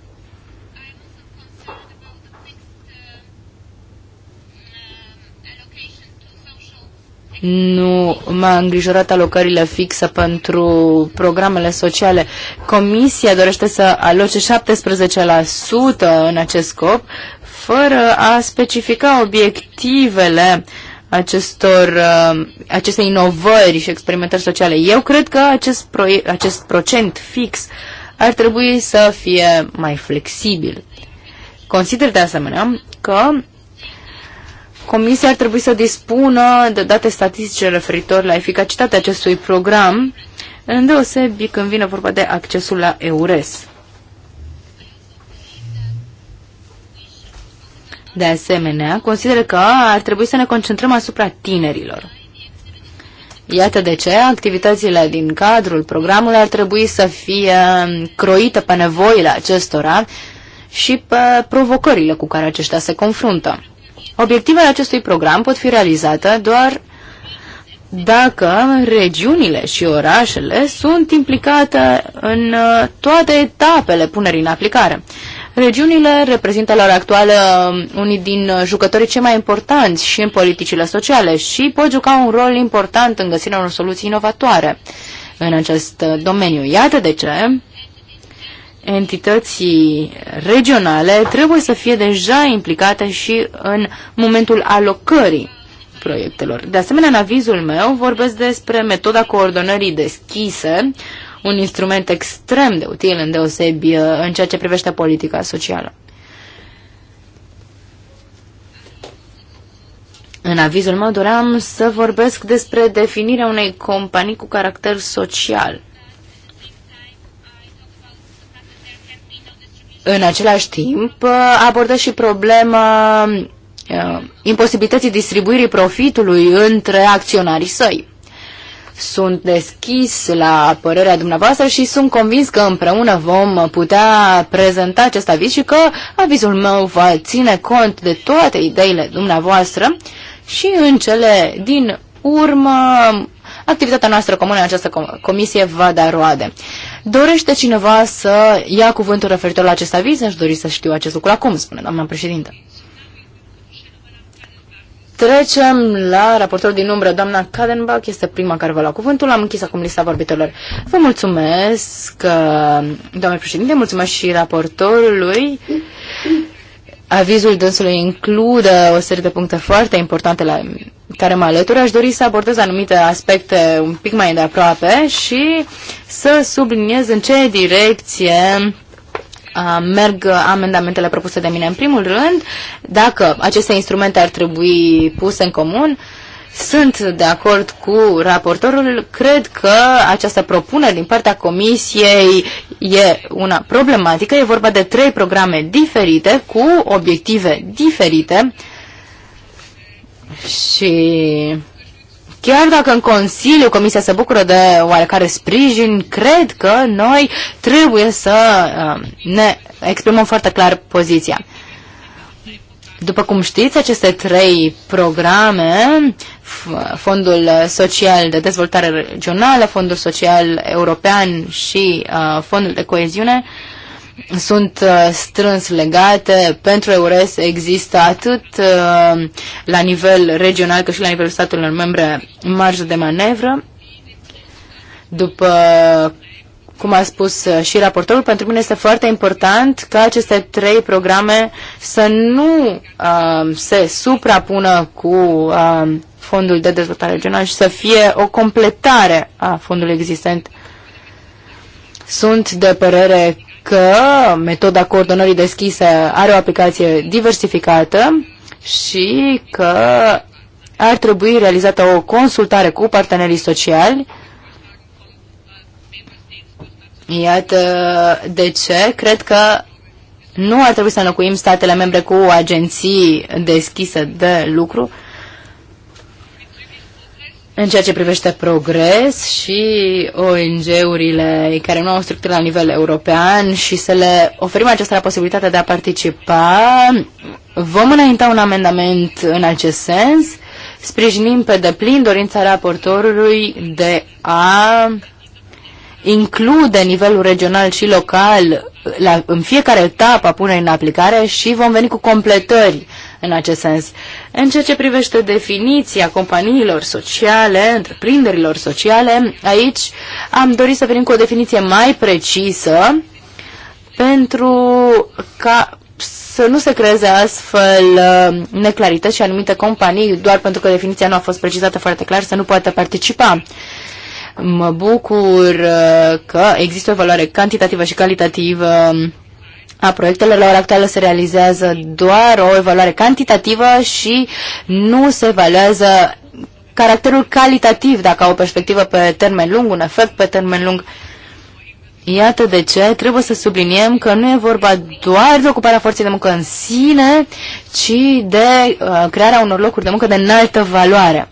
Nu m-a îngrijorat alocările fixe pentru programele sociale. Comisia dorește să aloce 17% în acest scop, fără a specifica obiectivele acestor, uh, aceste inovări și experimentări sociale. Eu cred că acest, proie- acest procent fix ar trebui să fie mai flexibil. Consider de asemenea că Comisia ar trebui să dispună de date statistice referitor la eficacitatea acestui program, deosebi când vine vorba de accesul la EURES. De asemenea, consider că ar trebui să ne concentrăm asupra tinerilor. Iată de ce activitățile din cadrul programului ar trebui să fie croite pe nevoile acestora și pe provocările cu care aceștia se confruntă. Obiectivele acestui program pot fi realizate doar dacă regiunile și orașele sunt implicate în uh, toate etapele punerii în aplicare. Regiunile reprezintă la ora actuală unii din jucătorii cei mai importanți și în politicile sociale și pot juca un rol important în găsirea unor soluții inovatoare în acest domeniu. Iată de ce entității regionale trebuie să fie deja implicate și în momentul alocării proiectelor. De asemenea, în avizul meu vorbesc despre metoda coordonării deschise, un instrument extrem de util în deosebi uh, în ceea ce privește politica socială. În avizul meu doream să vorbesc despre definirea unei companii cu caracter social. În același timp, uh, abordă și problema uh, imposibilității distribuirii profitului între acționarii săi. Sunt deschis la părerea dumneavoastră și sunt convins că împreună vom putea prezenta acest aviz și că avizul meu va ține cont de toate ideile dumneavoastră și în cele din urmă activitatea noastră comună în această comisie va da roade. Dorește cineva să ia cuvântul referitor la acest aviz? Aș dori să știu acest lucru acum, spune doamna președinte. Trecem la raportorul din umbră, doamna Kadenbach este prima care va lua cuvântul. Am închis acum lista vorbitorilor. Vă mulțumesc, uh, doamne președinte, mulțumesc și raportorului. Avizul dânsului include o serie de puncte foarte importante la care mă alătură, aș dori să abordez anumite aspecte un pic mai aproape și să subliniez în ce direcție merg amendamentele propuse de mine. În primul rând, dacă aceste instrumente ar trebui puse în comun, sunt de acord cu raportorul. Cred că această propunere din partea comisiei e una problematică. E vorba de trei programe diferite cu obiective diferite și chiar dacă în Consiliu Comisia se bucură de oarecare sprijin, cred că noi trebuie să um, ne exprimăm foarte clar poziția. După cum știți, aceste trei programe, Fondul Social de Dezvoltare Regională, Fondul Social European și uh, Fondul de Coeziune, uh, sunt uh, strâns legate. Pentru EURES există atât uh, la nivel regional cât și la nivelul statelor membre marjă de manevră. După cum a spus uh, și raportorul, pentru mine este foarte important ca aceste trei programe să nu uh, se suprapună cu uh, fondul de dezvoltare regională și să fie o completare a fondului existent. Sunt de părere că metoda coordonării deschise are o aplicație diversificată și că ar trebui realizată o consultare cu partenerii sociali. Iată de ce cred că nu ar trebui să înlocuim statele membre cu agenții deschise de lucru, în ceea ce privește progres și ONG-urile care nu au structură la nivel european și să le oferim această posibilitate de a participa. Vom înainta un amendament în acest sens. Sprijinim pe deplin dorința raportorului de a include nivelul regional și local la, în fiecare etapă a punerii în aplicare și vom veni cu completări în acest sens. În ceea ce privește definiția companiilor sociale, întreprinderilor sociale, aici am dorit să venim cu o definiție mai precisă pentru ca să nu se creeze astfel uh, neclarități și anumite companii, doar pentru că definiția nu a fost precizată foarte clar, să nu poată participa. Mă bucur uh, că există o valoare cantitativă și calitativă a proiectelor la ora actuală se realizează doar o evaluare cantitativă și nu se evaluează caracterul calitativ, dacă au o perspectivă pe termen lung, un efect pe termen lung. Iată de ce trebuie să subliniem că nu e vorba doar de ocuparea forței de muncă în sine, ci de uh, crearea unor locuri de muncă de înaltă valoare.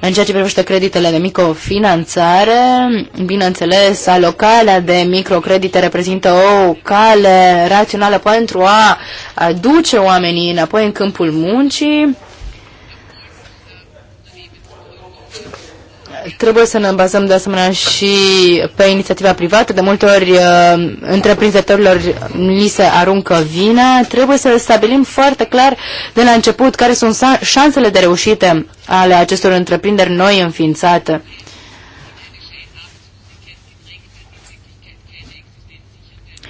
În ceea ce privește creditele de microfinanțare, bineînțeles, alocarea de microcredite reprezintă o cale rațională pentru a aduce oamenii înapoi în câmpul muncii. Trebuie să ne bazăm de asemenea și pe inițiativa privată. De multe ori uh, întreprinzătorilor li se aruncă vina. Trebuie să stabilim foarte clar de la început care sunt șansele de reușite ale acestor întreprinderi noi înființate.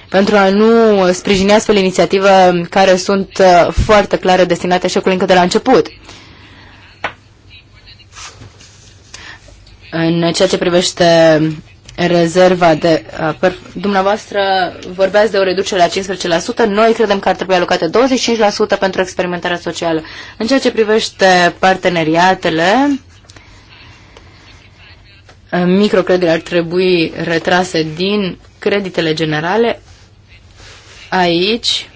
pentru a nu sprijini astfel inițiative care sunt uh, foarte clare destinate eșecului încă de la început. În ceea ce privește rezerva de... Per, dumneavoastră vorbeați de o reducere la 15%, noi credem că ar trebui alocate 25% pentru experimentarea socială. În ceea ce privește parteneriatele, microcreditele ar trebui retrase din creditele generale. Aici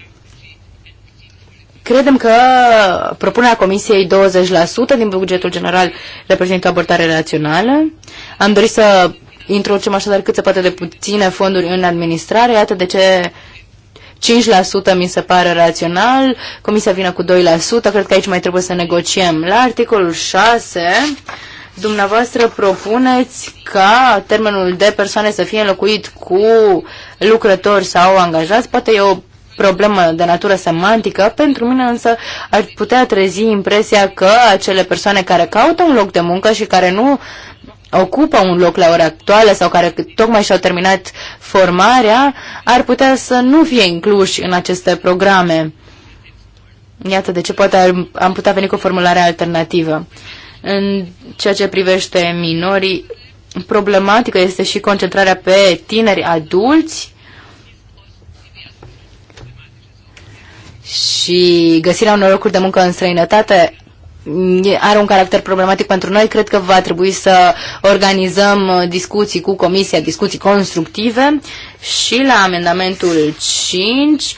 Credem că propunerea Comisiei 20% din bugetul general reprezintă o abordare rațională. Am dorit să introducem așadar cât se poate de puține fonduri în administrare. Iată de ce 5% mi se pare rațional, comisia vine cu 2%, cred că aici mai trebuie să negociem. La articolul 6, dumneavoastră propuneți ca termenul de persoane să fie înlocuit cu lucrători sau angajați, poate e o problemă de natură semantică, pentru mine însă ar putea trezi impresia că acele persoane care caută un loc de muncă și care nu ocupă un loc la ora actuală sau care tocmai și-au terminat formarea, ar putea să nu fie incluși în aceste programe. Iată de ce poate am putea veni cu o formulare alternativă. În ceea ce privește minorii, problematică este și concentrarea pe tineri adulți și găsirea unor locuri de muncă în străinătate mm, are un caracter problematic pentru noi. Cred că va trebui să organizăm uh, discuții cu comisia, discuții constructive și la amendamentul 5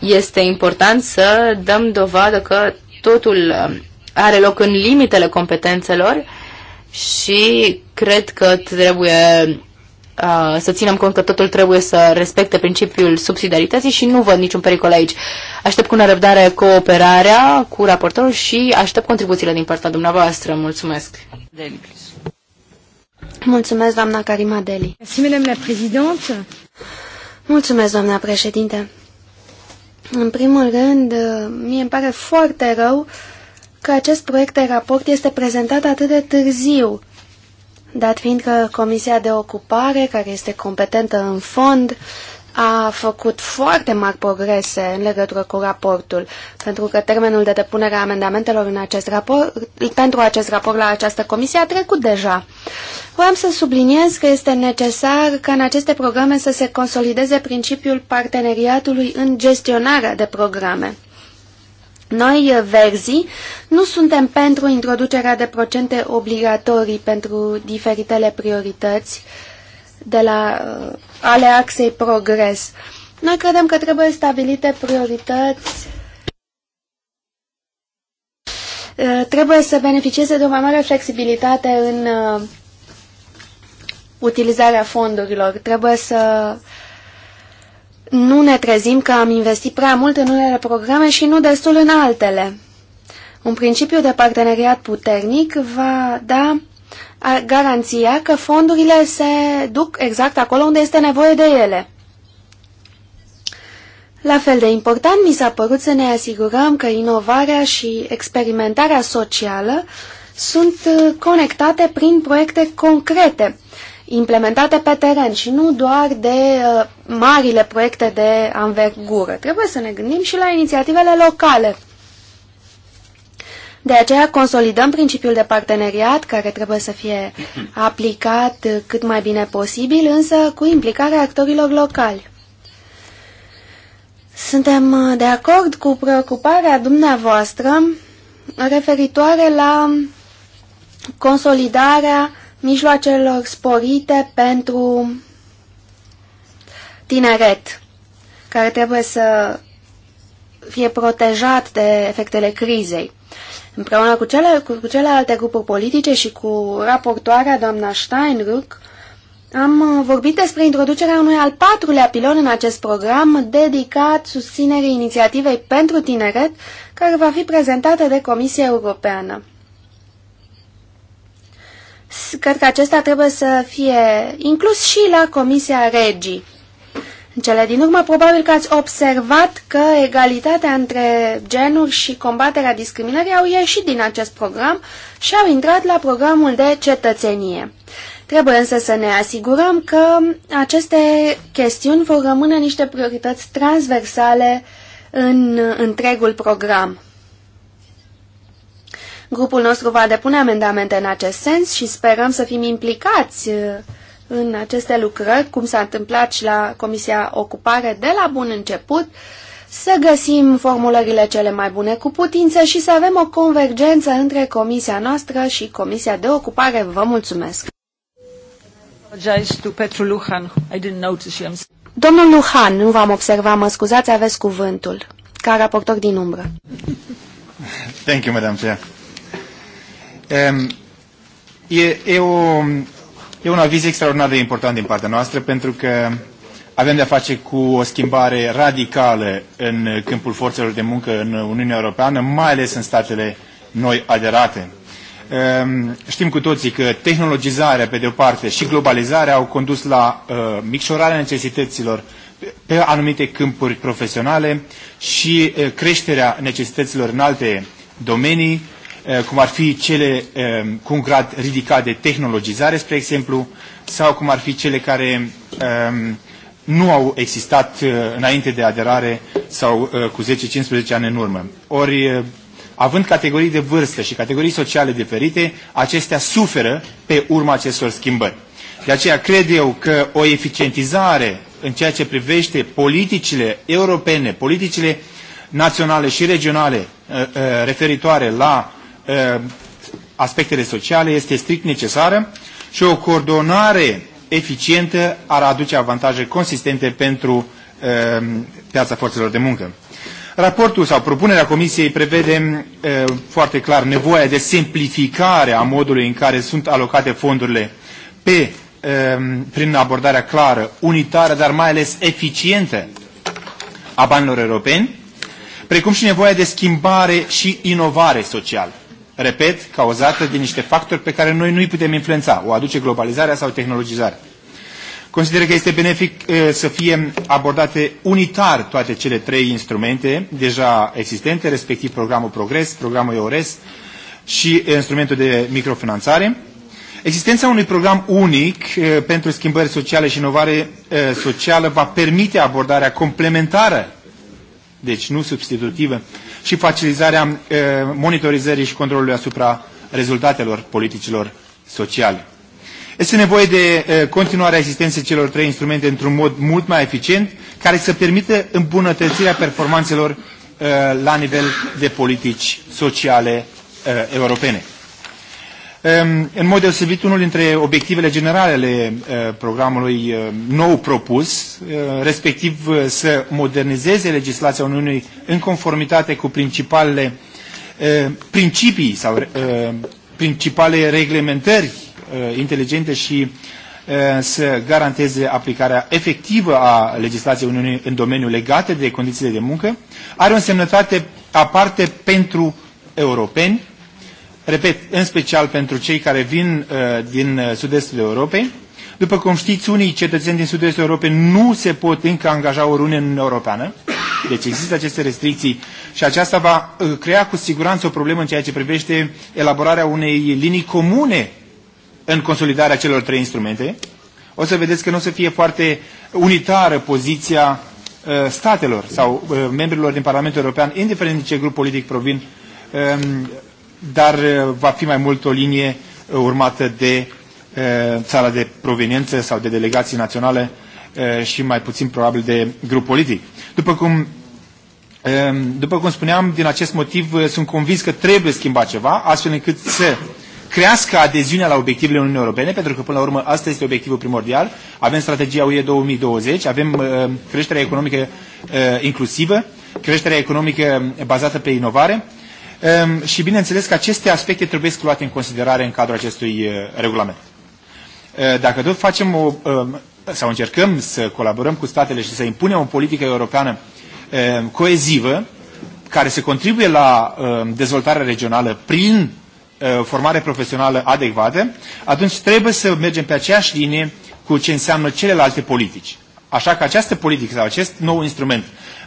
este important să dăm dovadă că totul uh, are loc în limitele competențelor și cred că trebuie Uh, să ținem cont că totul trebuie să respecte principiul subsidiarității și nu văd niciun pericol aici. Aștept cu nerăbdare cooperarea cu raportorul și aștept contribuțiile din partea dumneavoastră. Mulțumesc! Deli, Mulțumesc, doamna Karima Deli. Mulțumesc, doamna președinte. În primul rând, mie îmi pare foarte rău că acest proiect de raport este prezentat atât de târziu dat fiind că Comisia de Ocupare, care este competentă în fond, a făcut foarte mari progrese în legătură cu raportul, pentru că termenul de depunere a amendamentelor în acest raport, pentru acest raport la această comisie a trecut deja. Vreau să subliniez că este necesar ca în aceste programe să se consolideze principiul parteneriatului în gestionarea de programe. Noi, eh, verzi, nu suntem pentru introducerea de procente obligatorii pentru diferitele priorități de la, eh, ale axei progres. Noi credem că trebuie stabilite priorități eh, trebuie să beneficieze de o mai mare flexibilitate în utilizarea fondurilor. Trebuie să nu ne trezim că am investit prea mult în unele programe și nu destul în altele. Un principiu de parteneriat puternic va da garanția că fondurile se duc exact acolo unde este nevoie de ele. La fel de important mi s-a părut să ne asigurăm că inovarea și experimentarea socială sunt uh, conectate prin proiecte concrete implementate pe teren și nu doar de uh, marile proiecte de anvergură. Trebuie să ne gândim și la inițiativele locale. De aceea consolidăm principiul de parteneriat care trebuie să fie aplicat cât mai bine posibil, însă cu implicarea actorilor locali. Suntem uh, de acord cu preocuparea dumneavoastră referitoare la consolidarea mijloacelor sporite pentru tineret, care trebuie să fie protejat de efectele crizei. Împreună cu, cele, cu, cu celelalte grupuri politice și cu raportoarea doamna Steinruck, am vorbit despre introducerea unui al patrulea pilon în acest program dedicat susținerii inițiativei pentru tineret, care va fi prezentată de Comisia Europeană. Cred că acesta trebuie să fie inclus și la Comisia Regii. În cele din urmă, probabil că ați observat că egalitatea între genuri și combaterea discriminării au ieșit din acest program și au intrat la programul de cetățenie. Trebuie însă să ne asigurăm că aceste chestiuni vor rămâne niște priorități transversale în întregul program. Grupul nostru va depune amendamente în acest sens și sperăm să fim implicați uh, în aceste lucrări, cum s-a întâmplat și la Comisia Ocupare de la bun început, să găsim formulările cele mai bune cu putință și să avem o convergență între comisia noastră și comisia de ocupare. Vă mulțumesc! Domnul Luhan, nu v-am observat, mă scuzați, aveți cuvântul, ca raportor din umbră. Thank you, Madam Chair. E, e, o, e un aviz extraordinar de important din partea noastră pentru că avem de-a face cu o schimbare radicală în câmpul forțelor de muncă în Uniunea Europeană, mai ales în statele noi aderate. Știm cu toții că tehnologizarea, pe de-o parte, și globalizarea au condus la uh, micșorarea necesităților pe anumite câmpuri profesionale și uh, creșterea necesităților în alte domenii, Eh, cum ar fi cele eh, cu un grad ridicat de tehnologizare, spre exemplu, sau cum ar fi cele care eh, nu au existat înainte de aderare sau cu 10-15 ani în urmă. Ori, având categorii de vârstă și categorii sociale diferite, acestea suferă pe urma acestor schimbări. De aceea cred eu că o eficientizare în ceea ce privește politicile europene, politicile naționale și regionale referitoare la Ehm, aspectele sociale este strict necesară și o coordonare eficientă ar aduce avantaje consistente pentru ehm, piața forțelor de muncă. Raportul sau propunerea Comisiei prevede e, ehm, foarte clar nevoia de simplificare a modului în care sunt alocate fondurile pe, e, prin abordarea clară, unitară, dar mai ales eficientă a banilor europeni, precum și nevoia de schimbare și inovare socială repet, cauzată de niște factori pe care noi nu îi putem influența. O aduce globalizarea sau tehnologizarea. Consider că este benefic să fie abordate unitar toate cele trei instrumente deja existente, respectiv programul Progres, programul EORES și instrumentul de microfinanțare. Existența unui program unic pentru schimbări sociale și inovare socială va permite abordarea complementară, deci nu substitutivă, și facilitarea monitorizării și controlului asupra rezultatelor politicilor sociale. Este nevoie de continuarea existenței celor trei instrumente într-un mod mult mai eficient, care să permită îmbunătățirea performanțelor la nivel de politici sociale europene. În mod deosebit, unul dintre obiectivele generale ale eh, programului eh, nou propus, eh, respectiv să modernizeze legislația Uniunii în conformitate cu principalele principii sau principale reglementări inteligente și să garanteze aplicarea efectivă a legislației Uniunii în domeniul legate de condițiile de muncă, are o însemnătate aparte pentru europeni, repet, în special pentru cei care vin uh, din uh, sud-estul Europei. După cum știți, unii cetățeni din sud-estul Europei nu se pot încă angaja oriunde în Uniunea Europeană, deci există aceste restricții și aceasta va uh, crea cu siguranță o problemă în ceea ce privește elaborarea unei linii comune în consolidarea celor trei instrumente. O să vedeți că nu o să fie foarte unitară poziția statelor sau membrilor din Parlamentul European, indiferent de ce grup politic provin, um, dar eh, va fi mai mult o linie eh, urmată de eh, țara de proveniență sau de delegații naționale și mai puțin probabil de grup politic. După cum, după cum spuneam, din acest motiv sunt convins că trebuie schimbat ceva, astfel încât să crească adeziunea la obiectivele Uniunii Europene, pentru că până la urmă asta este obiectivul primordial. Avem strategia UE 2020, avem uh, creșterea economică uh, inclusivă, creșterea economică bazată pe inovare Ehm, și bineînțeles că aceste aspecte trebuie luate în considerare în cadrul acestui eh, regulament. Eh, dacă tot facem o, ehm, sau încercăm să colaborăm cu statele și să impunem o politică europeană ehm, coezivă, care să contribuie la dezvoltarea regională prin eh, formare profesională adecvată, atunci trebuie să mergem pe aceeași linie cu ce înseamnă celelalte politici. Așa că această politică sau acest nou instrument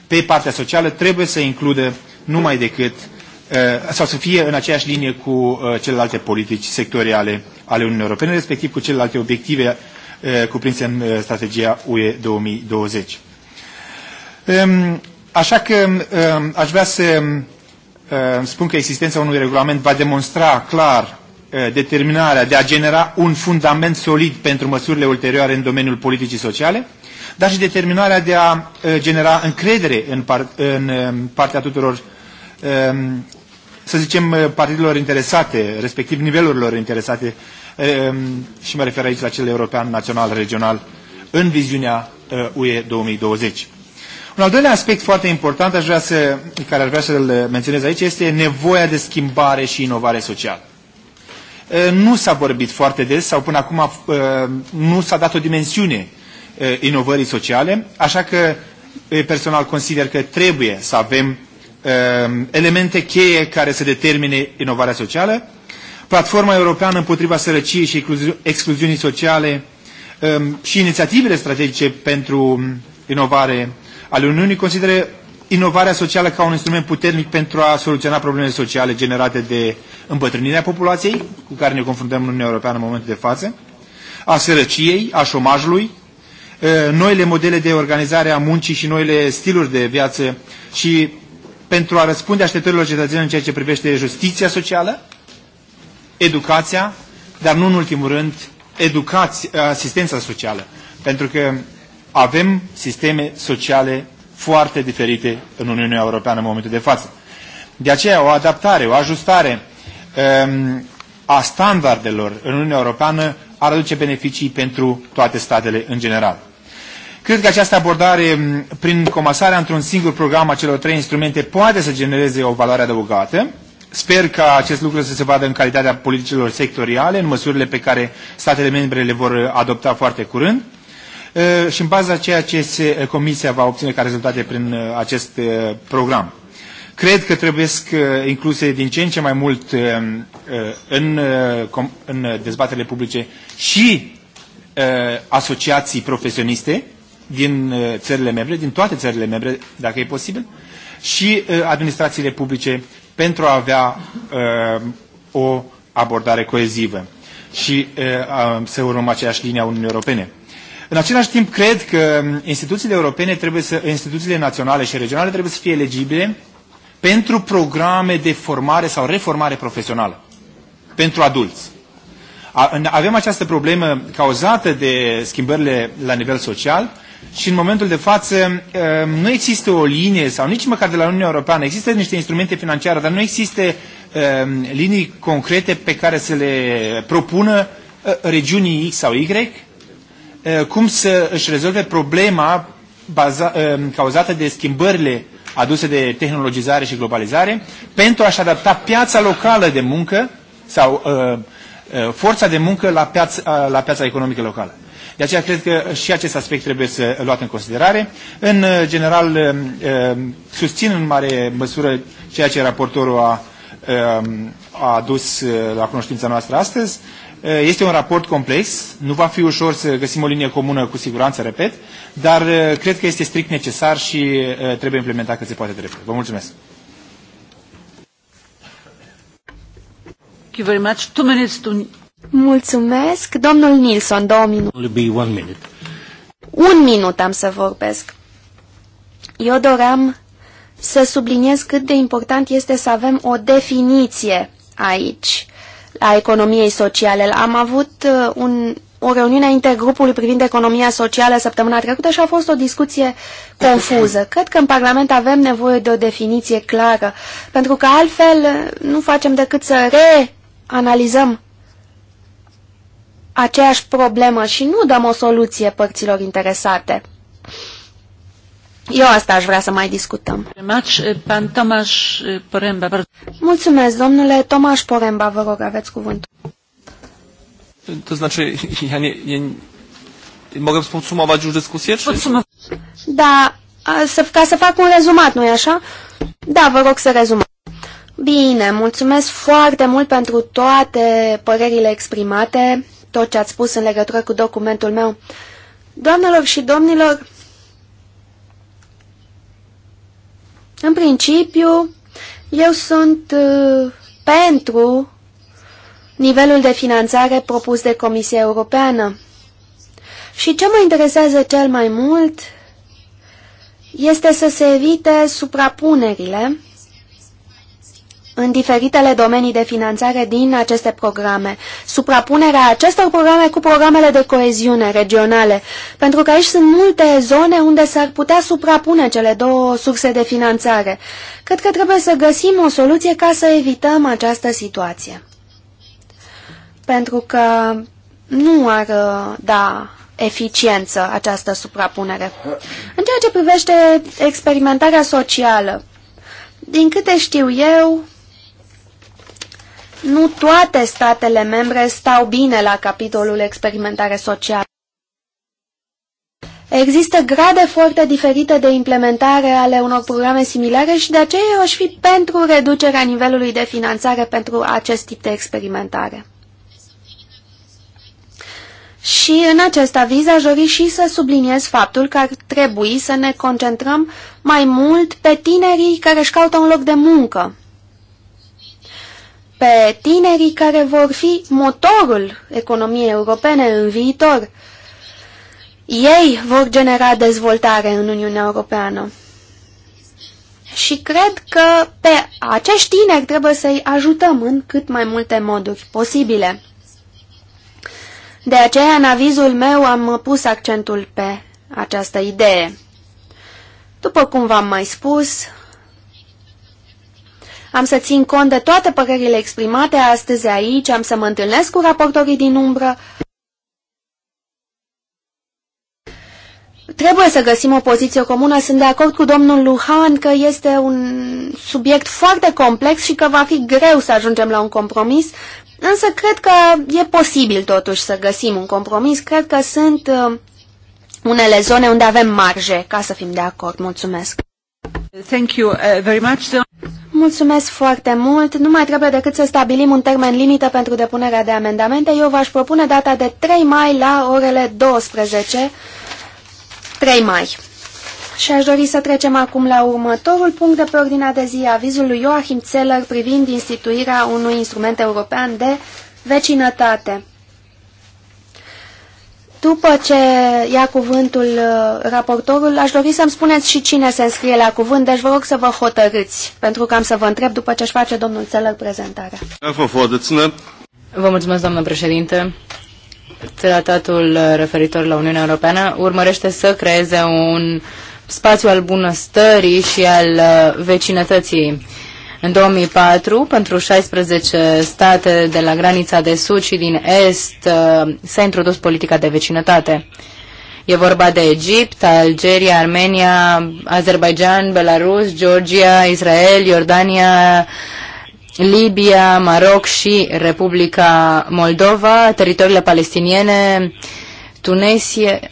pe partea socială trebuie să includă numai decât Eh, sau să fie în aceeași linie cu eh, celelalte politici sectoriale ale Uniunii Europene, respectiv cu celelalte obiective eh, cuprinse în strategia UE 2020. Așa că aș vrea să spun că existența unui regulament va demonstra clar determinarea de a genera un fundament solid pentru măsurile ulterioare în domeniul politicii sociale, dar și determinarea de a genera încredere în, în partea tuturor să zicem, eh, partidelor interesate, respectiv nivelurilor interesate, eh, mm, și mă refer aici la cel european, național, regional, în viziunea eh, UE 2020. Un al doilea aspect foarte important aș vrea să, care ar vrea să-l menționez aici este nevoia de schimbare și inovare socială. Nu s-a vorbit foarte des sau până acum nu s-a dat o dimensiune inovării sociale, așa că personal consider că trebuie să avem Ehm, elemente cheie care să determine inovarea socială, Platforma Europeană împotriva sărăciei și excluziunii sociale ehm, și inițiativele strategice pentru mm, inovare ale Uniunii consideră inovarea socială ca un instrument puternic pentru a soluționa problemele sociale generate de îmbătrânirea populației cu care ne confruntăm în Uniunea Europeană în momentul de față, a sărăciei, a șomajului, ehm, noile modele de organizare a muncii și noile stiluri de viață și pentru a răspunde așteptărilor cetățenilor în ceea ce privește justiția socială, educația, dar nu în ultimul rând educați, asistența socială. Pentru că avem sisteme sociale foarte diferite în Uniunea Europeană în momentul de față. De aceea o adaptare, o ajustare um, a standardelor în Uniunea Europeană ar aduce beneficii pentru toate statele în general. Cred că această abordare, prin comasarea într-un singur program a celor trei instrumente, poate să genereze o valoare adăugată. Sper ca acest lucru să se vadă în calitatea politicilor sectoriale, în măsurile pe care statele membre le vor adopta foarte curând și în baza ceea ce se, Comisia va obține ca rezultate prin acest program. Cred că trebuie incluse din ce în ce mai mult în, în dezbaterile publice și asociații profesioniste din uh, țările membre, din toate țările membre, dacă e posibil, și uh, administrațiile publice pentru a avea uh, o abordare coezivă și să urmăm aceeași linie a Uniunii Europene. În același timp, cred că instituțiile europene trebuie să, instituțiile naționale și regionale trebuie să fie elegibile pentru programe de formare sau reformare profesională pentru adulți. Avem această problemă cauzată de schimbările la nivel social, și în momentul de față ehm, nu există o linie sau nici măcar de la Uniunea Europeană. Există niște instrumente financiare, dar nu există ehm, linii concrete pe care să le propună regiunii X sau Y cum să își rezolve problema baza, ehm, cauzată de schimbările aduse de tehnologizare și globalizare pentru a-și adapta piața locală de muncă sau uh, uh, forța de muncă la piața, uh, la piața economică locală. De aceea cred că și acest aspect trebuie să luat în considerare. În uh, general, uh, uh, susțin în mare măsură ceea ce raportorul a, um, a adus la cunoștința noastră astăzi. Este un raport complex, nu va fi ușor să găsim o linie comună cu siguranță, repet, dar cred că este strict necesar și trebuie implementat cât se poate de repede. Vă mulțumesc! Thank you very much. Two minutes to Mulțumesc. Domnul Nilsson, două minute. Un minut am să vorbesc. Eu doream să subliniez cât de important este să avem o definiție aici a economiei sociale. Am avut uh, un, o reuniune a intergrupului privind economia socială săptămâna trecută și a fost o discuție confuză. Cred că în Parlament avem nevoie de o definiție clară, pentru că altfel nu facem decât să reanalizăm aceeași problemă și nu dăm o soluție părților interesate. Eu asta aș vrea să mai discutăm. Mulțumesc, eh, eh, domnule Tomaș Poremba, vă rog, aveți cuvântul. To znaczy, ja nie, nie, mogę podsumować już dyskusję? Czy... Da, să, ca să fac un rezumat, nu-i așa? Da, vă rog să rezumat. Bine, mulțumesc foarte mult pentru toate părerile exprimate tot ce ați spus în legătură cu documentul meu. Doamnelor și domnilor, în principiu, eu sunt uh, pentru nivelul de finanțare propus de Comisia Europeană. Și ce mă interesează cel mai mult este să se evite suprapunerile în diferitele domenii de finanțare din aceste programe, suprapunerea acestor programe cu programele de coeziune regionale, pentru că aici sunt multe zone unde s-ar putea suprapune cele două surse de finanțare. Cred că trebuie să găsim o soluție ca să evităm această situație. Pentru că nu ar uh, da eficiență această suprapunere. În ceea ce privește experimentarea socială, din câte știu eu, nu toate statele membre stau bine la capitolul experimentare socială. Există grade foarte diferite de implementare ale unor programe similare și de aceea eu aș fi pentru reducerea nivelului de finanțare pentru acest tip de experimentare. Și în acest aviz aș dori și să subliniez faptul că ar trebui să ne concentrăm mai mult pe tinerii care își caută un loc de muncă pe tinerii care vor fi motorul economiei europene în viitor. Ei vor genera dezvoltare în Uniunea Europeană. Și cred că pe acești tineri trebuie să-i ajutăm în cât mai multe moduri posibile. De aceea, în avizul meu, am pus accentul pe această idee. După cum v-am mai spus, am să țin cont de toate părerile exprimate astăzi aici, am să mă întâlnesc cu raportorii din umbră. Trebuie să găsim o poziție comună. Sunt de acord cu domnul Luhan că este un subiect foarte complex și că va fi greu să ajungem la un compromis, însă cred că e posibil totuși să găsim un compromis. Cred că sunt uh, unele zone unde avem marge ca să fim de acord. Mulțumesc! Thank you uh, very much. Mulțumesc foarte mult. Nu mai trebuie decât să stabilim un termen limită pentru depunerea de amendamente. Eu v-aș propune data de 3 mai la orele 12. 3 mai. Și aș dori să trecem acum la următorul punct de pe ordinea de zi, avizul lui Joachim Zeller privind instituirea unui instrument european de vecinătate. După ce ia cuvântul uh, raportorul, aș dori să-mi spuneți și cine se înscrie la cuvânt, deci vă rog să vă hotărâți, pentru că am să vă întreb după ce își face domnul Țelăr prezentarea. Vă mulțumesc, doamnă președinte. Tratatul referitor la Uniunea Europeană urmărește să creeze un spațiu al bunăstării și al uh, vecinătății în 2004, pentru 16 state de la granița de sud și din est, uh, s-a introdus politica de vecinătate. E vorba de Egipt, Algeria, Armenia, Azerbaijan, Belarus, Georgia, Israel, Iordania, Libia, Maroc și Republica Moldova, teritoriile palestiniene, Tunesie,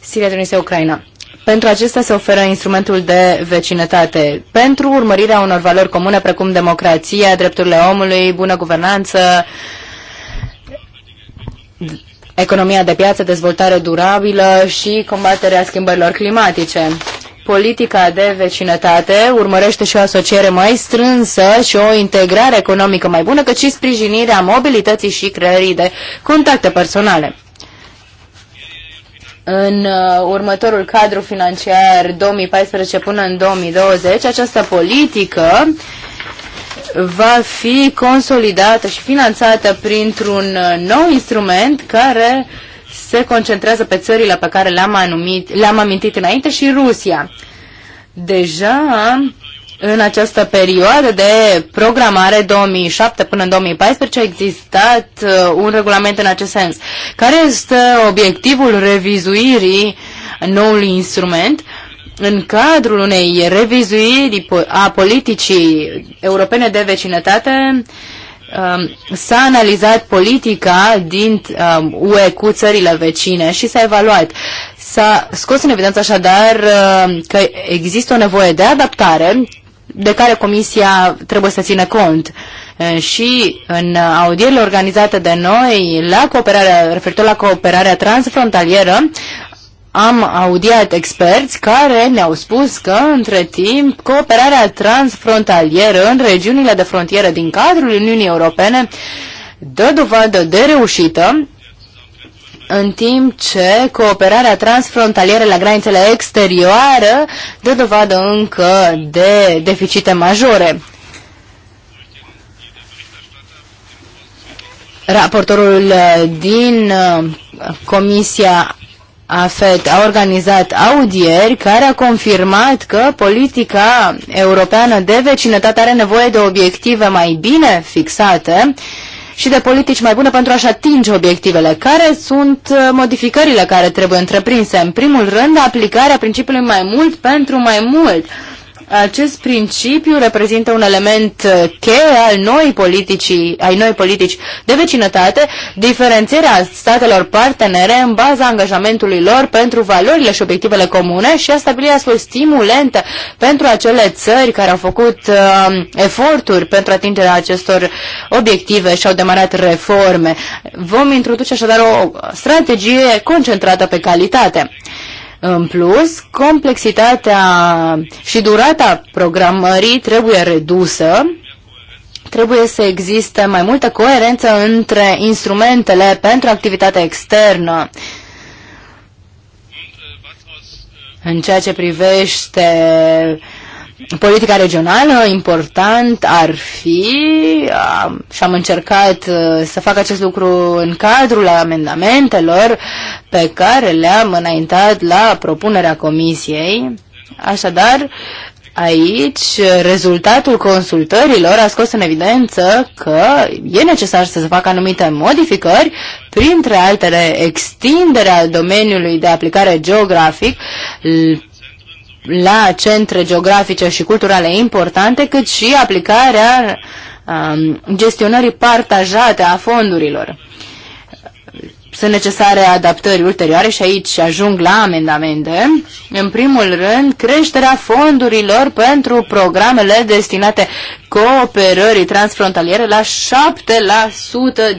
Siria, Tunisia, Ucraina. Pentru acestea se oferă instrumentul de vecinătate pentru urmărirea unor valori comune precum democrația, drepturile omului, bună guvernanță, economia de piață, dezvoltare durabilă și combaterea schimbărilor climatice. Politica de vecinătate urmărește și o asociere mai strânsă și o integrare economică mai bună, cât și sprijinirea mobilității și creării de contacte personale în uh, următorul cadru financiar 2014 până în 2020, această politică va fi consolidată și finanțată printr-un uh, nou instrument care se concentrează pe țările pe care le-am, le-am amintit înainte și Rusia. Deja în această perioadă de programare 2007 până în 2014 a existat uh, un regulament în acest sens. Care este obiectivul revizuirii noului instrument? În cadrul unei revizuiri a politicii europene de vecinătate, um, s-a analizat politica din UE um, cu țările vecine și s-a evaluat. S-a scos în evidență așadar uh, că există o nevoie de adaptare de care Comisia trebuie să țină cont. Și în audierile organizate de noi, la cooperarea, referitor la cooperarea transfrontalieră, am audiat experți care ne-au spus că, între timp, cooperarea transfrontalieră în regiunile de frontieră din cadrul Uniunii Europene dă dovadă de reușită în timp ce cooperarea transfrontalieră la granițele exterioare dă dovadă încă de deficite majore. Raportorul din uh, Comisia AFET a organizat audieri care a confirmat că politica europeană de vecinătate are nevoie de obiective mai bine fixate și de politici mai bune pentru a-și atinge obiectivele. Care sunt uh, modificările care trebuie întreprinse? În primul rând, aplicarea principiului mai mult pentru mai mult. Acest principiu reprezintă un element uh, cheie al noi politicii, ai noi politici de vecinătate, diferențierea statelor partenere în baza angajamentului lor pentru valorile și obiectivele comune și a stabilirea astfel stimulente pentru acele țări care au făcut uh, eforturi pentru atingerea acestor obiective și au demarat reforme. Vom introduce așadar o strategie concentrată pe calitate. În plus, complexitatea și durata programării trebuie redusă, trebuie să existe mai multă coerență între instrumentele pentru activitatea externă. În ceea ce privește uh, politica regională, important ar fi, am, și am încercat uh, să fac acest lucru în cadrul amendamentelor pe care le-am înaintat la propunerea comisiei. Așadar, aici rezultatul consultărilor a scos în evidență că e necesar să se facă anumite modificări, printre altele extinderea domeniului de aplicare geografic la centre geografice și culturale importante, cât și aplicarea um, gestionării partajate a fondurilor. Sunt necesare adaptări ulterioare și aici ajung la amendamente. În primul rând, creșterea fondurilor pentru programele destinate cooperării transfrontaliere la 7%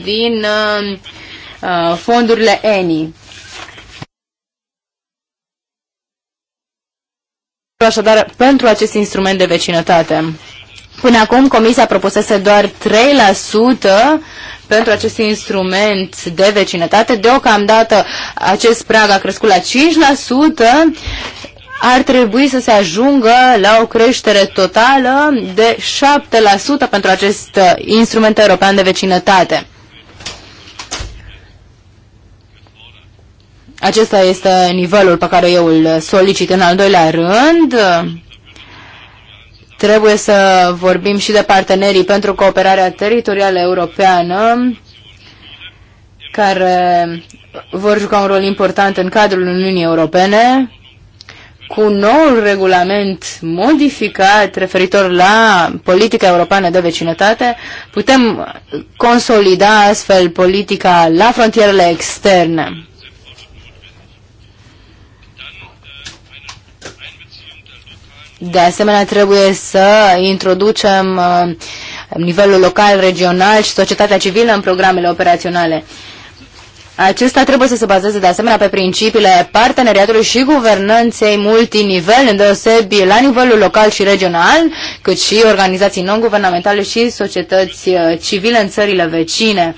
din uh, uh, fondurile ENI. așadar pentru acest instrument de vecinătate. Până acum, Comisia propusese doar 3% pentru acest instrument de vecinătate. Deocamdată, acest prag a crescut la 5%. Ar trebui să se ajungă la o creștere totală de 7% pentru acest uh, instrument european de vecinătate. Acesta este nivelul pe care eu îl solicit în al doilea rând. Trebuie să vorbim și de partenerii pentru cooperarea teritorială europeană, care vor juca un rol important în cadrul Uniunii Europene cu noul regulament modificat referitor la politica europeană de vecinătate, putem consolida astfel politica la frontierele externe. De asemenea, trebuie să introducem uh, nivelul local, regional și societatea civilă în programele operaționale. Acesta trebuie să se bazeze de asemenea pe principiile parteneriatului și guvernanței multinivel, îndeosebi la nivelul local și regional, cât și organizații non-guvernamentale și societăți uh, civile în țările vecine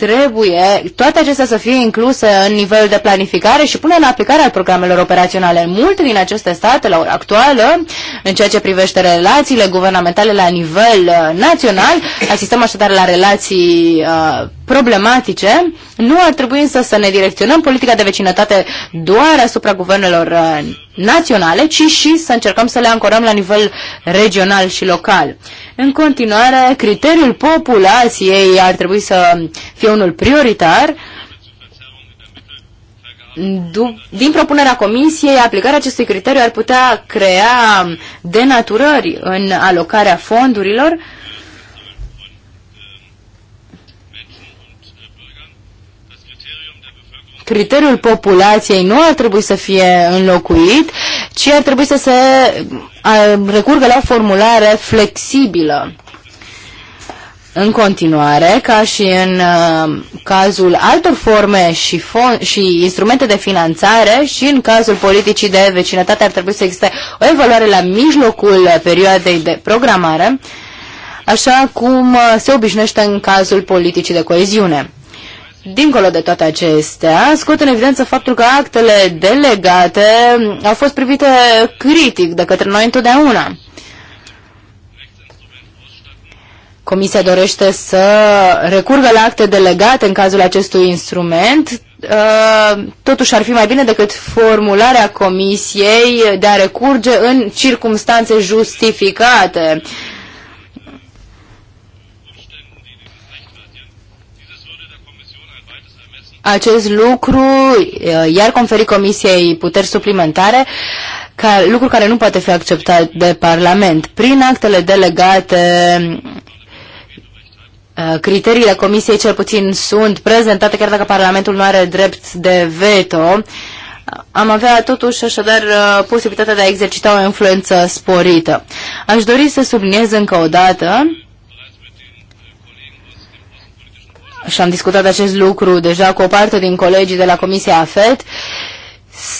trebuie toate acestea să fie incluse în nivelul de planificare și pune în aplicare al programelor operaționale. Multe din aceste state, la ora actuală, în ceea ce privește relațiile guvernamentale la nivel uh, național, asistăm așadar la relații uh, problematice, nu ar trebui însă să ne direcționăm politica de vecinătate doar asupra guvernelor uh, naționale, ci și să încercăm să le ancorăm la nivel regional și local. În continuare, criteriul populației ar trebui să fie unul prioritar, din propunerea comisiei, aplicarea acestui criteriu ar putea crea denaturări în alocarea fondurilor criteriul populației nu ar trebui să fie înlocuit, ci ar trebui să se recurgă la o formulare flexibilă. În continuare, ca și în cazul altor forme și, fon- și instrumente de finanțare și în cazul politicii de vecinătate ar trebui să existe o evaluare la mijlocul perioadei de programare, așa cum se obișnuiește în cazul politicii de coeziune. Dincolo de toate acestea, scot în evidență faptul că actele delegate au fost privite critic de către noi întotdeauna. Comisia dorește să recurgă la acte delegate în cazul acestui instrument. Uh, totuși ar fi mai bine decât formularea comisiei de a recurge în circumstanțe justificate. acest lucru, uh, iar conferi Comisiei puteri suplimentare, ca, lucru care nu poate fi acceptat de Parlament. Prin actele delegate, uh, criteriile Comisiei cel puțin sunt prezentate, chiar dacă Parlamentul nu are drept de veto, am avea totuși așadar uh, posibilitatea de a exercita o influență sporită. Aș dori să subliniez încă o dată și am discutat acest lucru deja cu o parte din colegii de la Comisia AFET,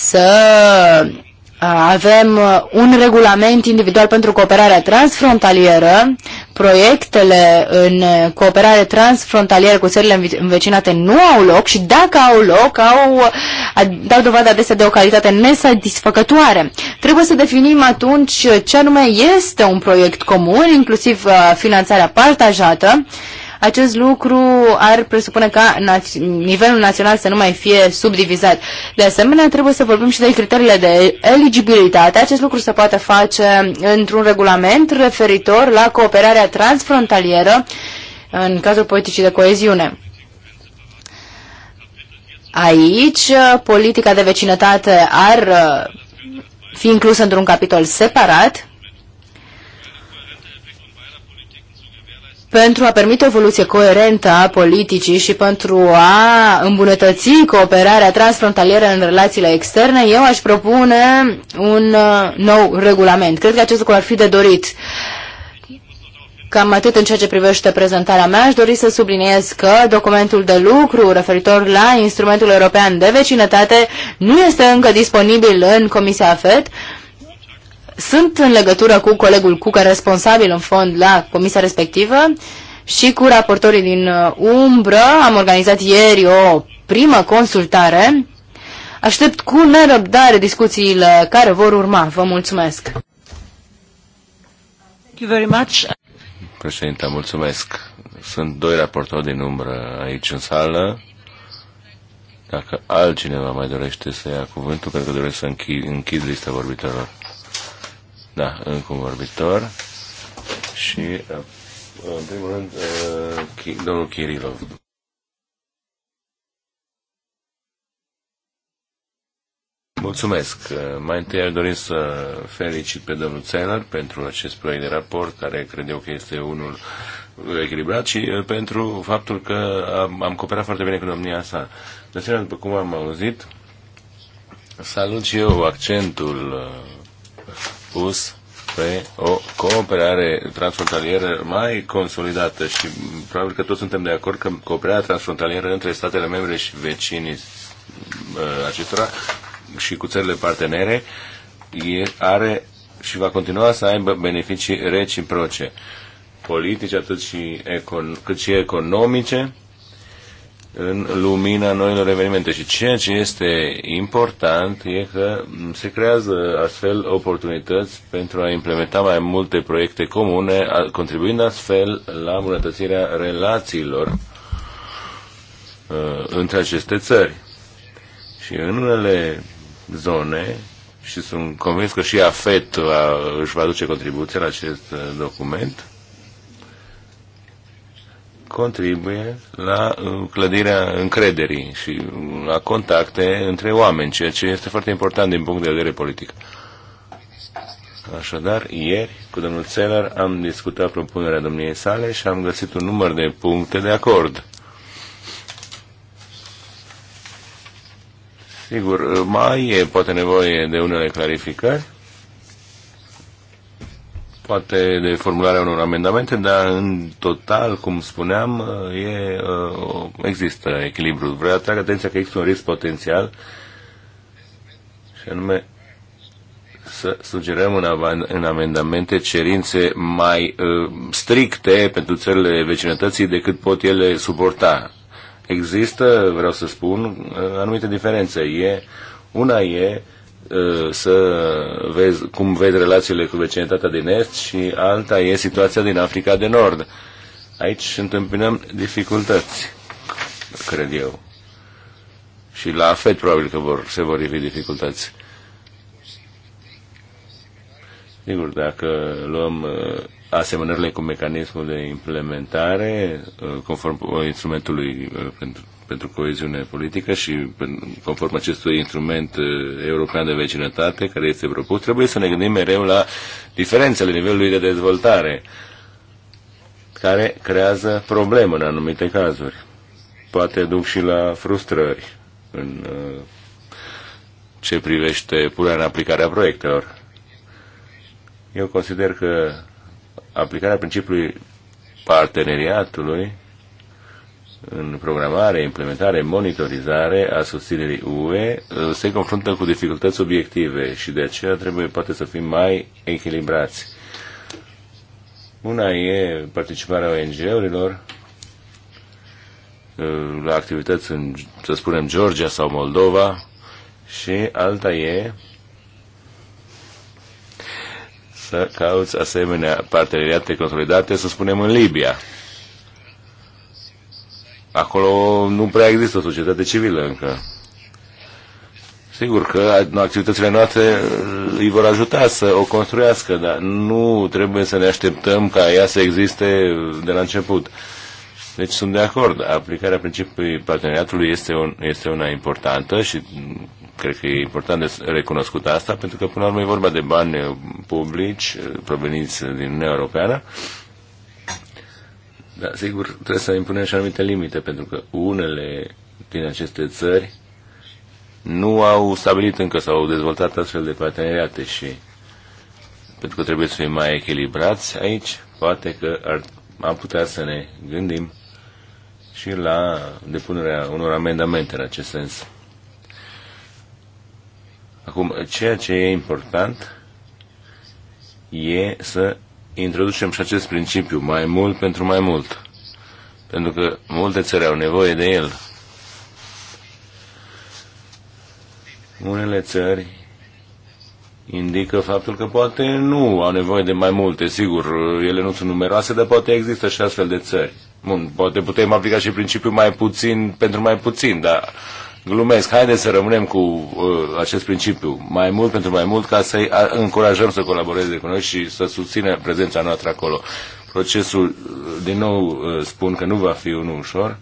să avem un regulament individual pentru cooperarea transfrontalieră. Proiectele în cooperare transfrontalieră cu țările învecinate nu au loc și dacă au loc, au, dau dovadă adesea de o calitate nesatisfăcătoare. Trebuie să definim atunci ce anume este un proiect comun, inclusiv finanțarea partajată, uh, acest lucru ar presupune ca na- nivelul național să nu mai fie subdivizat. De asemenea, trebuie să vorbim și de criteriile de eligibilitate. Acest lucru se poate face într-un regulament referitor la cooperarea transfrontalieră în cazul politicii de coeziune. Aici, politica de vecinătate ar uh, fi inclusă într-un capitol separat pentru a permite o evoluție coerentă a politicii și pentru a îmbunătăți cooperarea transfrontalieră în relațiile externe, eu aș propune un uh, nou regulament. Cred că acest lucru ar fi de dorit. Cam atât în ceea ce privește prezentarea mea, aș dori să subliniez că documentul de lucru referitor la instrumentul european de vecinătate nu este încă disponibil în Comisia FED, sunt în legătură cu colegul Cucă, responsabil în fond la comisia respectivă, și cu raportorii din uh, umbră. Am organizat ieri o primă consultare. Aștept cu nerăbdare discuțiile care vor urma. Vă mulțumesc! Thank you very much. Președinte, mulțumesc. Sunt doi raportori din umbră aici în sală. Dacă altcineva mai dorește să ia cuvântul, cred că doresc să închid, închid lista vorbitorilor. Da, încă un vorbitor. Și, uh, în primul rând, uh, domnul Kirilov. Mulțumesc. Uh, mai întâi aș dori să felicit pe domnul Țelar pentru acest proiect de raport, care cred eu că este unul echilibrat și pentru faptul că am, am cooperat foarte bine cu domnia sa. De asemenea, după cum am auzit, salut și eu accentul pus pe o cooperare transfrontalieră mai consolidată și probabil că toți suntem de acord că cooperarea transfrontalieră între statele membre și vecinii uh, acestora și cu țările partenere are și va continua să aibă beneficii reciproce, politice atât și econ- cât și economice în lumina noilor evenimente. Și ceea ce este important e că se creează astfel oportunități pentru a implementa mai multe proiecte comune, contribuind astfel la îmbunătățirea relațiilor uh, între aceste țări. Și în unele zone, și sunt convins că și AFET va, își va aduce contribuția la acest uh, document, uh, contribuie la uh, clădirea încrederii și uh, la contacte între oameni, ceea ce este foarte important din punct de vedere politic. Așadar, ieri cu domnul Țeler am discutat propunerea domniei sale și am găsit un număr de puncte de acord. Sigur, uh, mai e poate nevoie de unele clarificări, poate de formularea unor amendamente, dar în total, cum spuneam, e, există echilibru. Vreau atrag atenția că există un risc potențial și anume să sugerăm în, în amendamente cerințe mai uh, stricte pentru țările vecinătății decât pot ele suporta. Există, vreau să spun, uh, anumite diferențe. E, una e uh, Uh, să vezi cum vezi relațiile cu vecinătatea din Est și alta e situația din Africa de Nord. Aici întâmpinăm dificultăți, cred eu. Și la FED probabil că vor, se vor ivi dificultăți. Sigur, dacă luăm uh, asemănările cu mecanismul de implementare uh, conform instrumentului pentru pentru coeziune politică și conform acestui instrument uh, european de vecinătate care este propus, trebuie să ne gândim mereu la diferențele nivelului de dezvoltare care creează probleme în anumite cazuri. Poate duc și la frustrări în uh, ce privește punerea în aplicarea proiectelor. Eu consider că aplicarea principiului parteneriatului în programare, implementare, monitorizare a susținerii UE uh, se confruntă cu dificultăți obiective și de aceea trebuie poate să fim mai echilibrați. Una e participarea ONG-urilor uh, la activități în, să spunem, Georgia sau Moldova și alta e să cauți asemenea parteneriate consolidate, să spunem, în Libia acolo nu prea există o societate civilă încă. Sigur că activitățile noastre uh, îi vor ajuta să o construiască, dar nu trebuie să ne așteptăm ca ea să existe de la început. Deci sunt de acord. Aplicarea principiului parteneriatului este, un, este una importantă și cred că e important de recunoscut asta, pentru că până la urmă e vorba de bani publici uh, proveniți din Uniunea Europeană dar, sigur, trebuie să impunem și anumite limite, pentru că unele din aceste țări nu au stabilit încă sau au dezvoltat astfel de parteneriate și pentru că trebuie să fim mai echilibrați aici, poate că ar, am putea să ne gândim și la depunerea unor amendamente în acest sens. Acum, ceea ce e important e să introducem și acest principiu, mai mult pentru mai mult. Pentru că multe țări au nevoie de el. Unele țări indică faptul că poate nu au nevoie de mai multe, sigur, ele nu sunt numeroase, dar poate există și astfel de țări. Bun, poate putem aplica și principiul mai puțin pentru mai puțin, dar glumesc. Haideți să rămânem cu uh, acest principiu, mai mult pentru mai mult, ca să-i încurajăm să colaboreze cu noi și să susțină prezența noastră acolo. Procesul, uh, din nou uh, spun că nu va fi unul ușor,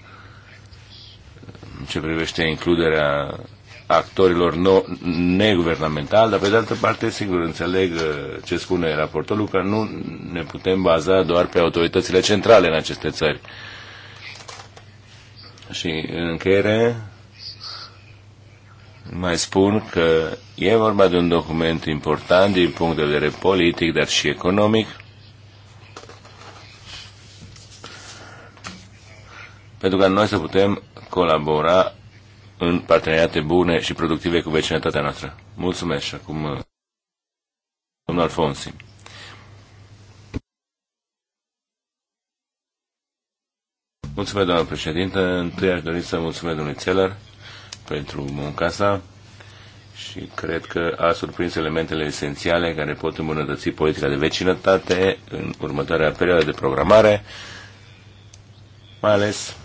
în ce privește includerea actorilor no- neguvernamentali, dar pe de altă parte, sigur, înțeleg uh, ce spune raportorul, că nu ne putem baza doar pe autoritățile centrale în aceste țări. Și în încheiere, mai spun că e vorba de un document important din punct de vedere politic, dar și economic. Pentru ca noi să putem colabora în parteneriate bune și productive cu vecinătatea noastră. Mulțumesc și acum domnul Alfonsi. Mulțumesc, doamnă președintă. Întâi aș dori să mulțumesc domnului Țelăr pentru munca sa și cred că a surprins elementele esențiale care pot îmbunătăți politica de vecinătate în următoarea perioadă de programare, mai ales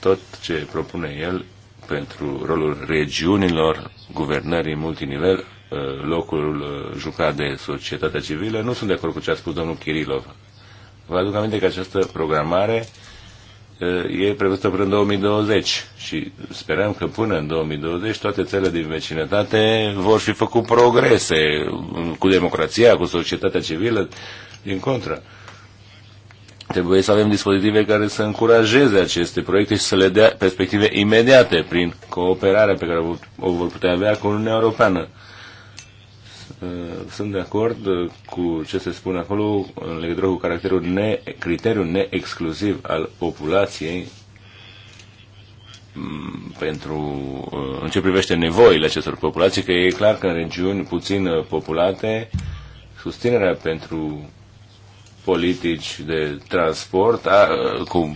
tot ce propune el pentru rolul regiunilor, guvernării multinivel, uh, locul uh, jucat de societatea civilă. Nu sunt de acord cu ce a spus domnul Kirilov. Vă aduc aminte că această programare e prevăzută până în 2020 și sperăm că până în 2020 toate țările din vecinătate vor fi făcut progrese cu democrația, cu societatea civilă, din contră. Trebuie să avem dispozitive care să încurajeze aceste proiecte și să le dea perspective imediate prin cooperarea pe care o vor putea avea cu Uniunea Europeană. Eh, sunt de acord eh, cu ce se spune acolo în legătură cu caracterul ne, criteriul neexcluziv al populației mm, pentru, eh, în ce privește nevoile acestor populații, că e clar că în regiuni puțin populate, susținerea pentru politici de transport a, cu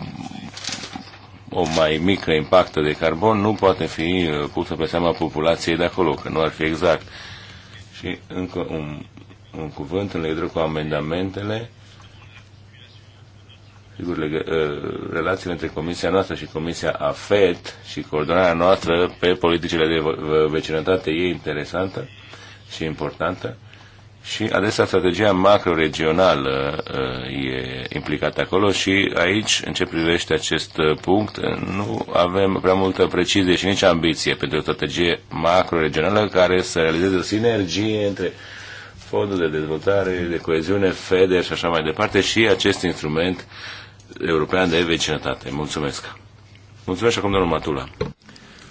o mai mică impactă de carbon nu poate fi pusă pe seama populației de acolo, că nu ar fi exact. Și încă un, un cuvânt în legătură cu amendamentele. Sigur, legă, relațiile între Comisia noastră și Comisia AFET și coordonarea noastră pe politicile de vecinătate e interesantă și importantă. Și adesea strategia macroregională uh, e implicată acolo și aici, în ce privește acest uh, punct, uh, nu avem prea multă precizie și nici ambiție pentru o strategie macroregională care să realizeze o sinergie între fondul de dezvoltare, de coeziune, FEDER și așa mai departe și acest instrument european de vecinătate. Mulțumesc! Mulțumesc și acum domnul Matula.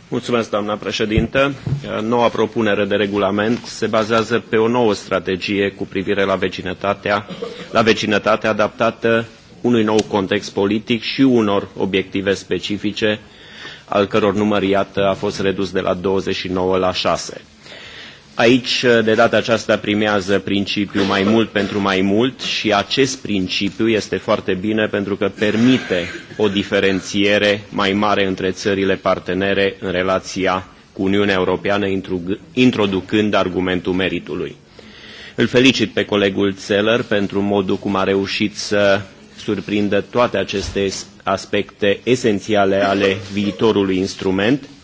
Mulțumesc, doamna președintă. Noua propunere de regulament se bazează pe o nouă strategie cu privire la vecinătatea, la vecinătate adaptată unui nou context politic și unor obiective specifice, al căror număr, iată, a fost redus de la 29 la 6. Aici, uh, de data aceasta, primează principiul mai mult pentru mai mult și acest principiu este foarte bine pentru că permite o diferențiere mai mare între țările partenere în relația cu Uniunea Europeană, introducând argumentul meritului. Îl felicit pe colegul Țeller pentru modul cum a reușit să surprindă toate aceste aspecte esențiale ale viitorului instrument –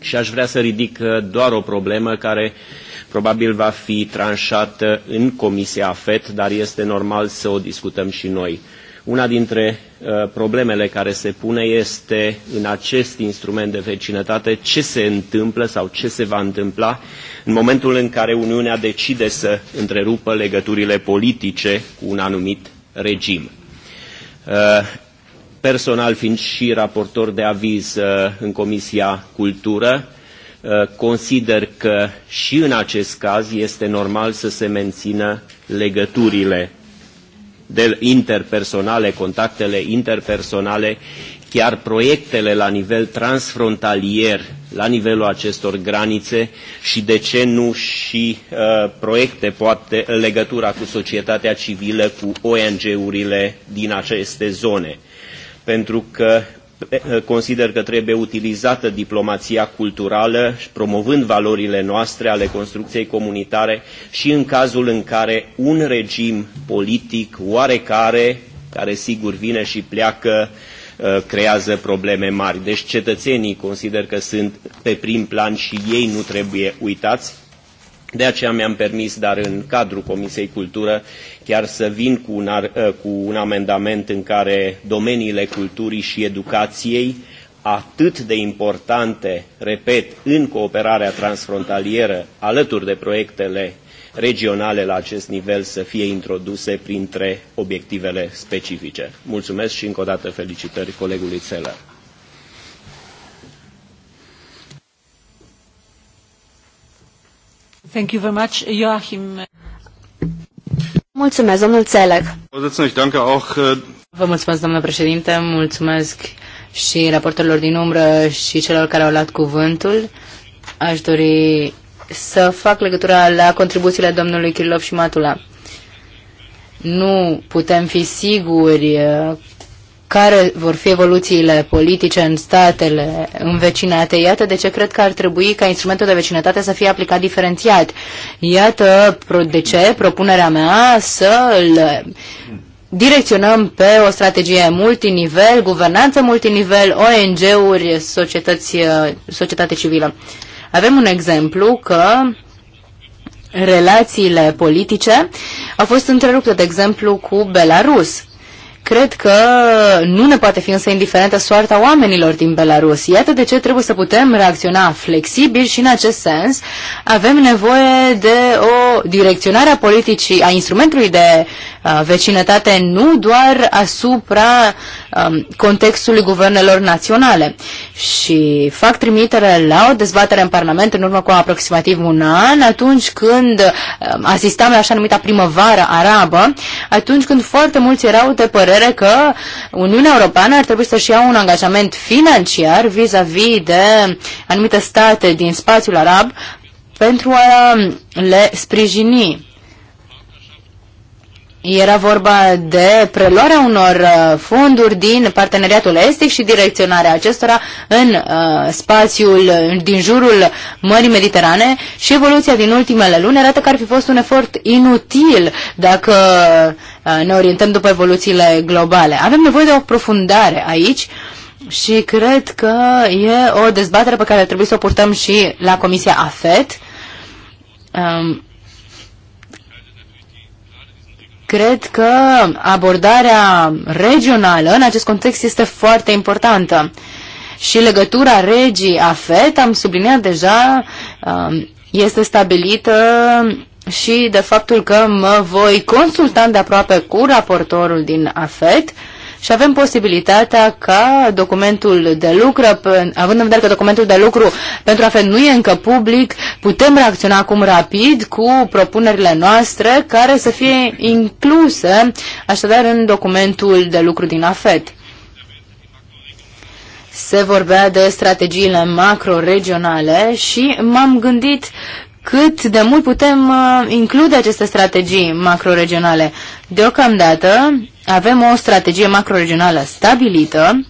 și aș vrea să ridic uh, doar o problemă care probabil va fi tranșată în Comisia AFET, dar este normal să o discutăm și noi. Una dintre uh, problemele care se pune este în acest instrument de vecinătate ce se întâmplă sau ce se va întâmpla în momentul în care Uniunea decide să întrerupă legăturile politice cu un anumit regim. Uh, personal fiind și raportor de aviz uh, în Comisia Cultură, uh, consider că și în acest caz este normal să se mențină legăturile de interpersonale, contactele interpersonale, chiar proiectele la nivel transfrontalier, la nivelul acestor granițe și de ce nu și uh, proiecte, poate legătura cu societatea civilă, cu ONG-urile din aceste zone pentru că consider că trebuie utilizată diplomația culturală, promovând valorile noastre ale construcției comunitare și în cazul în care un regim politic oarecare, care sigur vine și pleacă, creează probleme mari. Deci cetățenii consider că sunt pe prim plan și ei nu trebuie uitați de aceea mi-am permis, dar în cadrul Comisiei Cultură, chiar să vin cu un, ar, ă, cu un amendament în care domeniile culturii și educației, atât de importante, repet, în cooperarea transfrontalieră, alături de proiectele regionale la acest nivel, să fie introduse printre obiectivele specifice. Mulțumesc și încă o dată felicitări colegului Țelăr. Mulțumesc, domnul Țelec. Uh, Vă mulțumesc, domnule președinte, mulțumesc și raportorilor din umbră și celor care au luat cuvântul. Aș dori să fac legătura la contribuțiile domnului Kirilov și Matula. Nu putem fi siguri uh, care vor fi evoluțiile politice în statele învecinate. Iată de ce cred că ar trebui ca instrumentul de vecinătate să fie aplicat diferențiat. Iată de ce propunerea mea să îl direcționăm pe o strategie multinivel, guvernanță multinivel, ONG-uri, societate civilă. Avem un exemplu că relațiile politice au fost întrerupte, de exemplu, cu Belarus Cred că nu ne poate fi însă indiferentă soarta oamenilor din Belarus. Iată de ce trebuie să putem reacționa flexibil și în acest sens avem nevoie de o direcționare a politicii, a instrumentului de Uh, vecinătate nu doar asupra um, contextului guvernelor naționale. Și fac trimitere la o dezbatere în Parlament în urmă cu aproximativ un an, atunci când um, asistam la așa numita primăvară arabă, atunci când foarte mulți erau de părere că Uniunea Europeană ar trebui să-și ia un angajament financiar vis-a-vis -vis de anumite state din spațiul arab pentru a le sprijini era vorba de preluarea unor uh, fonduri din parteneriatul estic și direcționarea acestora în uh, spațiul din jurul Mării Mediterane și evoluția din ultimele luni arată că ar fi fost un efort inutil dacă uh, ne orientăm după evoluțiile globale. Avem nevoie de o profundare aici și cred că e o dezbatere pe care trebuie să o purtăm și la Comisia AFET. Um, Cred că abordarea regională în acest context este foarte importantă. Și legătura regii FET, am subliniat deja, um, este stabilită și de faptul că mă voi consulta de aproape cu raportorul din AFET și avem posibilitatea ca documentul de lucru, având în vedere că documentul de lucru pentru AFET nu e încă public, putem reacționa acum rapid cu propunerile noastre care să fie incluse așadar în documentul de lucru din AFET. Se vorbea de strategiile macro-regionale și m-am gândit cât de mult putem uh, include aceste strategii macroregionale. Deocamdată avem o strategie macroregională stabilită,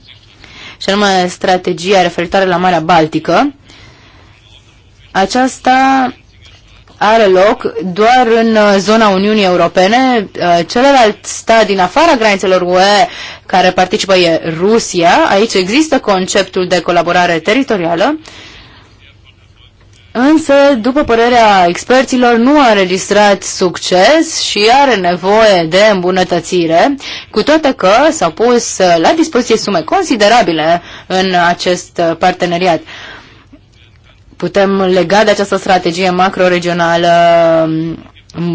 și anume strategia referitoare la Marea Baltică. Aceasta are loc doar în uh, zona Uniunii Europene. Uh, celălalt stat din afara granițelor UE care participă e Rusia. Aici există conceptul de colaborare teritorială însă, după părerea experților, nu a înregistrat succes și are nevoie de îmbunătățire, cu toate că s-au pus la dispoziție sume considerabile în acest parteneriat. Putem lega de această strategie macroregională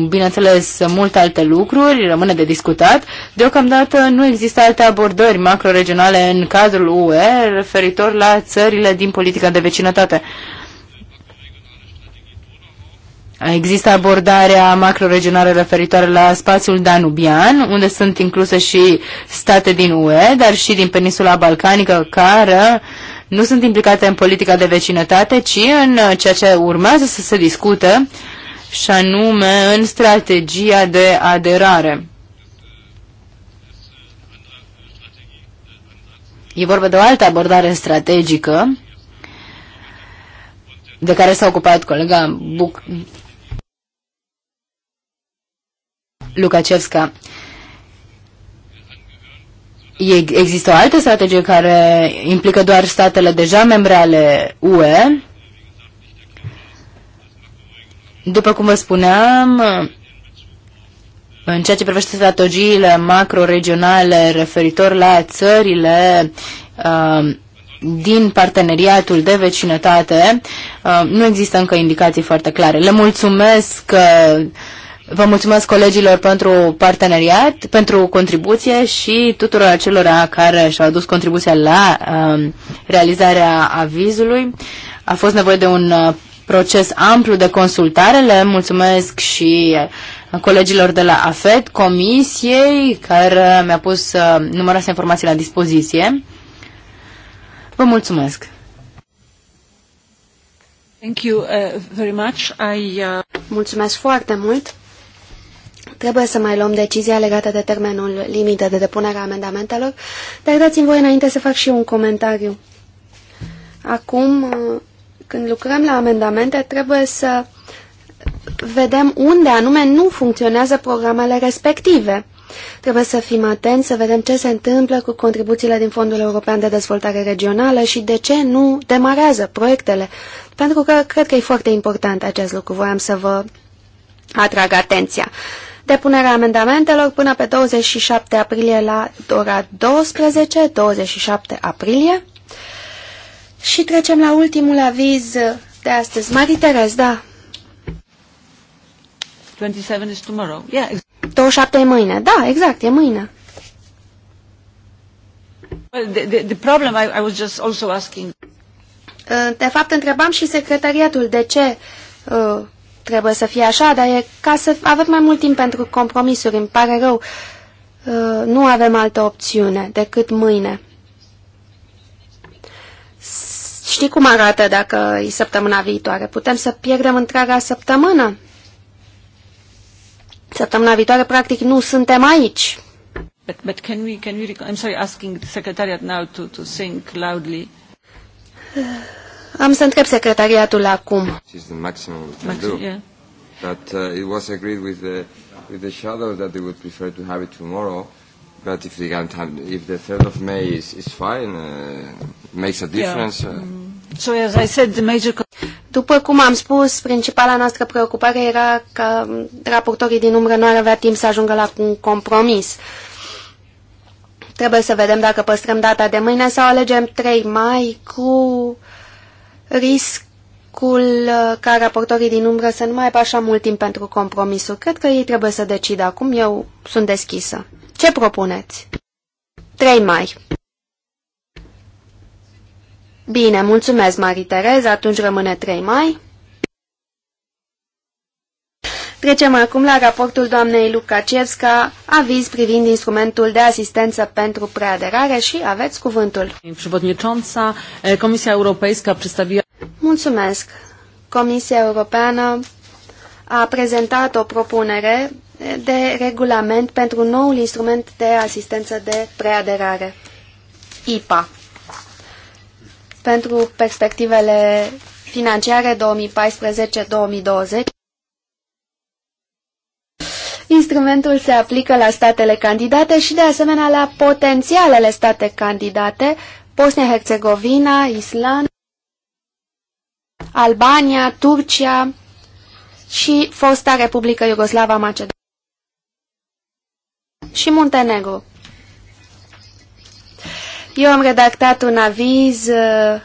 bineînțeles, multe alte lucruri, rămâne de discutat. Deocamdată nu există alte abordări macroregionale în cadrul UE referitor la țările din politica de vecinătate. Uh, Există abordarea macroregională referitoare la spațiul danubian, unde sunt incluse și state din UE, dar și din peninsula balcanică, care nu sunt implicate în politica de vecinătate, ci în ceea ce urmează să se discute, și anume în strategia de aderare. E vorba de o altă abordare strategică de care s-a ocupat colega Buc Lukashevska. Există o altă strategie care implică doar statele deja membre ale UE. După cum vă spuneam, în ceea ce privește strategiile macro-regionale referitor la țările uh, din parteneriatul de vecinătate, uh, nu există încă indicații foarte clare. Le mulțumesc uh, Vă mulțumesc colegilor pentru parteneriat, pentru contribuție și tuturor acelora care și-au adus contribuția la uh, realizarea avizului. A fost nevoie de un uh, proces amplu de consultare. Le mulțumesc și uh, colegilor de la AFET, comisiei, care mi-a pus uh, numeroase informații la dispoziție. Vă mulțumesc! Thank you, uh, very much. I, uh... Mulțumesc foarte mult! Trebuie să mai luăm decizia legată de termenul limită de depunere a amendamentelor, dar dați-mi voi înainte să fac și un comentariu. Acum, când lucrăm la amendamente, trebuie să vedem unde anume nu funcționează programele respective. Trebuie să fim atenți să vedem ce se întâmplă cu contribuțiile din Fondul European de Dezvoltare Regională și de ce nu demarează proiectele, pentru că cred că e foarte important acest lucru. Voiam să vă atrag atenția. Depunerea amendamentelor până pe 27 aprilie la ora 12, 27 aprilie. Și trecem la ultimul aviz de astăzi. Marie Terez, da. 27 is tomorrow. Yeah. 27 e mâine. Da, exact, e mâine. Well, the, the, the problem I, I was just also asking. De fapt, întrebam și secretariatul de ce uh, trebuie să fie așa, dar e ca să avem mai mult timp pentru compromisuri. Îmi pare rău, uh, nu avem altă opțiune decât mâine. Știi cum arată dacă e săptămâna viitoare? Putem să pierdem întreaga săptămână. Săptămâna viitoare, practic, nu suntem aici. But, but can we, can we, I'm sorry, asking the secretariat now to, to think loudly. Uh, am să întreb secretariatul acum. But uh, it was agreed with the, with the shadow that they would prefer to have it tomorrow. But if the 3rd of May is, is fine, uh, makes a difference. Yeah. Uh, mm. so as I said, the major... După cum am spus, principala noastră preocupare era că raportorii din umbră nu ar avea timp să ajungă la un compromis. Trebuie să vedem dacă păstrăm data de mâine sau alegem 3 mai cu riscul uh, ca raportorii din umbră să nu mai aibă așa mult timp pentru compromisuri. Cred că ei trebuie să decidă acum, eu sunt deschisă. Ce propuneți? 3 mai. Bine, mulțumesc, Marie Terez, atunci rămâne 3 mai. Trecem acum la raportul doamnei Lukacievska, aviz privind instrumentul de asistență pentru preaderare și aveți cuvântul. Comisia Europeană представила... Mulțumesc. Comisia Europeană a prezentat o propunere de regulament pentru noul instrument de asistență de preaderare, IPA, pentru perspectivele financiare 2014-2020 Instrumentul se aplică la statele candidate și de asemenea la potențialele state candidate, Bosnia-Herzegovina, Islanda, Albania, Turcia și fosta Republică Iugoslava Macedonia și Muntenegru. Eu am redactat un aviz uh,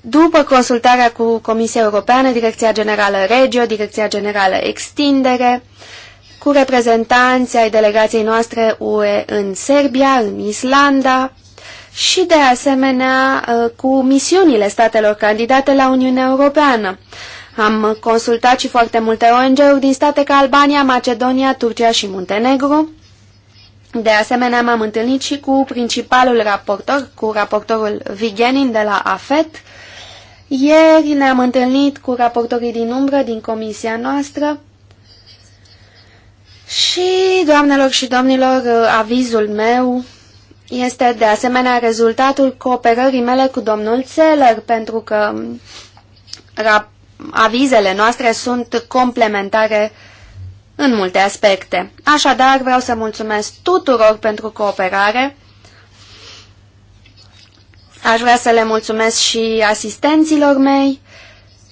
după consultarea cu Comisia Europeană, Direcția Generală Regio, Direcția Generală Extindere cu reprezentanții ai delegației noastre UE în Serbia, în Islanda și, de asemenea, uh, cu misiunile statelor candidate la Uniunea Europeană. Am consultat și foarte multe ONG-uri din state ca Albania, Macedonia, Turcia și Muntenegru. De asemenea, m-am întâlnit și cu principalul raportor, cu raportorul Vigenin de la AFET. Ieri ne-am întâlnit cu raportorii din umbră din comisia noastră și, doamnelor și domnilor, avizul meu este de asemenea rezultatul cooperării mele cu domnul Țeler, pentru că avizele noastre sunt complementare în multe aspecte. Așadar, vreau să mulțumesc tuturor pentru cooperare. Aș vrea să le mulțumesc și asistenților mei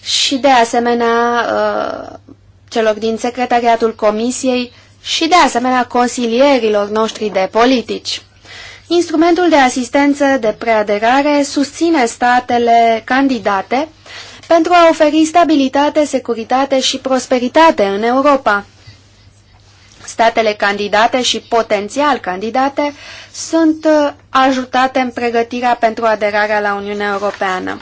și, de asemenea, uh, celor din secretariatul comisiei și de asemenea consilierilor noștri de politici. Instrumentul de asistență de preaderare susține statele candidate pentru a oferi stabilitate, securitate și prosperitate în Europa. Statele candidate și potențial candidate sunt uh, ajutate în pregătirea pentru aderarea la Uniunea Europeană.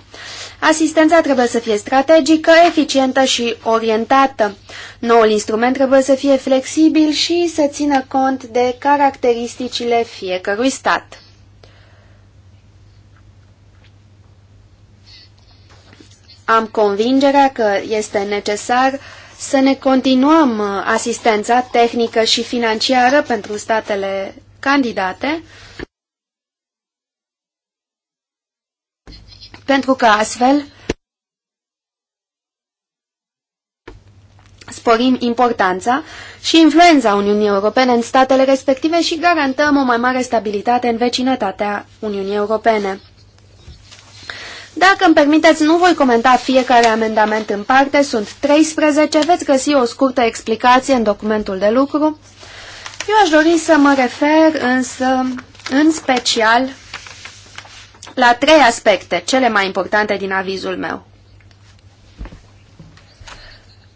Asistența trebuie să fie strategică, eficientă și orientată. Noul instrument trebuie să fie flexibil și să țină cont de caracteristicile fiecărui stat. Am convingerea că este necesar să ne continuăm asistența tehnică și financiară pentru statele candidate, pentru că astfel sporim importanța și influența Uniunii Europene în statele respective și garantăm o mai mare stabilitate în vecinătatea Uniunii Europene. Dacă îmi permiteți, nu voi comenta fiecare amendament în parte, sunt 13, veți găsi o scurtă explicație în documentul de lucru. Eu aș dori să mă refer însă în special la trei aspecte, cele mai importante din avizul meu.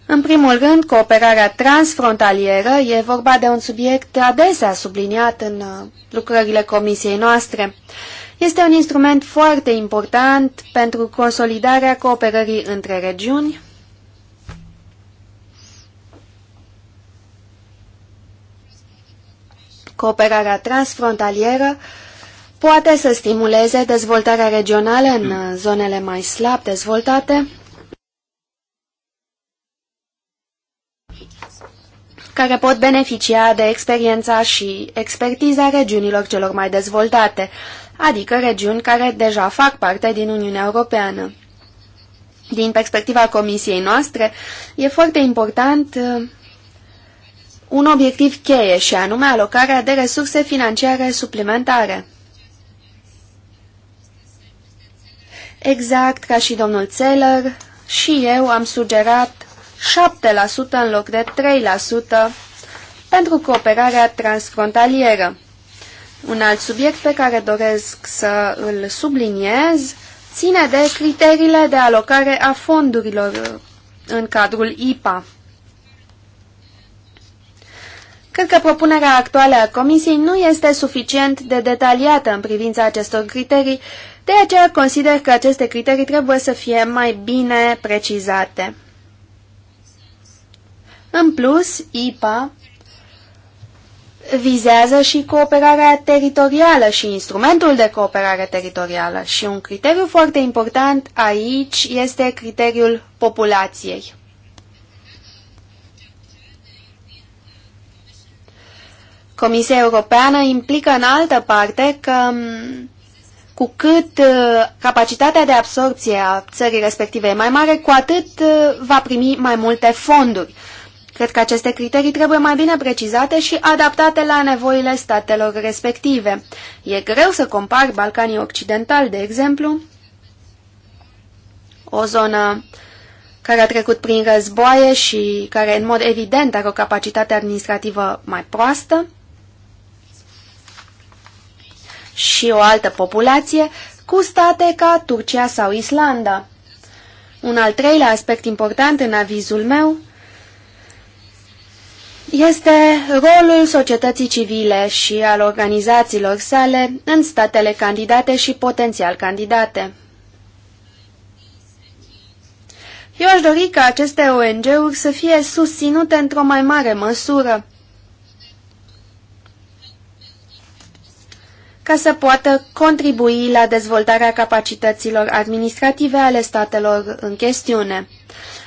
În primul rând, cooperarea transfrontalieră e vorba de un subiect adesea subliniat în uh, lucrările comisiei noastre. Este un instrument foarte important pentru consolidarea cooperării între regiuni, cooperarea transfrontalieră poate să stimuleze dezvoltarea regională în hmm. uh, zonele mai slab dezvoltate, care pot beneficia de experiența și expertiza regiunilor celor mai dezvoltate, adică regiuni care deja fac parte din Uniunea Europeană. Din perspectiva comisiei noastre, e foarte important uh, un obiectiv cheie și anume alocarea de resurse financiare suplimentare. Exact ca și domnul Zeller, și eu am sugerat 7% în loc de 3% pentru cooperarea transfrontalieră. Un alt subiect pe care doresc să îl subliniez ține de criteriile de alocare a fondurilor în cadrul IPA. Cred că propunerea actuală a Comisiei nu este suficient de detaliată în privința acestor criterii de aceea consider că aceste criterii trebuie să fie mai bine precizate. În plus, IPA vizează și cooperarea teritorială și instrumentul de cooperare teritorială și un criteriu foarte important aici este criteriul populației. Comisia Europeană implică în altă parte că cu cât uh, capacitatea de absorpție a țării respective e mai mare, cu atât uh, va primi mai multe fonduri. Cred că aceste criterii trebuie mai bine precizate și adaptate la nevoile statelor respective. E greu să compari Balcanii Occidentali, de exemplu, o zonă care a trecut prin războaie și care în mod evident are o capacitate administrativă mai proastă, și o altă populație cu state ca Turcia sau Islanda. Un al treilea aspect important în avizul meu este rolul societății civile și al organizațiilor sale în statele candidate și potențial candidate. Eu aș dori ca aceste ONG-uri să fie susținute într-o mai mare măsură, ca să poată contribui la dezvoltarea capacităților administrative ale statelor în chestiune.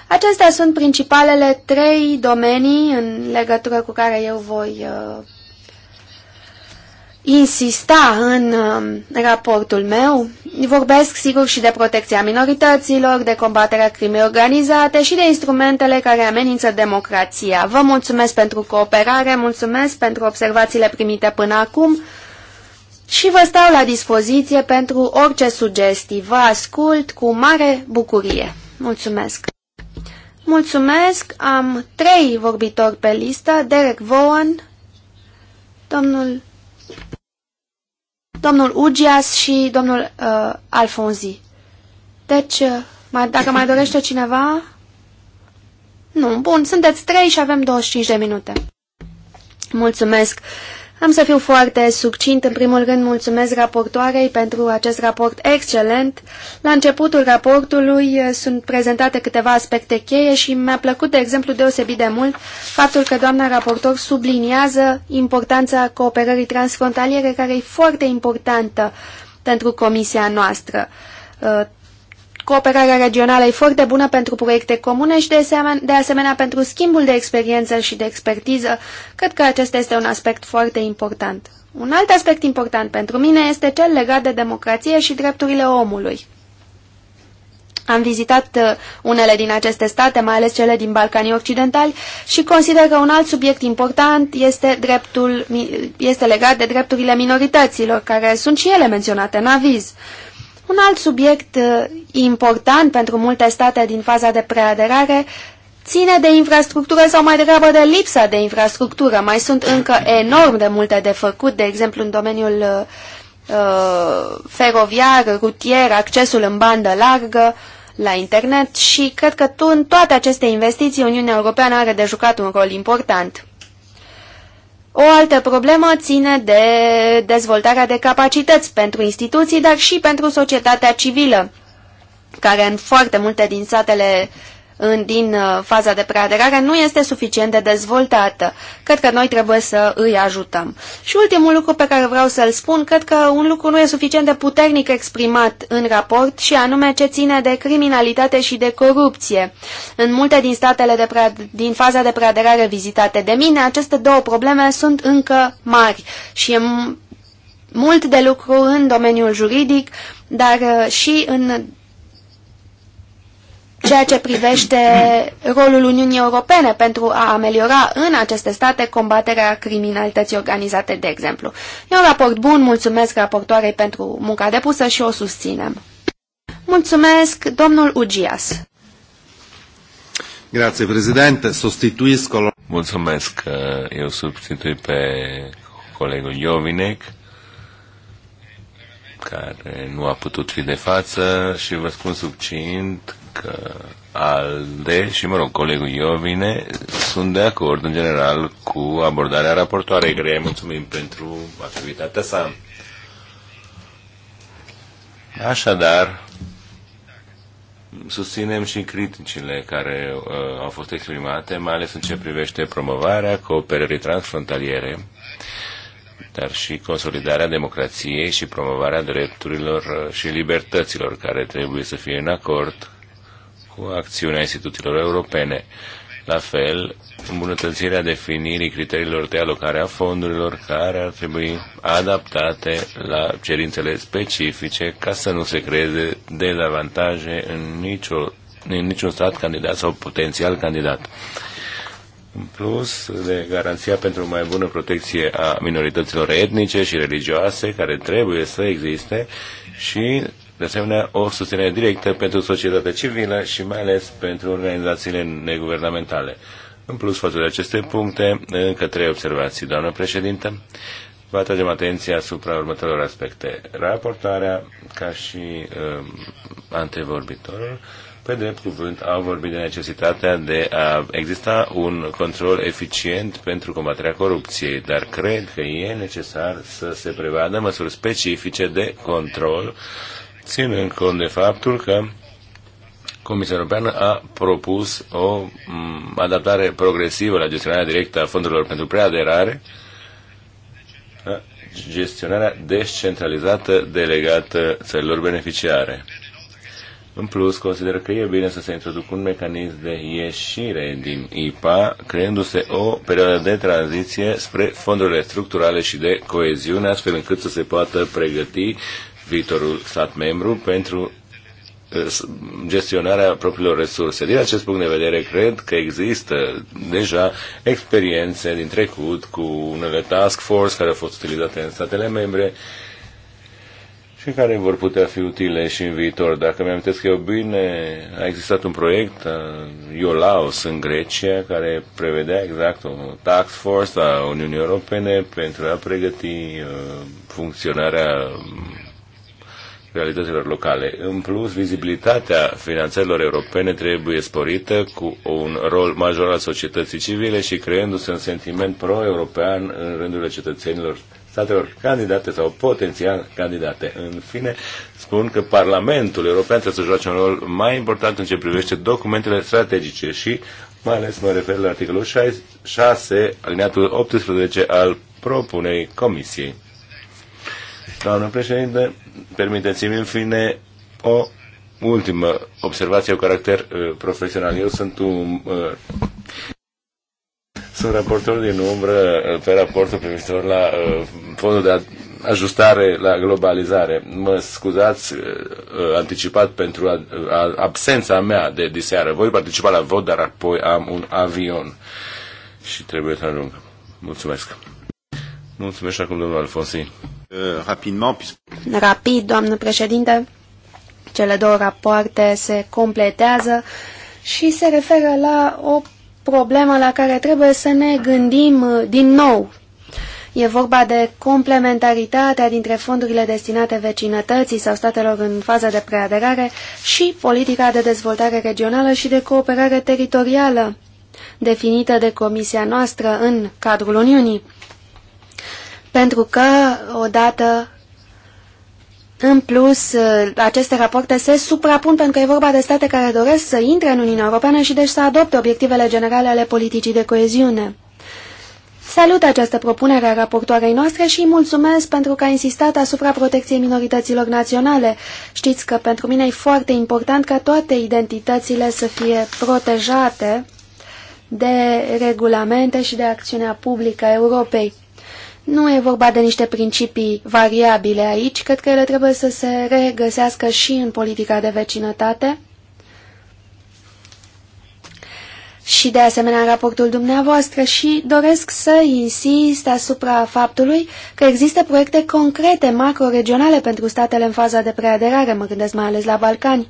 Acestea sunt principalele trei domenii în legătură cu care eu voi uh, insista în uh, raportul meu. Vorbesc, sigur, și de protecția minorităților, de combaterea crimei organizate și de instrumentele care amenință democrația. Vă mulțumesc pentru cooperare, mulțumesc pentru observațiile primite până acum și vă stau la dispoziție pentru orice sugestii. Vă ascult cu mare bucurie. Mulțumesc! Mulțumesc! Am trei vorbitori pe listă. Derek Vaughan, domnul, domnul Ugias și domnul uh, Alfonzi. Deci, uh, mai, dacă mai dorește cineva... Nu, bun, sunteți trei și avem 25 de minute. Mulțumesc! Uh, am să fiu foarte succint. În primul rând mulțumesc raportoarei pentru acest raport excelent. La începutul raportului eh, sunt prezentate câteva aspecte cheie și mi-a plăcut, de exemplu, deosebit de mult faptul că doamna raportor subliniază importanța cooperării transfrontaliere, care e foarte importantă pentru comisia noastră eh, Cooperarea regională e foarte bună pentru proiecte comune și de asemenea, de asemenea pentru schimbul de experiență și de expertiză. Cred că acesta este un aspect foarte important. Un alt aspect important pentru mine este cel legat de democrație și drepturile omului. Am vizitat uh, unele din aceste state, mai ales cele din Balcanii Occidentali, și consider că un alt subiect important este, dreptul, este legat de drepturile minorităților, care sunt și ele menționate în aviz. Uh, un alt subiect uh, important pentru multe state din faza de preaderare ține de infrastructură sau mai degrabă de lipsa de infrastructură. Mai sunt încă enorm de multe de făcut, de exemplu în domeniul uh, uh, feroviar, rutier, accesul în bandă largă la internet și cred că tu, în toate aceste investiții Uniunea Europeană are de jucat un rol important. O altă problemă ține de dezvoltarea de capacități pentru instituții, dar și pentru societatea civilă, care în foarte multe din statele în, din uh, faza de preaderare nu este suficient de dezvoltată. Cred că noi trebuie să îi ajutăm. Și ultimul lucru pe care vreau să-l spun, cred că un lucru nu e suficient de puternic exprimat în raport și anume ce ține de criminalitate și de corupție. În multe din statele de prea, din faza de preaderare vizitate de mine, aceste două probleme sunt încă mari și e mult de lucru în domeniul juridic, dar uh, și în ceea ce privește rolul Uniunii Europene pentru a ameliora în aceste state combaterea criminalității organizate, de exemplu. E un raport bun, mulțumesc raportoarei pentru munca depusă și o susținem. Mulțumesc, domnul Ugias. Grazie, președinte. Mulțumesc, eu substitui pe colegul Iovinec care nu a putut fi de față și vă spun subțint că ALDE și, mă rog, colegul Iovine sunt de acord, în general, cu abordarea raportoarei, care mulțumim pentru activitatea sa. Așadar, susținem și criticile care uh, au fost exprimate, mai ales în ce privește promovarea cooperării transfrontaliere dar și consolidarea democrației și promovarea drepturilor uh, și libertăților care trebuie să fie în acord cu acțiunea instituțiilor europene. La fel, îmbunătățirea definirii criteriilor de alocare a fondurilor care ar trebui adaptate la cerințele specifice ca să nu se creeze dezavantaje în, nicio, în niciun stat candidat sau potențial candidat. În plus de garanția pentru o mai bună protecție a minorităților etnice și religioase care trebuie să existe și de asemenea o susținere directă pentru societatea civilă și mai ales pentru organizațiile neguvernamentale. În plus față de aceste puncte, încă trei observații, doamnă președintă. Vă atragem atenția asupra următorilor aspecte. Raportarea, ca și uh, antevorbitorul, pe drept cuvânt, au vorbit de necesitatea de a exista un control eficient pentru combaterea corupției, dar cred că e necesar să se prevadă măsuri specifice de control, ținând cont de faptul că Comisia Europeană a propus o mm, adaptare progresivă la gestionarea directă a fondurilor pentru preaderare, gestionarea descentralizată delegată țărilor beneficiare. În plus, consider că e bine să se introducă un mecanism de ieșire din IPA, creându-se o perioadă de tranziție spre fondurile structurale și de coeziune, astfel încât să se poată pregăti viitorul stat membru pentru eh, gestionarea propriilor resurse. Din acest punct de vedere, cred că există deja experiențe din trecut cu unele task force care au fost utilizate în statele membre și care vor putea fi utile și în viitor. Dacă mi-am că eu bine, a existat un proiect, uh, Iolaos, în Grecia, care prevedea exact o tax force a Uniunii Europene pentru a pregăti uh, funcționarea mm, realităților locale. În plus, vizibilitatea finanțelor europene trebuie sporită cu un rol major al societății civile și creându-se un sentiment pro-european în rândurile cetățenilor statelor candidate sau potențial candidate. În fine, spun că Parlamentul European trebuie să joace un rol mai important în ce privește documentele strategice și mai ales mă refer la articolul 6, alineatul 18 al propunei Comisiei. Doamnă președinte, permiteți-mi în fine o ultimă observație cu caracter uh, profesional. Eu sunt un uh, sunt raportor din umbră uh, pe raportul privitor la uh, fondul de ajustare la globalizare. Mă scuzați uh, uh, anticipat pentru a, a, absența mea de diseară. Voi participa la vot, dar apoi am un avion și trebuie să ajung. Mulțumesc. Mulțumesc acum, domnul Alfonsi. Uh, rapidement. Rapid, doamnă președinte. Cele două rapoarte se completează și se referă la o Problema la care trebuie să ne gândim uh, din nou. E vorba de complementaritatea dintre fondurile destinate vecinătății sau statelor în fază de preaderare și politica de dezvoltare regională și de cooperare teritorială, definită de Comisia noastră în cadrul Uniunii. Pentru că, odată în plus, uh, aceste rapoarte se suprapun pentru că e vorba de state care doresc să intre în Uniunea Europeană și deci să adopte obiectivele generale ale politicii de coeziune. Salut această propunere a raportoarei noastre și îi mulțumesc pentru că a insistat asupra protecției minorităților naționale. Știți că pentru mine e foarte important ca toate identitățile să fie protejate de regulamente și de acțiunea publică a Europei. Nu e vorba de niște principii variabile aici, cred că ele trebuie să se regăsească și în politica de vecinătate. Și de asemenea în raportul dumneavoastră și doresc să insist asupra faptului că există proiecte concrete macroregionale pentru statele în faza de preaderare, mă gândesc mai ales la Balcani.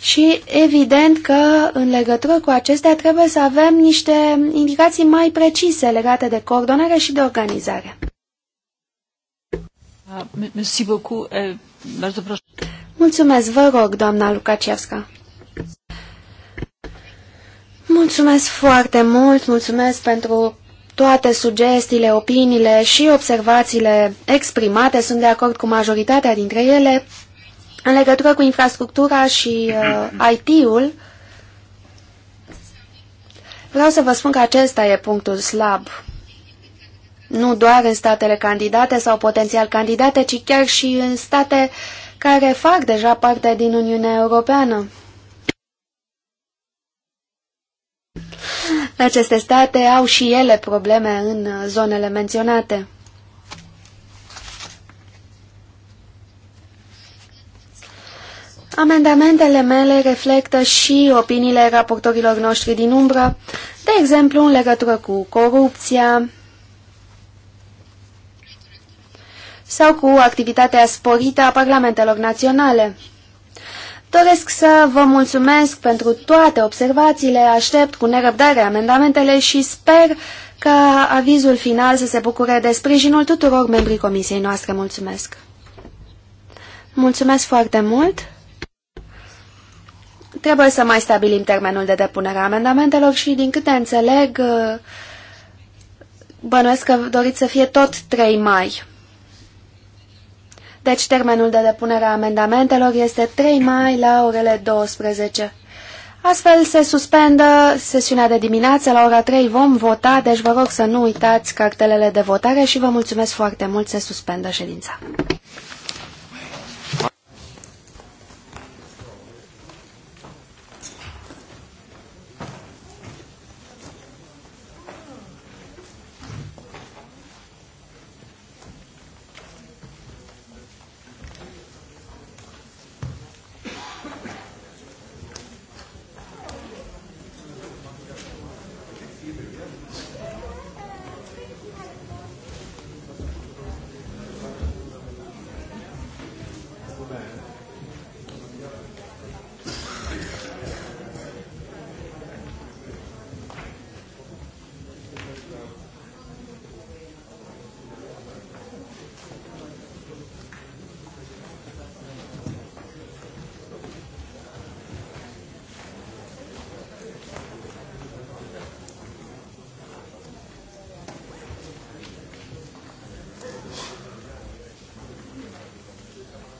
Și evident că în legătură cu acestea trebuie să avem niște indicații mai precise legate de coordonare și de organizare. Mulțumesc, vă rog, doamna Lukacievska. Mulțumesc foarte mult, mulțumesc pentru toate sugestiile, opiniile și observațiile exprimate. Sunt de acord cu majoritatea dintre ele. În legătură cu infrastructura și uh, IT-ul, vreau să vă spun că acesta e punctul slab. Nu doar în statele candidate sau potențial candidate, ci chiar și în state care fac deja parte din Uniunea Europeană. Aceste state au și ele probleme în uh, zonele menționate. Amendamentele mele reflectă și opiniile raportorilor noștri din umbră, de exemplu în legătură cu corupția sau cu activitatea sporită a parlamentelor naționale. Doresc să vă mulțumesc pentru toate observațiile, aștept cu nerăbdare amendamentele și sper ca avizul final să se bucure de sprijinul tuturor membrii comisiei noastre. Mulțumesc! Mulțumesc foarte mult! Trebuie să mai stabilim termenul de depunere a amendamentelor și, din câte înțeleg, uh, bănuiesc că doriți să fie tot 3 mai. Deci termenul de depunere a amendamentelor este 3 mai la orele 12. Astfel se suspendă sesiunea de dimineață, la ora 3 vom vota, deci vă rog să nu uitați cartelele de votare și vă mulțumesc foarte mult, se suspendă ședința.